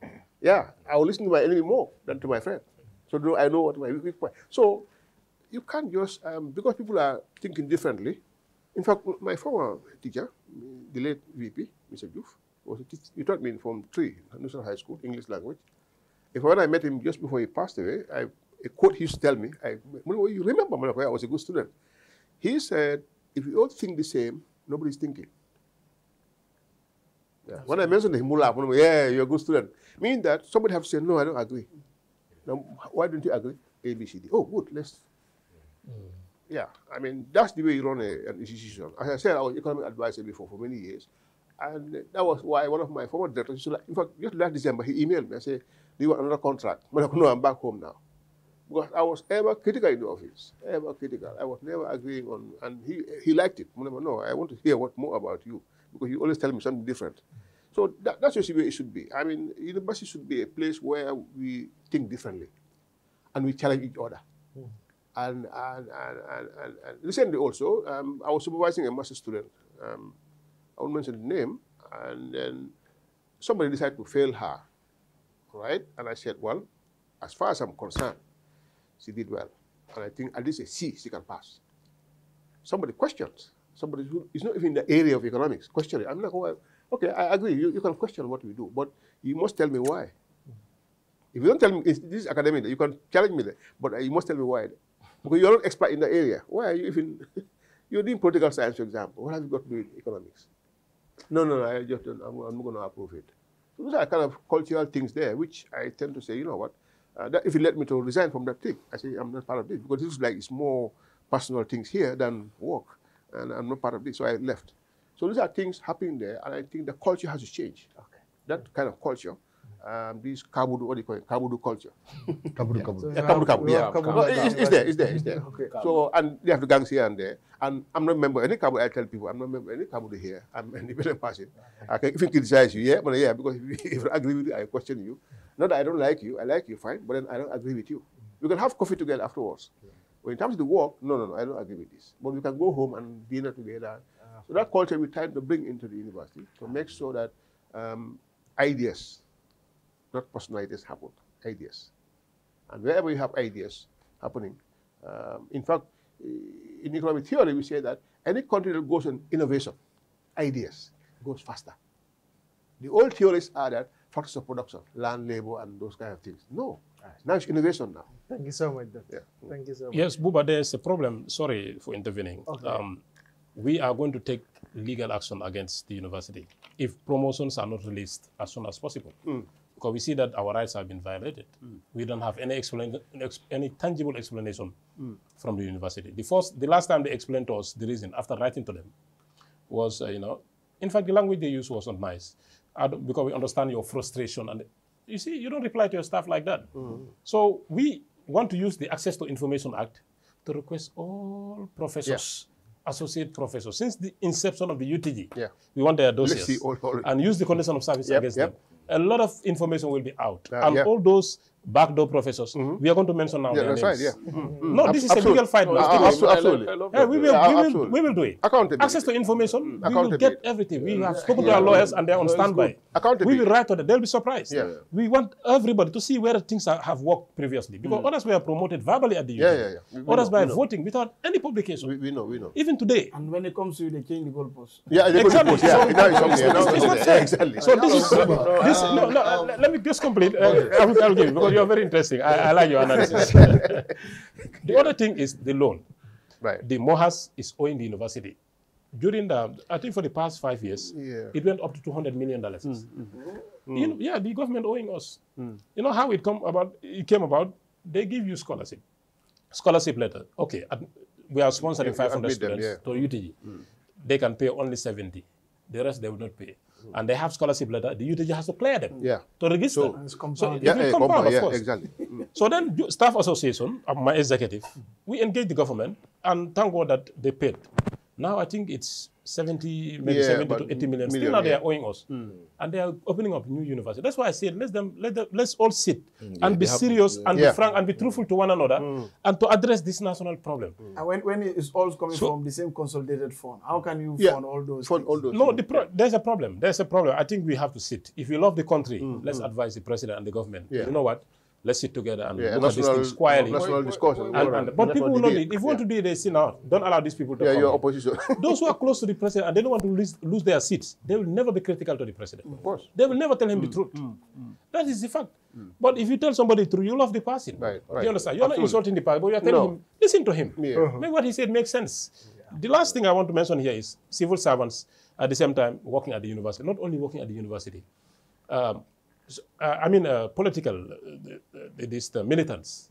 Yeah. yeah, I will listen to my enemy more than to my friend. So do I know what my weak point. So you can't just um, because people are thinking differently. In fact, my former teacher, the late VP, Mr. Juf, was he taught me in Form Three, National High School, English language. If when I met him just before he passed away, I, a quote he used to tell me, I, you remember, I was a good student. He said, if you all think the same, nobody's thinking. Yeah. When I mentioned him, yeah, you're a good student. Meaning that somebody have said, no, I don't agree. Now, why don't you agree? A, B, C, D. Oh, good, let's. Mm. Yeah, I mean, that's the way you run a, an institution. As I said, I was economic advisor before for many years. And that was why one of my former directors, in fact, just last December, he emailed me and said, do you want another contract? But no, I'm back home now because I was ever critical in the office, ever critical. I was never agreeing on, and he, he liked it. No, I want to hear what more about you because you always tell me something different. So that, that's just the way it should be. I mean, university should be a place where we think differently and we challenge each other. Mm. And, and, and, and, and, and recently also, um, I was supervising a master student. Um, I won't mention the name. And then somebody decided to fail her, right? And I said, well, as far as I'm concerned, she did well. And I think at least a C she can pass. Somebody questions. Somebody who is not even in the area of economics. Question it. I'm like, well, okay, I agree. You, you can question what we do, but you must tell me why. If you don't tell me, this is academic, you can challenge me there, but uh, you must tell me why. Because you're not expert in the area. Why are you even, you're doing political science, for example. What have you got to do with economics? No, no, no, I just, I'm, I'm not going to approve it. So those are kind of cultural things there, which I tend to say, you know what, uh, that if you let me to resign from that thing, I say I'm not part of this because it's like it's more personal things here than work, and I'm not part of this, so I left. So these are things happening there, and I think the culture has to change. Okay. That kind of culture, um, this kabudu, what do you call it, kabudu culture. kabudu, kabudu. yeah, kabudu, kabudu, yeah. Kabudu, Kabudu. it's, it's there, it's there, it's there. okay. So, and they have the gangs here and there. And I'm not member any kabudu, I tell people, I'm not member any kabudu here. I'm an independent person. I can even criticize you, yeah, but yeah, because if, if I agree with you, I question you. Not that I don't like you, I like you, fine, but then I don't agree with you. We mm. can have coffee together afterwards. Yeah. But in terms of the work, no, no, no, I don't agree with this. But we can go home and dinner together. Uh, so that culture we try to bring into the university to ah. make sure that um, ideas, not personalities, happen. Ideas. And wherever you have ideas happening, um, in fact, in economic theory, we say that any country that goes on innovation, ideas, goes faster. The old theories are that factors of production, land, labor, and those kind of things. No. Now it's innovation now. Thank you so much, Doctor. Yeah. Thank you so much. Yes, Buba, there's a problem. Sorry for intervening. Okay. Um, we are going to take legal action against the university if promotions are not released as soon as possible. Mm. Because we see that our rights have been violated. Mm. We don't have any explain, any tangible explanation mm. from the university. The first, the last time they explained to us the reason after writing to them was, uh, you know, in fact, the language they used was not nice because we understand your frustration. And you see, you don't reply to your staff like that. Mm. So we want to use the Access to Information Act to request all professors. Yeah associate professors, since the inception of the UTG. Yeah. We want their dossiers. All, all and use the condition of service yep, against yep. them a lot of information will be out. Uh, and yeah. all those backdoor professors, mm -hmm. we are going to mention now. Yeah, that's names. right. Yeah. Mm -hmm. No, this is absolutely. a legal fight. No, absolutely. Yeah, we, will, we, will, we will do it. Accountability. Access to information, we will get everything. We have spoken to our lawyers and they're on standby. Accountability. We will write on it. They'll be surprised. Yeah. We want everybody to see where things are, have worked previously because mm. others were promoted verbally at the union. Yeah, yeah, yeah. We, others by voting without any publication. We, we, know, we know. Even today. And when it comes to the change the goalposts. Yeah, exactly. goalposts. Yeah, exactly. So this is no, no. Um, uh, um let, me just complete. Okay. I, uh, will, I will give you because you're very interesting. I, I like your analysis. the yeah. other thing is the loan. Right. The MOHAS is owing the university. During the, I think for the past five years, yeah. it went up to two hundred million dollars. Mm mm. mm. you know, yeah, the government owing us. Mm. You know how it come about? It came about. They give you scholarship, scholarship letter. Okay, we are sponsoring yeah, 500 them, students yeah. to UTG. Mm. They can pay only 70. The rest they will not pay and they have scholarship letter, the UTG has to clear them yeah. to register. So, it's compound. So yeah, yeah, compound, compound, of yeah, course. Exactly. Mm. So then staff association, um, my executive, we engage the government and thank God that they paid. Now I think it's 70, maybe yeah, 70 to 80 million. Still now yeah. they are owing us. Mm. And they are opening up new universities. That's why I said, let them, let them, let's all sit mm. and be serious and be frank and be truthful to one another mm. and to address this national problem. Hmm. And when, when it's all coming so, from the same consolidated fund, how can you fund all those? Fund all those no, the there's a problem. There's a problem. I think we have to sit. If we love the country, hmm. let's hmm. advise the president and the government. You know what? Let's sit together and yeah, look at these things National discussion. And, and, but people will not If you want to do it, they sit out. Don't allow these people to Yeah, you opposition. Those who are close to the president and they don't want to lose, lose their seats, they will never be critical to the president. Of course. They will never tell him mm, the truth. Mm, mm. That is the fact. Mm. But if you tell somebody the truth, you love the person. Right, right. You understand? You're Absolutely. not insulting the person, but you're telling no. him, listen to him. Yeah. Uh -huh. Make what he said make sense. Yeah. The last thing I want to mention here is civil servants at the same time working at the university. Not only working at the university. Um, uh, I mean, uh, political, uh, this militants.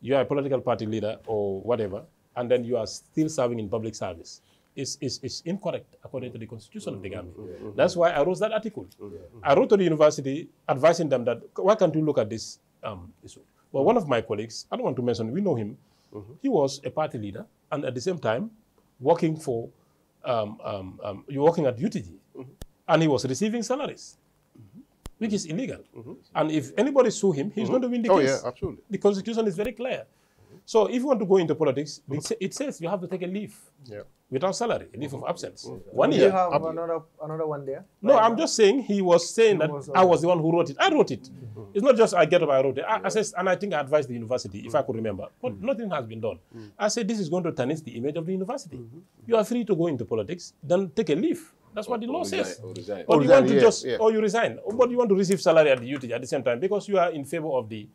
You are a political party leader or whatever, and then you are still serving in public service. It's it's incorrect according to the constitution mm -hmm. of the Gambia. Mm -hmm. That's why I wrote that article. -hmm. I wrote to the university advising them that why can't you look at this um, issue? Well, one of my colleagues, I don't want to mention, we know him, mm-hmm. he was a party leader and at the same time working for um, um, um, you're working at UTG, mm -hmm. and he was receiving salaries which is illegal. Mm-hmm. And if anybody sue him, he's going to win the mm-hmm. oh, case. Oh, yeah, absolutely. The Constitution is very clear. So if you want to go into politics, mm-hmm. it says you have to take a leave yeah. without salary, a leave of absence. One year. you have another, another one there? No, I'm just saying he was saying he that was I uh, was the one who wrote it. I wrote it. Mm -hmm. It's not just I get up, I wrote it. I, yeah. I says, and I think I advised the university, if mm -hmm. I could remember. But mm -hmm. nothing has been done. I said, this is going to tarnish the image of the university. You are free to go into politics, then take a leave. That's what the law says. Or resign. or you resign, want to yeah, just, yeah. or you resign. But you want to receive salary at the UTG at the same time because you are in favor of the,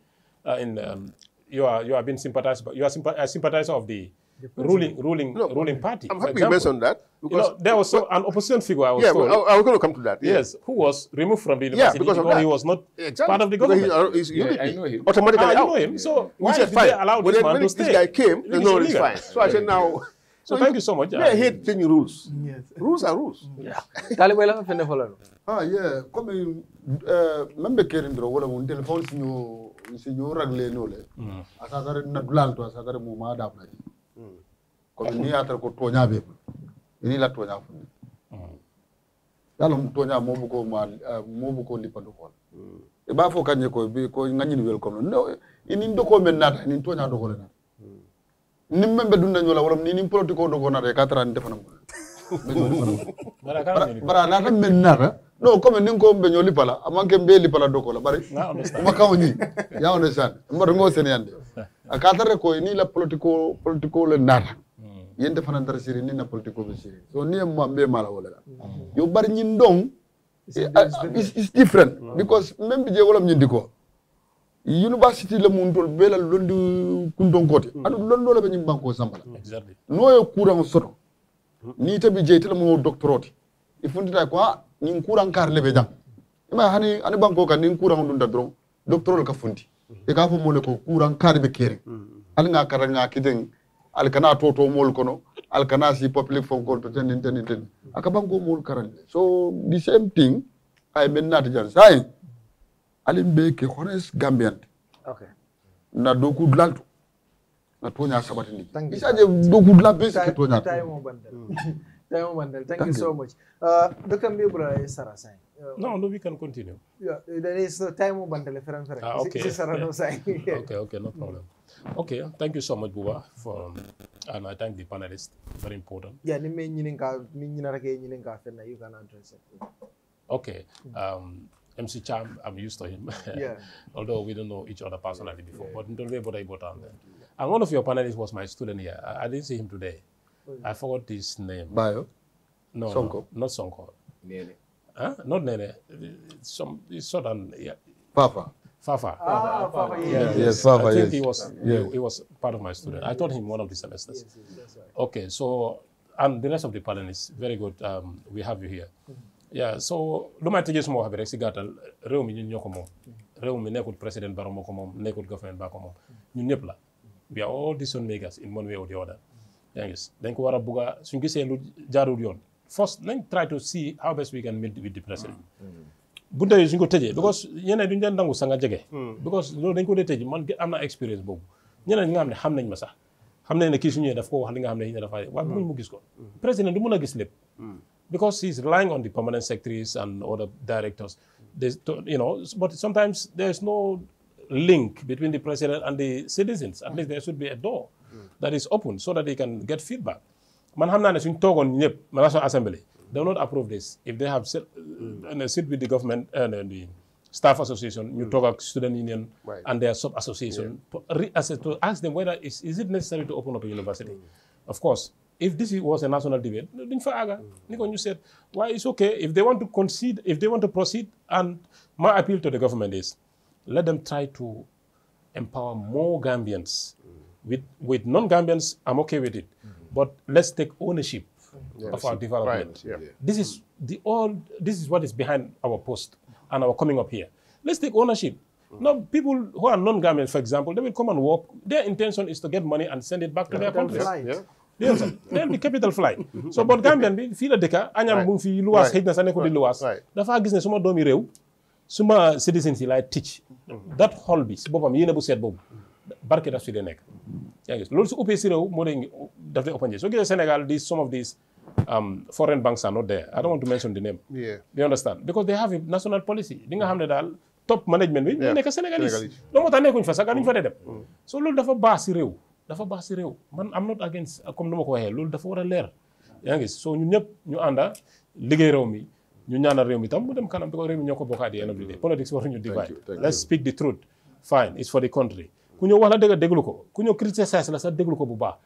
uh, in, um, you are you are being sympathized, but you are a sympathizer of the ruling ruling no, ruling party. I'm happy you mentioned that because you know, there was so, an opposition figure. I was yeah, told, I, was going to come to that. Yeah. Yes, who was removed from the university yeah, because, because he was not exactly. part of the government. He's, uh, he's yeah, I know him. Automatically, I ah, know him. So why did they allow this man to stay? This guy came. No, it's fine. So I said now. So thank you so much. Yeah, I hate changing rules. Yes. Rules are rules. Mm. Yeah. Talibai la fene folano. Ah yeah, comme euh membe kerin dro wala mon téléphone signo signo raglé no le. Mm. Asa kare na dulan to asa kare mo ma da na. Comme mm. ni atra ko tonya be. Ini la tonya fu. Yalo mo tonya mo bu ma eh, mo bu ko lipando ko. E ba fo kanye ko bi ko ngani welcome. No, ini ndoko men nata, ini tonya do ko le nata. nimɓe ɓe dundañola wala ni ni politiko do dogonaɗa e quatre ani defanam bara nata men eh? nata no comme nah, ni ko be ñoli pala li pala do ko dokola bari ma kaw ñi ya understand mbaɗa ngo sen yande hmm. a ah, katare ko ni la politique o politique o le nata hmm. yente fana ndara siri ni na politique be siri so ni e ma mbe mala wala yo bari ni ndong is different because même bi je wolam ñindi ko university le mun tol bela londi kundon gote hmm. adu londo le be nyim banko sambala hmm, exactly no yo soto mm. ni tabi je tele mo doctorate ifundita kwa ni kuran kar le be dam ima hani ani banko kan ni kuran dun da dron doctorate ka fundi mm. e ka fo mo le ko kuran kar be kere hmm, al nga kar nga kiden al kana toto mol kono al kana si public fon ko ten ten ten aka banko mol karal so the same thing i mean not just science alin be ke hones gambian okay na doku dlaltu na tonya sabati sabatini isa je doku dla be ke tonya tay mo bandal tay mo bandal thank you so much uh dokam be bra e sarasan no no we can continue yeah there is no time mo bandal feran feren ah, okay. si sarano sai okay okay no problem Okay, thank you so much, Buba, for, and I thank the panelists. Very important. Yeah, ni me nyininga, ni na nyinara ke fe na you can address it. Okay. Um, MC Cham, I'm used to him. Yeah. Although we don't know each other personally before, yeah. but Ndolwe Boda Ibotan. And one of your panelists was my student here. I, I didn't see him today. Oh, yeah. I forgot his name. Bio? No, Sonko. no not Sonko. Nene. Huh? Not Nene. Some southern. Yeah. Papa. Fafa. Ah, Fafa, yeah. yeah. Yes, Fafa, I think yes. he was yeah. he, he, was part of my student. I taught him one of the semesters. Yes, yes, right. Okay, so and the rest of the panelists, very good. Um, we have you here. Mm -hmm. yaa so lu may tëjee suma wax bi rek si gàttal réew mi ñun ñoo ko moom réew mi nekkul président Barrow moo ko moom nekkul government baa ko moom ñun ñëpp la we are all decision makers in one way or the other yaa ngi gis dañ ko war a bugg a suñ gisee lu jaarul yoon first nañ try to see how best we can meet with the president bunte yi suñ ko tëjee because ñeneen duñ leen nangu sa nga jege because loolu dañ ko dee tëj man am naa expérience boobu ñeneen ñi nga xam ne xam nañ ma sax xam nañ ne kii suñu daf ko wax li nga xam ne ñu ne dafa wax buñ mu gis ko président du mën a gis lépp because he's relying on the permanent secretaries and other directors. you know, but sometimes there's no link between the president and the citizens. At least there should be a door that is open so that they can get feedback. Man,hamna xam naa ne suñ toogoon national assembly they will not approve this if they have sit, uh, sit with the government and uh, the staff association ñu student union and their sub association to, ask them whether is, is it necessary to open up a university mm. of course if this was a national debate, duñ fa aga. why it's okay if they want to concede if they want to proceed and my appeal to the government is let them try to empower more Gambians. With with non-Gambians, I'm okay with it, but let's take ownership of our development. This is the all. This is what is behind our post and our coming up here. Let's take ownership. Now, people who are non-Gambians, for example, they will come and work. Their intention is to get money and send it back to their country. dégg bi capital flight so bon Gambian bi fi la dëkka añam bu fi fii xejna sa nekku di luwaas dafa gis ne suma doomi rew suma citizen ci lay teach dat xol bi bopam yene bu set boobu barke daf si dee nekk ya gis loolu su uppee ci rew mo lay daf lay open so gis Sénégal di some of these um, foreign banks are not there. I don't want to mention the name. Yeah. You understand? Because they have a national policy. Di nga xam dal top management bi ñu nekk Sénégalais. do mo tax nekkuñ fa sax duñ fa dé dem. So loolu dafa baax ci rew dafa bax si rew man am not against comme nu ma ko dafa wara a leer yaa ngi so ñun ñep ñu anda liggey rew mi ñu ñaanal rew mi tam mu dem kanam because rew mi ñoko ko bokk at politics end ñu divide let's speak the truth fine it's for the country ku ñu wax la dëgg déglu ko ku ñëw criticize la sa deglu ko bu baax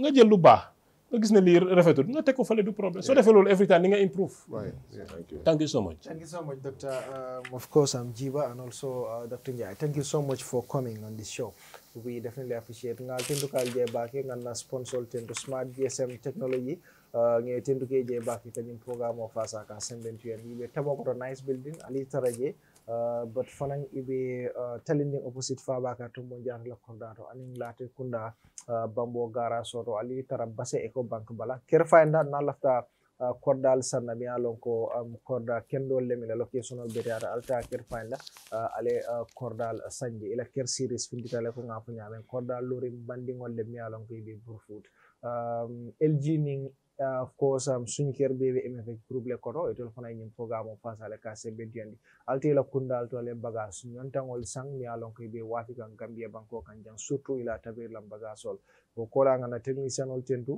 nga jël lu baax nga gis ne li rafetul nga tek ko le du problème so defé lolou every time li nga improve. right yeah, thank you. thank you so much. thank you so much doctor um, of course I'm Jiba and also uh, Dr. Njai thank you so much for coming on this show. we definitely appreciate ngal tentukal je baki nganna sponsor tentu smart gsm technology uh, nge tentuke je baki kanyum program of asaka sembentuyen ibe tabokoto nice building ali taraje uh, but fanang ibe uh, telling opposite fabaka tumbo jang la kondato aning late kunda uh, bambo gara soto ali tara base eco bank bala kerfa nda na lafta Ah, kordal sanna mi alon ko um, ah, korda kendol le mila location be tara alta ker fanda uh, ah, ale uh, kordal sanje ila ker series findita ko ngafu nyamen kordal lori bandi ngolle mi alon ko be burfut um, LG ning Uh, of course um, suñu kër bébé MFH groupe le koto itol e fana ñim programme face à la casse diandi alti la kundal to le bagage ñon tangol sang mi alon ko be wafi kan gambia banko kan jang surtout ila tabir lam bagasol ko kola ngana technicien ol tentu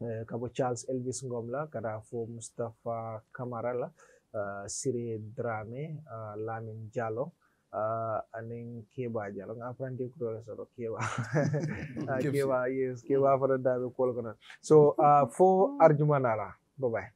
Eh, kabo charles elvis ngomla kada fo mustapha camara la uh, eh, drame uh, lamin jalo uh, aning keba jalo nga apprenti la soto keba keba yes keba fana dabe ko so uh, fo arjumanala bye bye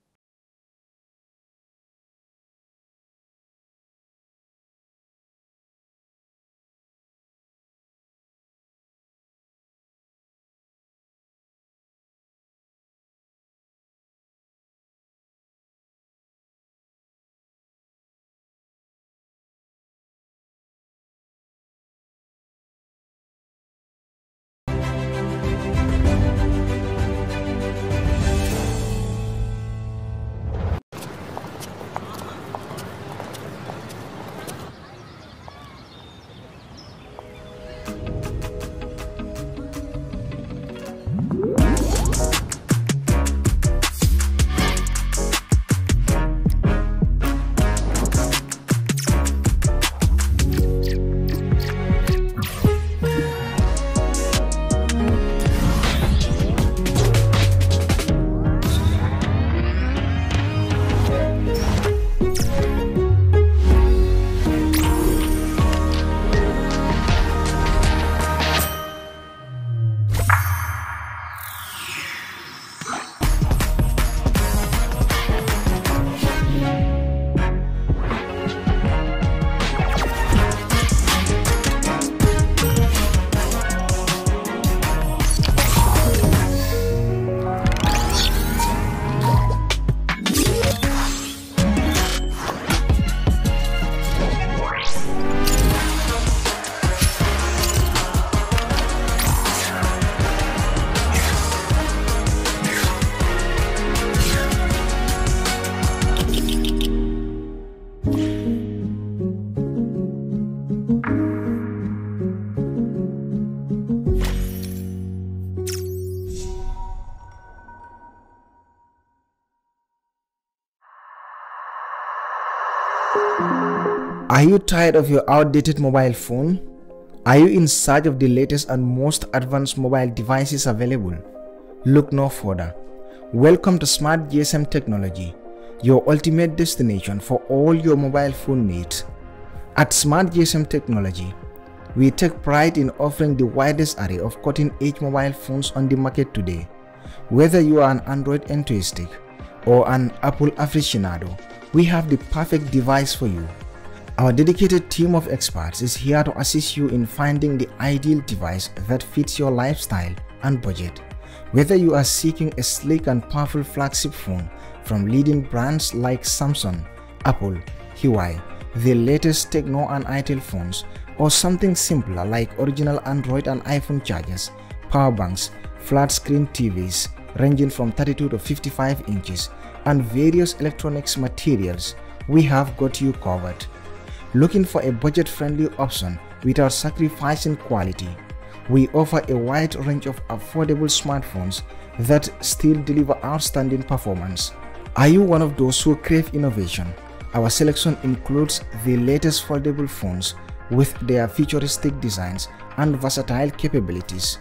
Are you tired of your outdated mobile phone? Are you in search of the latest and most advanced mobile devices available? Look no further. Welcome to Smart GSM Technology, your ultimate destination for all your mobile phone needs. At Smart GSM Technology, we take pride in offering the widest array of cutting-edge mobile phones on the market today. Whether you are an Android enthusiast or an Apple aficionado, we have the perfect device for you. Our dedicated team of experts is here to assist you in finding the ideal device that fits your lifestyle and budget. Whether you are seeking a sleek and powerful flagship phone from leading brands like Samsung, Apple, Huawei, the latest Tecno and ITIL phones, or something simpler like original Android and iPhone chargers, power banks, flat screen TVs ranging from 32 to 55 inches, and various electronics materials, we have got you covered looking for a budget-friendly option without sacrificing quality. We offer a wide range of affordable smartphones that still deliver outstanding performance. Are you one of those who crave innovation? Our selection includes the latest foldable phones with their futuristic designs and versatile capabilities.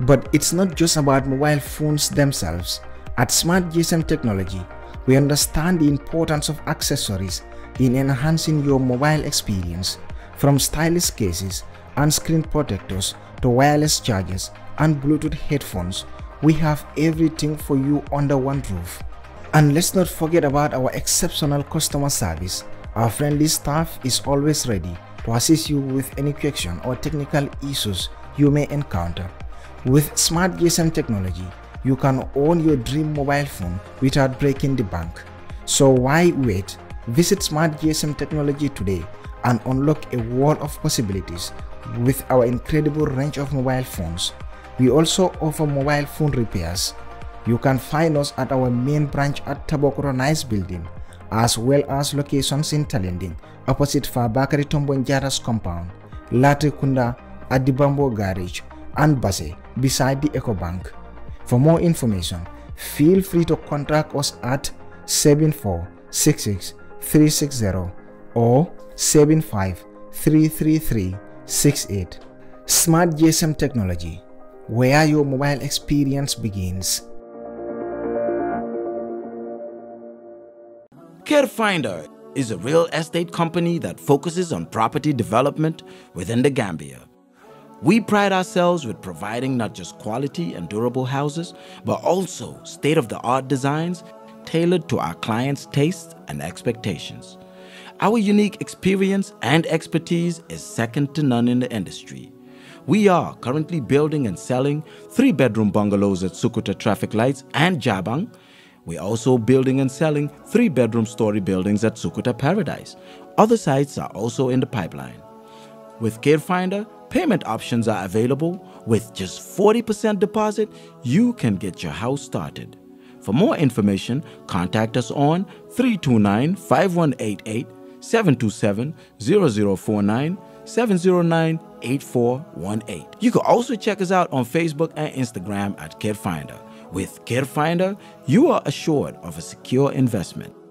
But it's not just about mobile phones themselves. At Smart GSM Technology, we understand the importance of accessories in enhancing your mobile experience from stylish cases and screen protectors to wireless chargers and Bluetooth headphones, we have everything for you under one roof. And let's not forget about our exceptional customer service. Our friendly staff is always ready to assist you with any question or technical issues you may encounter. With smart GSM technology, you can own your dream mobile phone without breaking the bank. So why wait? Visit Smart GSM technology today and unlock a world of possibilities with our incredible range of mobile phones. We also offer mobile phone repairs. You can find us at our main branch at Tabokoro Nice Building, as well as locations in Talending, opposite Fabakari Tombonjara's compound, Latikunda at the Bamboo Garage, and Base beside the Eco Bank. For more information, feel free to contact us at 7466 360 or 75 Smart GSM technology, where your mobile experience begins. CareFinder is a real estate company that focuses on property development within the Gambia. We pride ourselves with providing not just quality and durable houses, but also state-of-the-art designs tailored to our clients' tastes and expectations. Our unique experience and expertise is second to none in the industry. We are currently building and selling three bedroom bungalows at Sukuta Traffic Lights and Jabang. We're also building and selling three bedroom story buildings at Sukuta Paradise. Other sites are also in the pipeline. With CareFinder, payment options are available. With just 40% deposit, you can get your house started. For more information, contact us on 329 5188 727 0049 709 8418. You can also check us out on Facebook and Instagram at CareFinder. With CareFinder, you are assured of a secure investment.